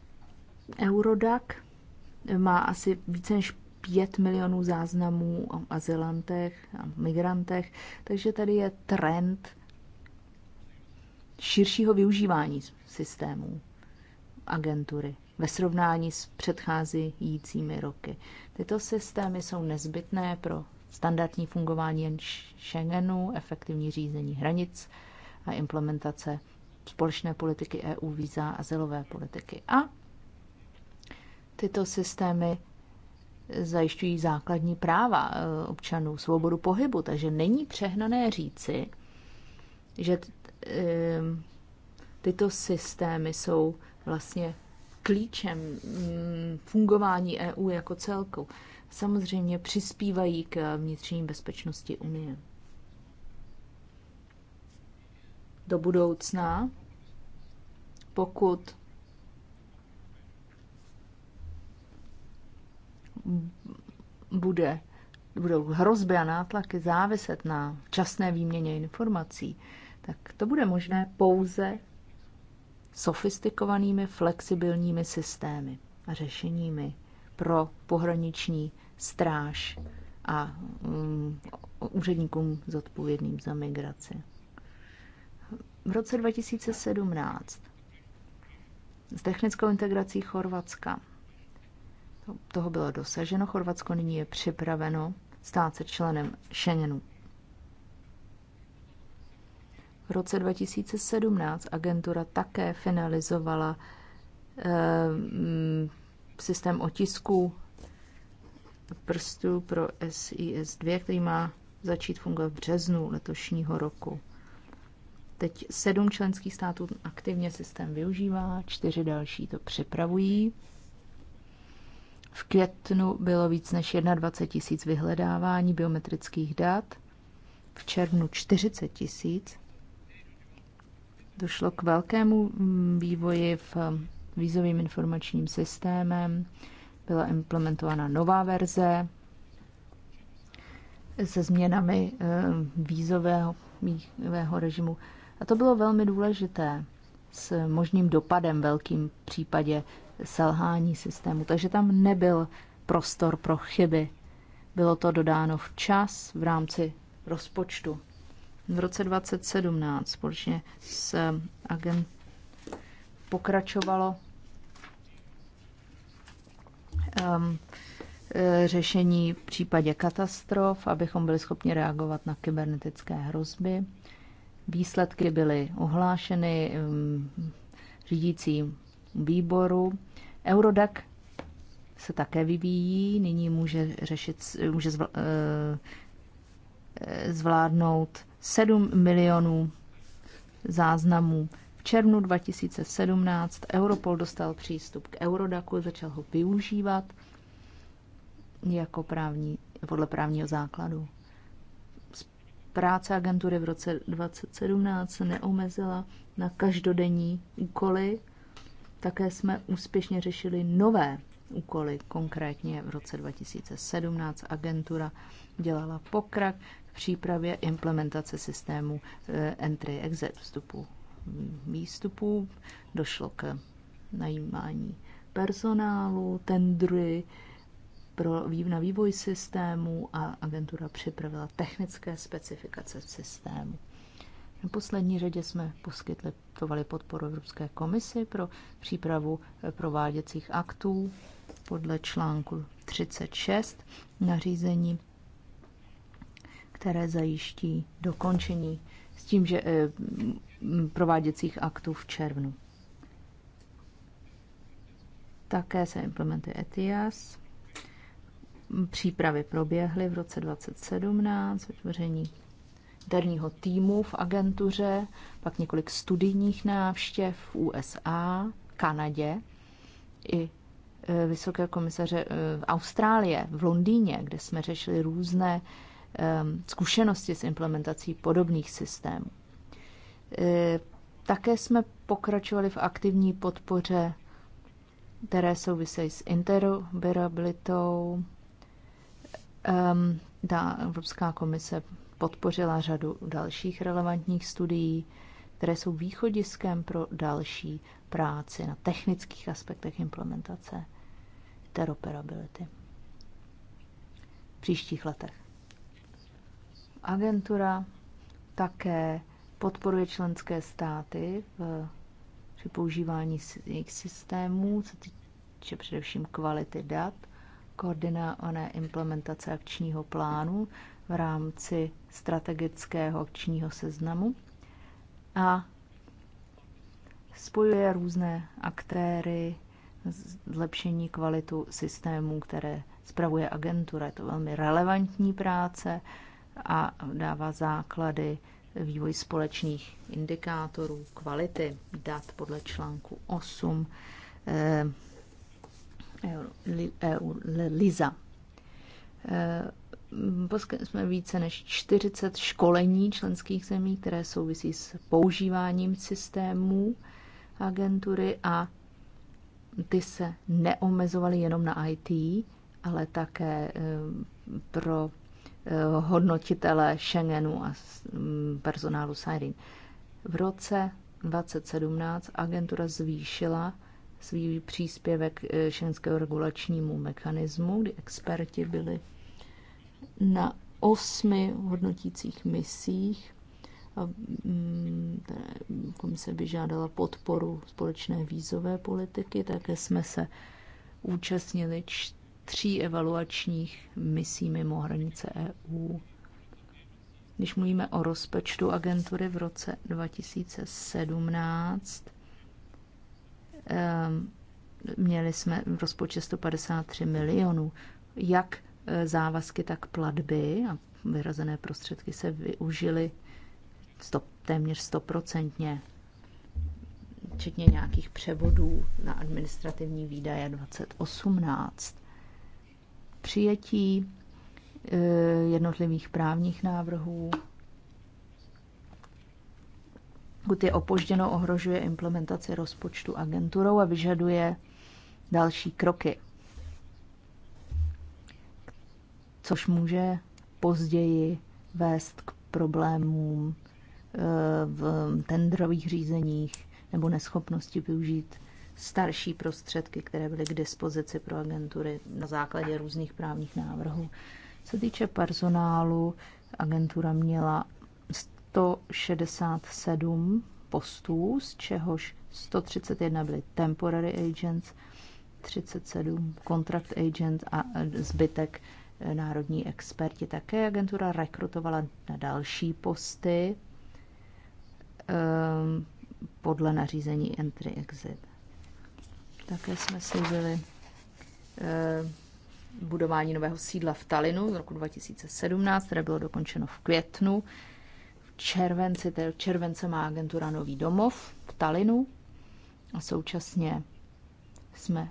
Eurodac eh, má asi více než 5 milionů záznamů o azylantech a migrantech, takže tady je trend širšího využívání systémů agentury ve srovnání s předcházejícími roky. Tyto systémy jsou nezbytné pro standardní fungování Schengenu, efektivní řízení hranic a implementace společné politiky EU, víza a zelové politiky. A tyto systémy zajišťují základní práva eh, občanů, svobodu pohybu, takže není přehnané říci, že eh, tyto systémy jsou vlastně klíčem mm, fungování EU jako celku, samozřejmě přispívají k vnitřní bezpečnosti Unie. Do budoucna, pokud bude, budou hrozby a nátlaky záviset na časné výměně informací, tak to bude možné pouze sofistikovanými flexibilními systémy a řešeními pro pohraniční stráž a um, úředníkům zodpovědným za migraci. V roce 2017 s technickou integrací Chorvatska. Toho bylo dosaženo. Chorvatsko nyní je připraveno stát se členem Schengenu v roce 2017 agentura také finalizovala ehm, systém otisků prstů pro SIS-2, který má začít fungovat v březnu letošního roku. Teď sedm členských států aktivně systém využívá, čtyři další to připravují. V květnu bylo víc než 21 tisíc vyhledávání biometrických dat, v červnu 40 tisíc došlo k velkému mm, vývoji v mm, vízovým informačním systémem. Byla implementována nová verze se změnami mm, vízového režimu. A to bylo velmi důležité s možným dopadem velkým v případě selhání systému. Takže tam nebyl prostor pro chyby. Bylo to dodáno včas v rámci rozpočtu v roce 2017 společně s agent pokračovalo um, e, řešení v případě katastrof, abychom byli schopni reagovat na kybernetické hrozby. Výsledky byly ohlášeny um, řídícím výboru. Eurodac se také vyvíjí, nyní může, řešit, může e, e, zvládnout 7 milionů záznamů. V červnu 2017 Europol dostal přístup k Eurodaku, začal ho využívat jako právní, podle právního základu. Práce agentury v roce 2017 se neomezila na každodenní úkoly, také jsme úspěšně řešili nové úkoly. Konkrétně v roce 2017 agentura dělala pokrak v přípravě implementace systému eh, entry-exit vstupu výstupů. Došlo k najímání personálu, tendry pro na vývoj systému a agentura připravila technické specifikace systému. V poslední řadě jsme poskytli podporu Evropské komisi pro přípravu eh, prováděcích aktů podle článku 36 nařízení, které zajiští dokončení s tím, že e, prováděcích aktů v červnu. Také se implementuje ETIAS. Přípravy proběhly v roce 2017, vytvoření interního týmu v agentuře, pak několik studijních návštěv v USA, Kanadě i Eh, vysokého komisaře eh, v Austrálie, v Londýně, kde jsme řešili různé zkušenosti s implementací podobných systémů. Eh, také jsme pokračovali v aktivní podpoře, které souvisejí s interoperabilitou. Ta Evropská komise podpořila řadu dalších relevantních studií, které jsou východiskem pro další práci na technických aspektech implementace interoperability v příštích letech. Agentura také podporuje členské státy v, při používání jejich systémů, co týče především kvality dat, koordinované implementace akčního plánu v rámci strategického akčního seznamu a spojuje různé aktéry zlepšení kvalitu systémů, které spravuje agentura. Je to velmi relevantní práce a dává základy vývoj společných indikátorů kvality dat podle článku 8 EU LISA. Poskytli jsme více než 40 školení členských zemí, které souvisí s používáním systémů agentury a ty se neomezovaly jenom na IT, ale také eh, pro eh, hodnotitele Schengenu a mm, personálu Sairin. V roce 2017 agentura zvýšila svůj příspěvek šenského eh, regulačnímu mechanismu, kdy experti byli na osmi hodnotících misích Mm, komise by žádala podporu společné vízové politiky. Také jsme se účastnili tří evaluačních misí mimo hranice EU. Když mluvíme o rozpočtu agentury v roce 2017, měli jsme v rozpočet 153 milionů. Jak e, závazky, tak platby a vyrazené prostředky se využily 100, téměř stoprocentně, včetně nějakých převodů na administrativní výdaje 2018. Přijetí e, jednotlivých právních návrhů, pokud je opožděno, ohrožuje implementaci rozpočtu agenturou a vyžaduje další kroky, což může později vést k problémům v tendrových řízeních nebo neschopnosti využít starší prostředky, které byly k dispozici pro agentury na základě různých právních návrhů. Co týče personálu, agentura měla 167 postů, z čehož 131 byly temporary agents, 37 contract agent a zbytek eh, národní experti. Také agentura rekrutovala na další posty Ehm, podle nařízení entry-exit. Také jsme slíbili ehm, budování nového sídla v Talinu z roku 2017, které bylo dokončeno v květnu. V červenci, tedy července má agentura nový domov v Talinu a současně jsme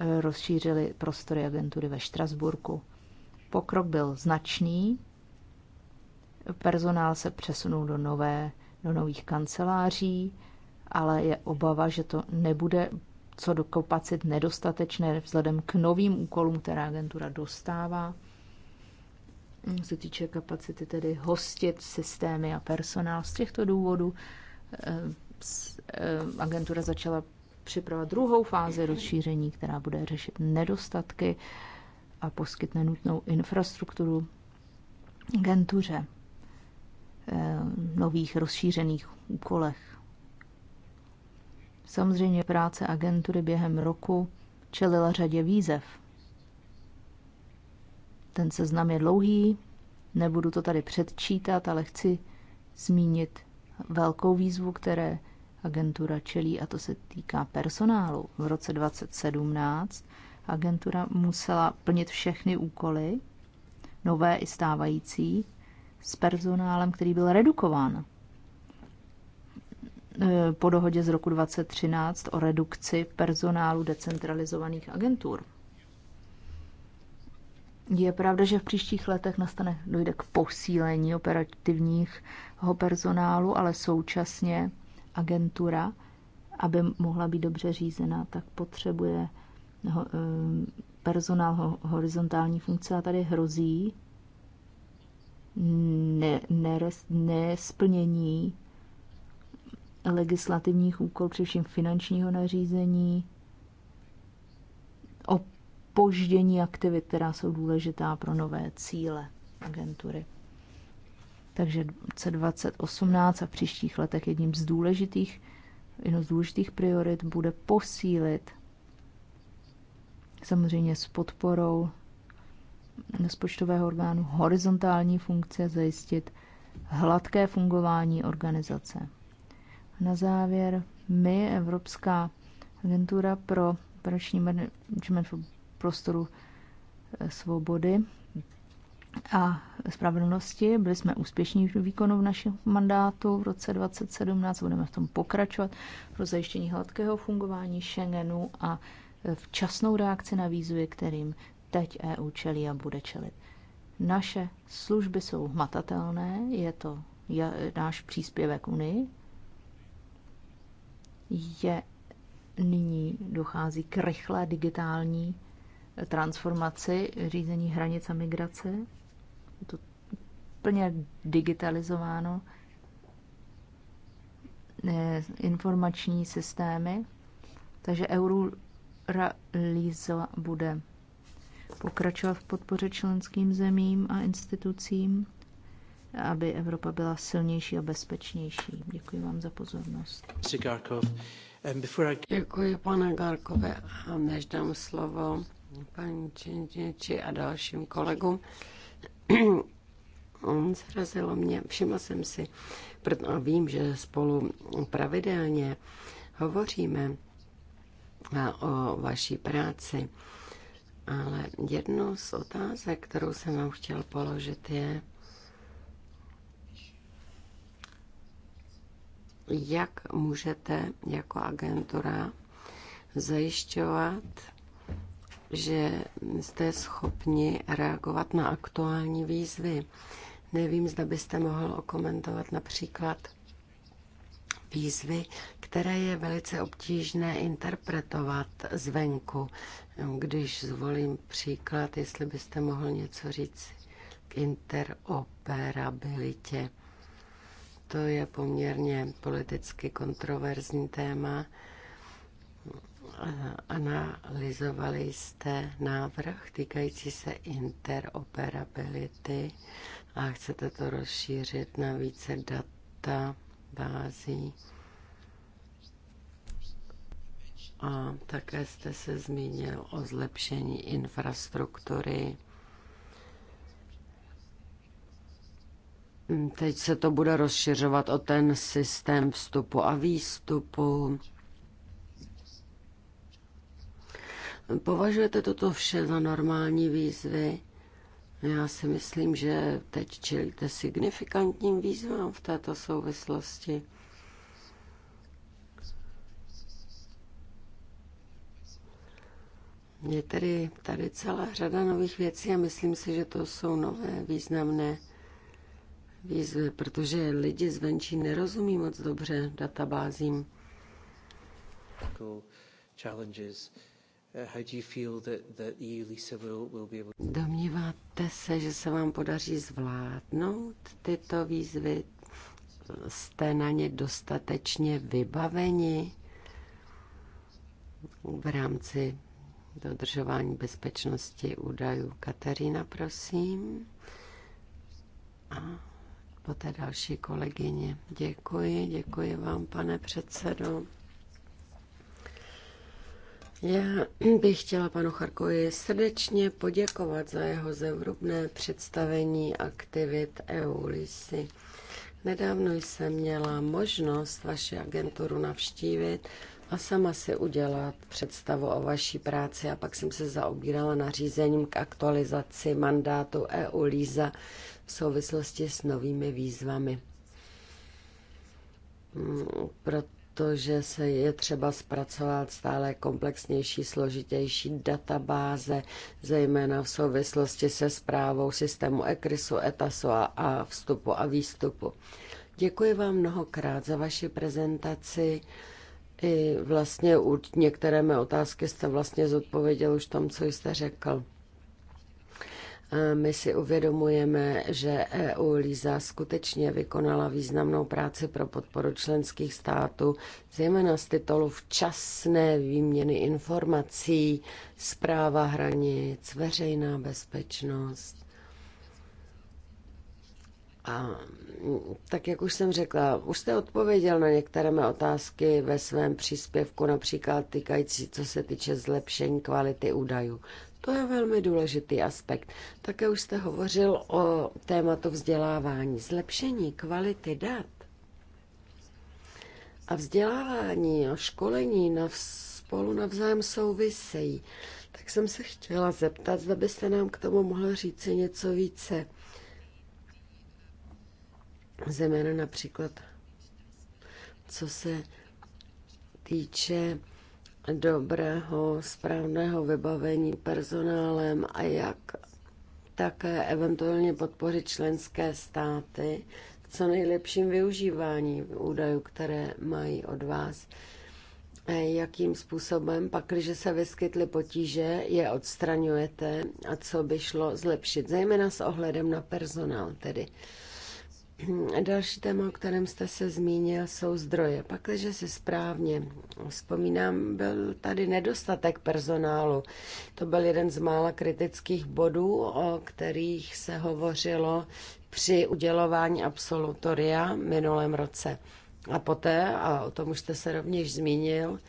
eh, rozšířili prostory agentury ve Štrasburku. Pokrok byl značný, personál se přesunul do nové do nových kanceláří, ale je obava, že to nebude co do kapacit nedostatečné vzhledem k novým úkolům, které agentura dostává. Se týče kapacity tedy hostit systémy a personál z těchto důvodů, eh, eh, agentura začala připravovat druhou fázi rozšíření, která bude řešit nedostatky a poskytne nutnou infrastrukturu agentuře. Eh, nových rozšířených úkolech. Samozřejmě práce agentury během roku čelila řadě výzev. Ten seznam je dlouhý, nebudu to tady předčítat, ale chci zmínit velkou výzvu, které agentura čelí, a to se týká personálu. V roce 2017 agentura musela plnit všechny úkoly, nové i stávající, s personálem, který byl redukován eh, po dohodě z roku 2013 o redukci personálu decentralizovaných agentur. Je pravda, že v příštích letech nastane, dojde k posílení operativního personálu, ale současně agentura, aby mohla být dobře řízena, tak potřebuje eh, personál horizontální funkce a tady hrozí, ne, ne nesplnění legislativních úkolů, především finančního nařízení, opoždění aktivit, která jsou důležitá pro nové cíle agentury. Takže C2018 a v příštích letech jedním z důležitých, jedno z důležitých priorit bude posílit samozřejmě s podporou rozpočtového orgánu horizontální funkce zajistit hladké fungování organizace. Na závěr, my, Evropská agentura pro operační management prostoru eh, svobody a spravedlnosti, byli jsme úspěšní v výkonu v našem mandátu v roce 2017, budeme v tom pokračovat pro zajištění hladkého fungování Schengenu a eh, včasnou reakci na výzvy, kterým teď EU čelí a bude čelit. Naše služby jsou hmatatelné, je to náš příspěvek Unii. Je nyní dochází k rychlé digitální transformaci řízení hranic a migrace. Je to plně digitalizováno. Informační systémy. Takže Euro bude pokračovat v podpoře členským zemím a institucím, aby Evropa byla silnější a bezpečnější. Děkuji vám za pozornost. Um, Děkuji, pane Garkové. A než dám slovo paní Činčiči a dalším kolegům, zrazilo mě, všimla jsem si, a vím, že spolu pravidelně hovoříme o vaší práci ale jednu z otázek, kterou jsem vám chtěl položit, je, jak můžete jako agentura zajišťovat, že jste schopni reagovat na aktuální výzvy. Nevím, zda byste mohl okomentovat například výzvy, které je velice obtížné interpretovat zvenku. Když zvolím příklad, jestli byste mohl něco říct k interoperabilitě. To je poměrně politicky kontroverzní téma. Analyzovali jste návrh týkající se interoperability a chcete to rozšířit na více data bází A také jste se zmínil o zlepšení infrastruktury. Teď se to bude rozšiřovat o ten systém vstupu a výstupu. Považujete toto vše za normální výzvy? Já si myslím, že teď čelíte signifikantním výzvám v této souvislosti. Je tady tady celá řada nových věcí a myslím si, že to jsou nové významné výzvy, protože lidi zvenčí nerozumí moc dobře databázím. Uh, Domníváte se, že se vám podaří zvládnout tyto výzvy? Jste na ně dostatečně vybaveni v rámci dodržování bezpečnosti údajů. Katarína, prosím. A poté další kolegyně. Děkuji, děkuji vám, pane předsedo. Já bych chtěla panu Charkovi srdečně poděkovat za jeho zevrubné představení aktivit EULISy. Nedávno jsem měla možnost vaši agenturu navštívit a sama si udělat představu o vaší práci a pak jsem se zaobírala nařízením k aktualizaci mandátu EU LISA v souvislosti s novými výzvami. Mm, protože se je třeba zpracovat stále komplexnější, složitější databáze, zejména v souvislosti se zprávou systému ECRISu, ETASu a, a vstupu a výstupu. Děkuji vám mnohokrát za vaši prezentaci. I vlastně u některé mé otázky jste vlastně zodpověděl už tom, co jste řekl. My si uvědomujeme, že EU Líza skutečně vykonala významnou práci pro podporu členských států, zejména z titulu včasné výměny informací, zpráva hranic, veřejná bezpečnost. A mm, tak, jak už jsem řekla, už jste odpověděl na některé mé otázky ve svém příspěvku, například týkající, co se týče zlepšení kvality údajů. To je velmi důležitý aspekt. Také už jste hovořil o tématu vzdělávání. Zlepšení kvality dat a vzdělávání a školení na spolu navzájem souvisejí. Tak jsem se chtěla zeptat, zda byste nám k tomu mohla říci něco více zejména například co se týče dobrého, správného vybavení personálem a jak také eventuálně podpořit členské státy v co nejlepším využívání údajů, které mají od vás. Jakým způsobem, pak, když se vyskytly potíže, je odstraňujete a co by šlo zlepšit, zejména s ohledem na personál tedy. Další téma, o kterém jste se zmínil, jsou zdroje. Pak, když si správně vzpomínám, byl tady nedostatek personálu. To byl jeden z mála kritických bodů, o kterých se hovořilo při udělování absolutoria minulém roce. A poté, a o tom už jste se rovněž zmínil,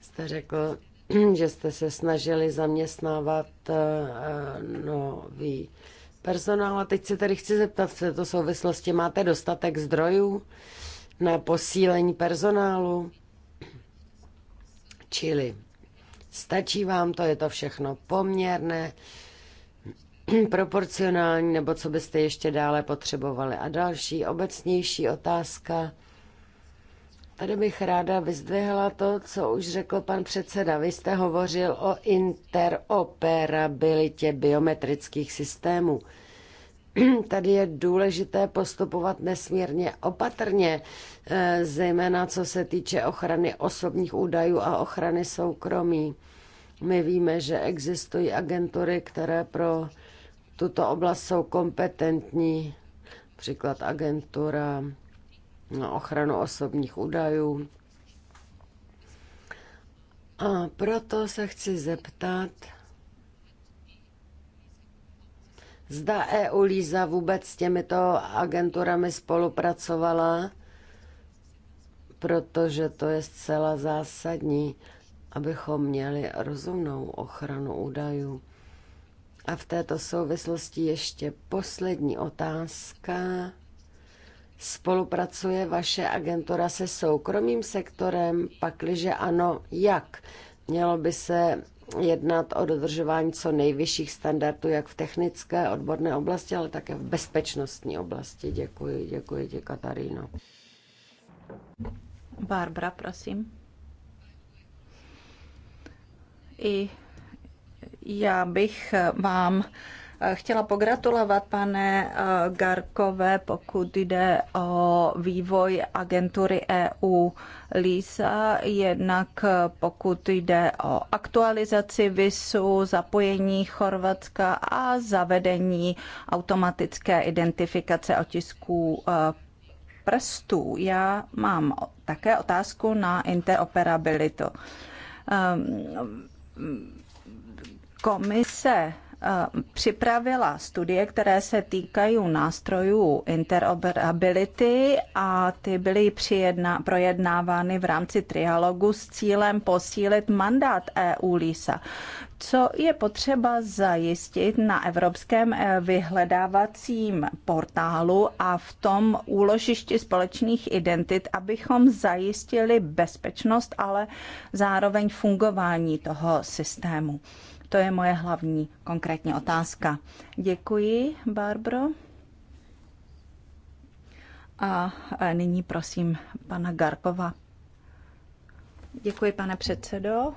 jste řekl, že jste se snažili zaměstnávat eh, nový personál. A teď se tady chci zeptat v této souvislosti, máte dostatek zdrojů na posílení personálu? Čili stačí vám to, je to všechno poměrné, proporcionální, nebo co byste ještě dále potřebovali. A další obecnější otázka Tady bych ráda vyzdvihla to, co už řekl pan předseda. Vy jste hovořil o interoperabilitě biometrických systémů. Tady je důležité postupovat nesmírně opatrně, eh, zejména co se týče ochrany osobních údajů a ochrany soukromí. My víme, že existují agentury, které pro tuto oblast jsou kompetentní, příklad agentura ochranu osobních údajů. A proto se chci zeptat, zda EU Líza vůbec s těmito agenturami spolupracovala, protože to je zcela zásadní, abychom měli rozumnou ochranu údajů. A v této souvislosti ještě poslední otázka. Spolupracuje vaše agentura se soukromým sektorem? Pakliže ano, jak? Mělo by se jednat o dodržování co nejvyšších standardů, jak v technické odborné oblasti, ale také v bezpečnostní oblasti. Děkuji, děkuji ti, Kataríno. Barbara, prosím. I já bych vám chtěla pogratulovat pane eh, Garkové, pokud jde o vývoj agentury EU LISA, jednak pokud jde o aktualizaci VISu, zapojení Chorvatska a zavedení automatické identifikace otisků eh, prstů. Já mám také otázku na interoperabilitu. Ehm, komise Eh, připravila studie, které se týkají nástrojů interoperability a ty byly přijedna, projednávány v rámci trialogu s cílem posílit mandát EU LISA. Co je potřeba zajistit na evropském eh, vyhledávacím portálu a v tom úložišti společných identit, abychom zajistili bezpečnost, ale zároveň fungování toho systému? To je moje hlavní konkrétní otázka. Děkuji, Barbro. A nyní prosím pana Garkova. Děkuji, pane předsedo.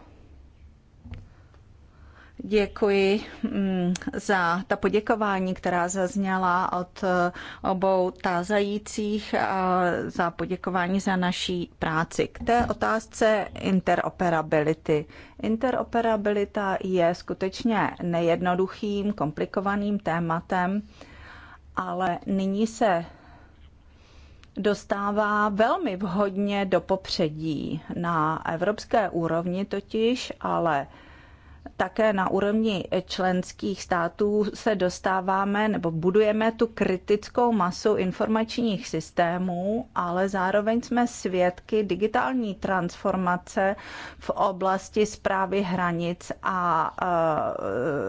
Děkuji mm, za ta poděkování, která zazněla od eh, obou tázajících a eh, za poděkování za naší práci. K té otázce interoperability. Interoperabilita je skutečně nejednoduchým, komplikovaným tématem, ale nyní se dostává velmi vhodně do popředí. Na evropské úrovni totiž, ale také na úrovni členských států se dostáváme nebo budujeme tu kritickou masu informačních systémů, ale zároveň jsme svědky digitální transformace v oblasti zprávy hranic a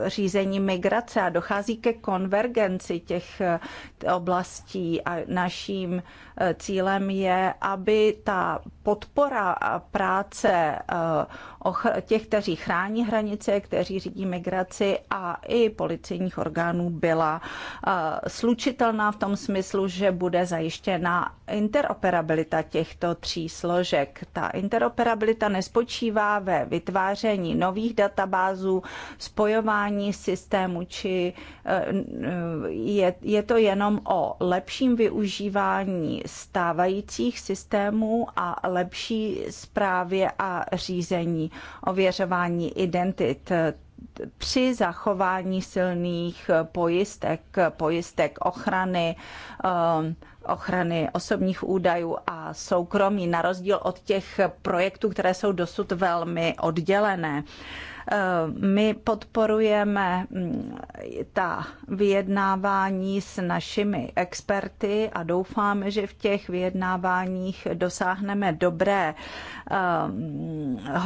e, řízení migrace a dochází ke konvergenci těch e, oblastí a naším e, cílem je, aby ta podpora práce těch, kteří chrání hranice, kteří řídí migraci a i policejních orgánů byla eh, slučitelná v tom smyslu, že bude zajištěna interoperabilita těchto tří složek. Ta interoperabilita nespočívá ve vytváření nových databázů, spojování systému, či eh, je, je to jenom o lepším využívání stávajících systémů a lepší zprávě a řízení ověřování, identit při zachování silných pojistek, pojistek ochrany, um, ochrany osobních údajů a soukromí, na rozdíl od těch projektů, které jsou dosud velmi oddělené. Eh, my podporujeme mm, ta vyjednávání s našimi experty a doufáme, že v těch vyjednáváních dosáhneme dobrého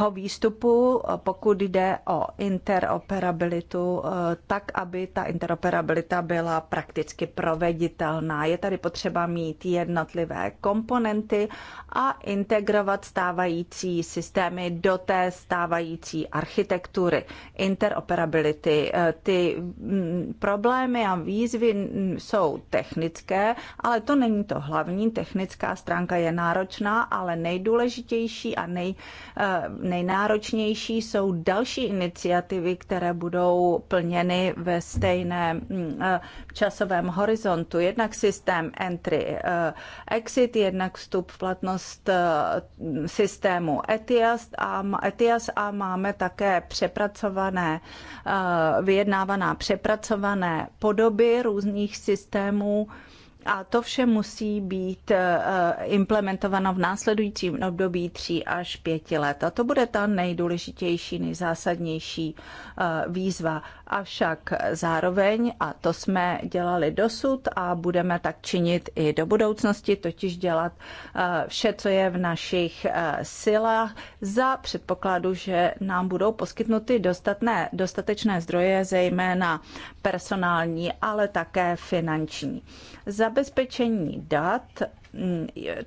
eh, výstupu, pokud jde o interoperabilitu, eh, tak, aby ta interoperabilita byla prakticky proveditelná. Je tady potřeba mít jednotlivé komponenty a integrovat stávající systémy do té stávající architektury architektury, interoperability. Eh, ty mm, problémy a výzvy jsou technické, ale to není to hlavní. Technická stránka je náročná, ale nejdůležitější a nej, eh, nejnáročnější jsou další iniciativy, které budou plněny ve stejném mm, eh, časovém horizontu. Jednak systém entry exit, jednak vstup v platnost systému ETIAS a, ETIAS a máme také před přepracované, eh, vyjednávaná přepracované podoby různých systémů a to vše musí být eh, implementováno v následujícím období 3 až 5 let. A to bude ta nejdůležitější, nejzásadnější eh, výzva avšak zároveň, a to jsme dělali dosud a budeme tak činit i do budoucnosti, totiž dělat eh, vše, co je v našich eh, silách, za předpokladu, že nám budou poskytnuty dostatné, dostatečné zdroje, zejména personální, ale také finanční. Zabezpečení dat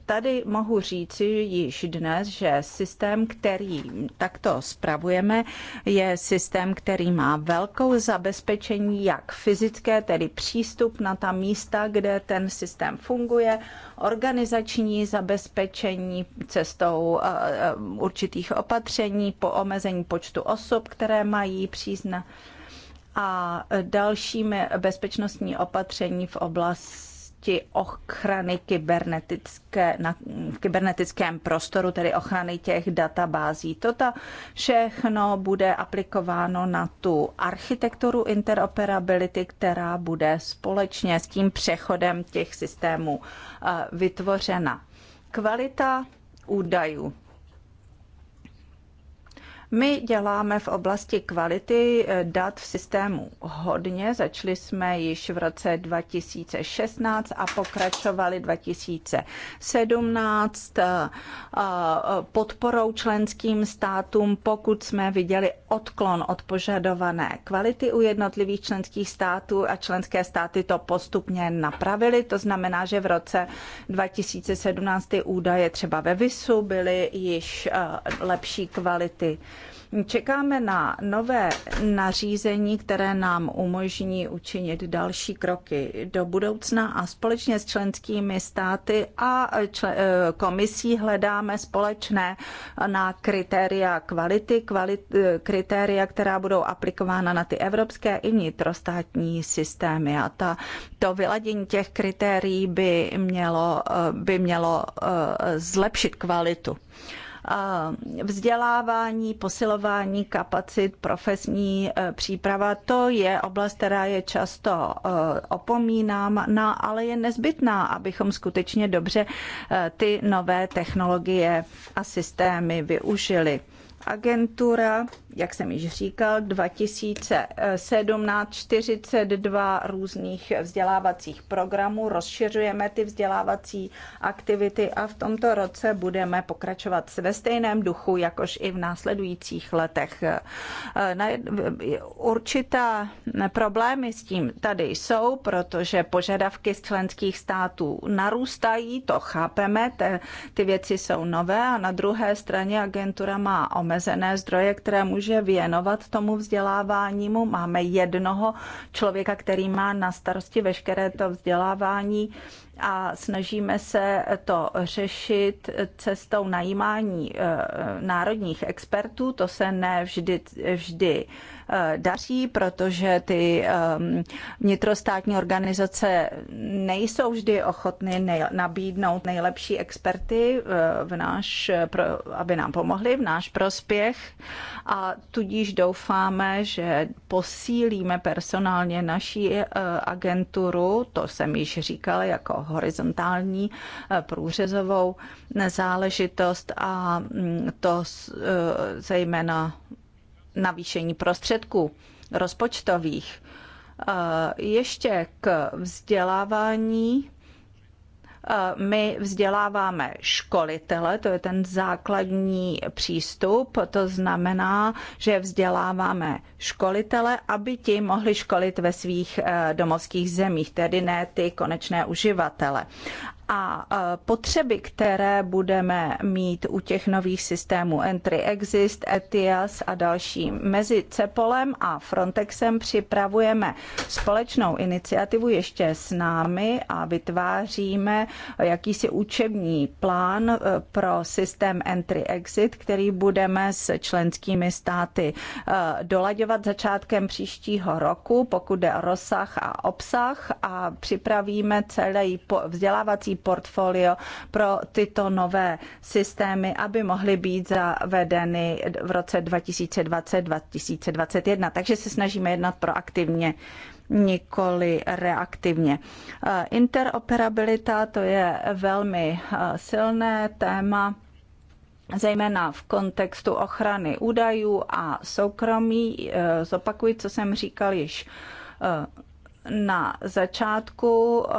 Tady mohu říci již dnes, že systém, který takto spravujeme, je systém, který má velkou zabezpečení, jak fyzické, tedy přístup na ta místa, kde ten systém funguje, organizační zabezpečení cestou eh, eh, určitých opatření po omezení počtu osob, které mají přízna a dalšími bezpečnostní opatření v oblasti oblasti ochrany kybernetické, na, v kybernetickém prostoru, tedy ochrany těch databází. Toto všechno bude aplikováno na tu architekturu interoperability, která bude společně s tím přechodem těch systémů eh, vytvořena. Kvalita údajů my děláme v oblasti kvality eh, dat v systému hodně. Začali jsme již v roce 2016 a pokračovali 2017 eh, eh, podporou členským státům, pokud jsme viděli odklon od požadované kvality u jednotlivých členských států a členské státy to postupně napravili. To znamená, že v roce 2017 ty údaje třeba ve VISu byly již lepší kvality. Čekáme na nové nařízení, které nám umožní učinit další kroky do budoucna a společně s členskými státy a eh, komisí hledáme společné na kritéria kvality, kvalit, eh, kritéria, která budou aplikována na ty evropské i vnitrostátní systémy. A ta, to vyladění těch kritérií by mělo, eh, by mělo zlepšit kvalitu vzdělávání, posilování kapacit, profesní e, příprava, to je oblast, která je často e, opomínána, no, ale je nezbytná, abychom skutečně dobře e, ty nové technologie a systémy využili. Agentura jak jsem již říkal, 2017 42 různých vzdělávacích programů, rozšiřujeme ty vzdělávací aktivity a v tomto roce budeme pokračovat ve stejném duchu, jakož i v následujících letech. E, určitá problémy s tím tady jsou, protože požadavky z členských států narůstají, to chápeme, ty věci jsou nové a na druhé straně agentura má omezené zdroje, které může může věnovat tomu vzdělávání. Máme jednoho člověka, který má na starosti veškeré to vzdělávání a snažíme se to řešit cestou najímání eh, národních expertů. To se ne vždy, vždy Eh, daří, protože ty ehm, vnitrostátní organizace nejsou vždy ochotny nabídnout nejlepší experty eh, v náš, aby nám pomohli v náš prospěch a tudíž doufáme, že posílíme personálně naší eh, agenturu, to jsem již říkala, jako horizontální průřezovou záležitost a mm, to zejména navýšení prostředků rozpočtových. Eh, ještě k vzdělávání. Eh, my vzděláváme školitele, to je ten základní přístup, to znamená, že vzděláváme školitele, aby ti mohli školit ve svých eh, domovských zemích, tedy ne ty konečné uživatele a e, potřeby, které budeme mít u těch nových systémů Entry Exist, ETIAS a další. Mezi CEPOLem a Frontexem připravujeme společnou iniciativu ještě s námi a vytváříme jakýsi učební plán e, pro systém Entry Exit, který budeme s členskými státy e, dolaďovat začátkem příštího roku, pokud jde o rozsah a obsah a připravíme celý vzdělávací portfolio pro tyto nové systémy, aby mohly být zavedeny v roce 2020-2021. Takže se snažíme jednat proaktivně nikoli reaktivně. Eh, interoperabilita to je velmi eh, silné téma zejména v kontextu ochrany údajů a soukromí. Eh, zopakuji, co jsem říkal již na začátku eh,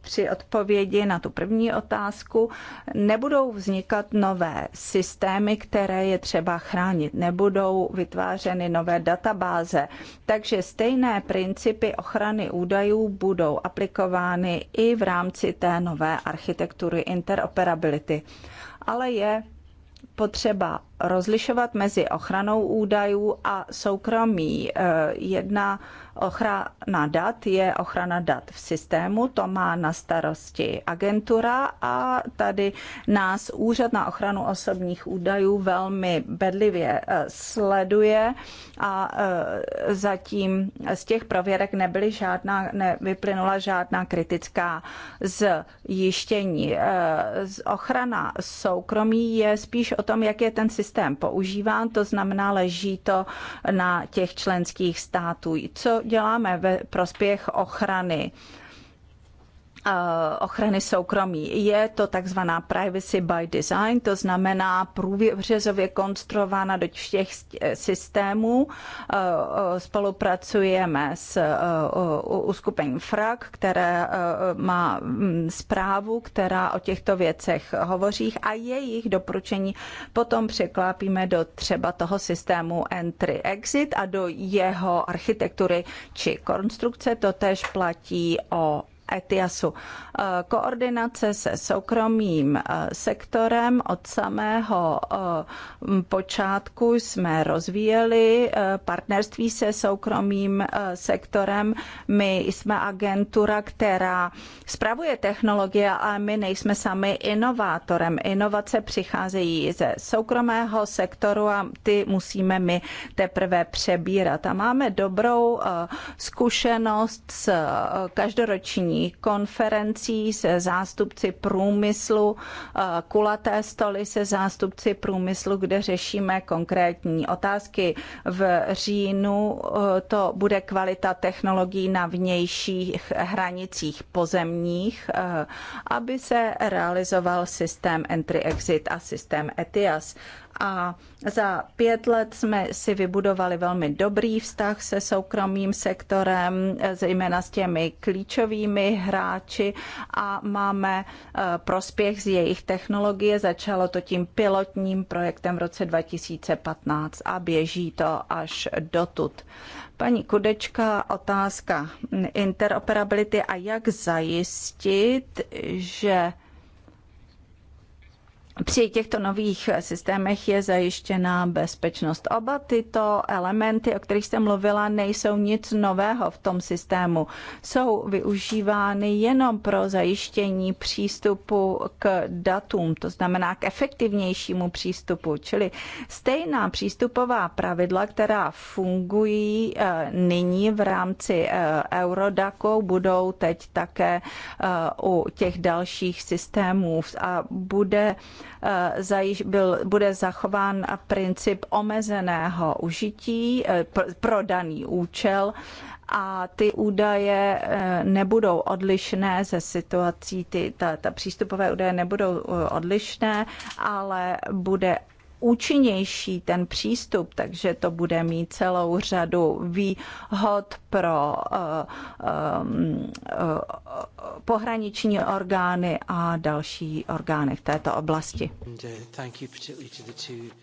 při odpovědi na tu první otázku, nebudou vznikat nové systémy, které je třeba chránit, nebudou vytvářeny nové databáze. Takže stejné principy ochrany údajů budou aplikovány i v rámci té nové architektury interoperability. Ale je potřeba rozlišovat mezi ochranou údajů a soukromí. E, jedna ochrana dat je ochrana dat v systému, to má na starosti agentura a tady nás Úřad na ochranu osobních údajů velmi bedlivě e, sleduje a e, zatím z těch prověrek nebyly žádná, nevyplynula žádná kritická zjištění. Ochrana soukromí je spíš o tom, jak je ten systém systém používán, to znamená, leží to na těch členských států. Co děláme ve prospěch ochrany? Eh, ochrany soukromí. Je to takzvaná privacy by design, to znamená průřezově konstruována do všech eh, systémů. Eh, spolupracujeme s uskupením FRAG, které má mm, zprávu, která o těchto věcech hovoří a jejich doporučení potom překlápíme do třeba toho systému entry-exit a do jeho architektury či konstrukce. To tež platí o ETIASu. Eh, koordinace se soukromým eh, sektorem od samého eh, počátku jsme rozvíjeli partnerství se soukromým sektorem. My jsme agentura, která spravuje technologie, ale my nejsme sami inovátorem. Inovace přicházejí ze soukromého sektoru a ty musíme my teprve přebírat. A máme dobrou zkušenost s každoroční mezinárodních konferencí se zástupci průmyslu, eh, kulaté stoly se zástupci průmyslu, kde řešíme konkrétní otázky. V říjnu eh, to bude kvalita technologií na vnějších hranicích pozemních, eh, aby se realizoval systém entry-exit a systém ETIAS a za pět let jsme si vybudovali velmi dobrý vztah se soukromým sektorem, zejména s těmi klíčovými hráči a máme eh, prospěch z jejich technologie. Začalo to tím pilotním projektem v roce 2015 a běží to až dotud. Paní Kudečka, otázka interoperability a jak zajistit, že při těchto nových systémech je zajištěna bezpečnost. Oba tyto elementy, o kterých jsem mluvila, nejsou nic nového v tom systému. Jsou využívány jenom pro zajištění přístupu k datům, to znamená k efektivnějšímu přístupu, čili stejná přístupová pravidla, která fungují eh, nyní v rámci eh, Eurodaku, budou teď také eh, u těch dalších systémů a bude Eh, byl, bude zachován princip omezeného užití eh, pro daný účel a ty údaje eh, nebudou odlišné ze situací, ty, ta, ta přístupové údaje nebudou odlišné, ale bude účinnější ten přístup, takže to bude mít celou řadu výhod pro eh, eh, pohraniční orgány a další orgány v této oblasti.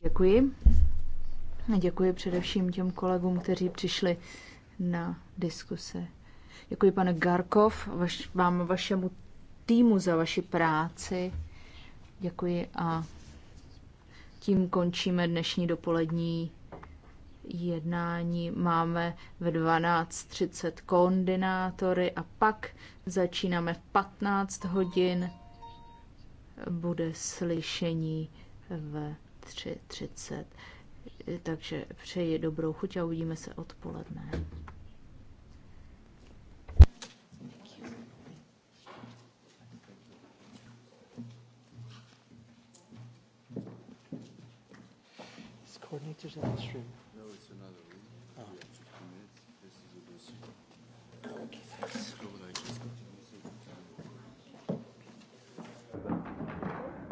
Děkuji. Děkuji především těm kolegům, kteří přišli na diskuse. Děkuji, pane Garkov, vaš, vám, vašemu týmu za vaši práci. Děkuji a tím končíme dnešní dopolední jednání. Máme v 12.30 koordinátory a pak začínáme v 15 hodin. Bude slyšení v 3.30. Takže přeji dobrou chuť a uvidíme se odpoledne. coordinators in this room.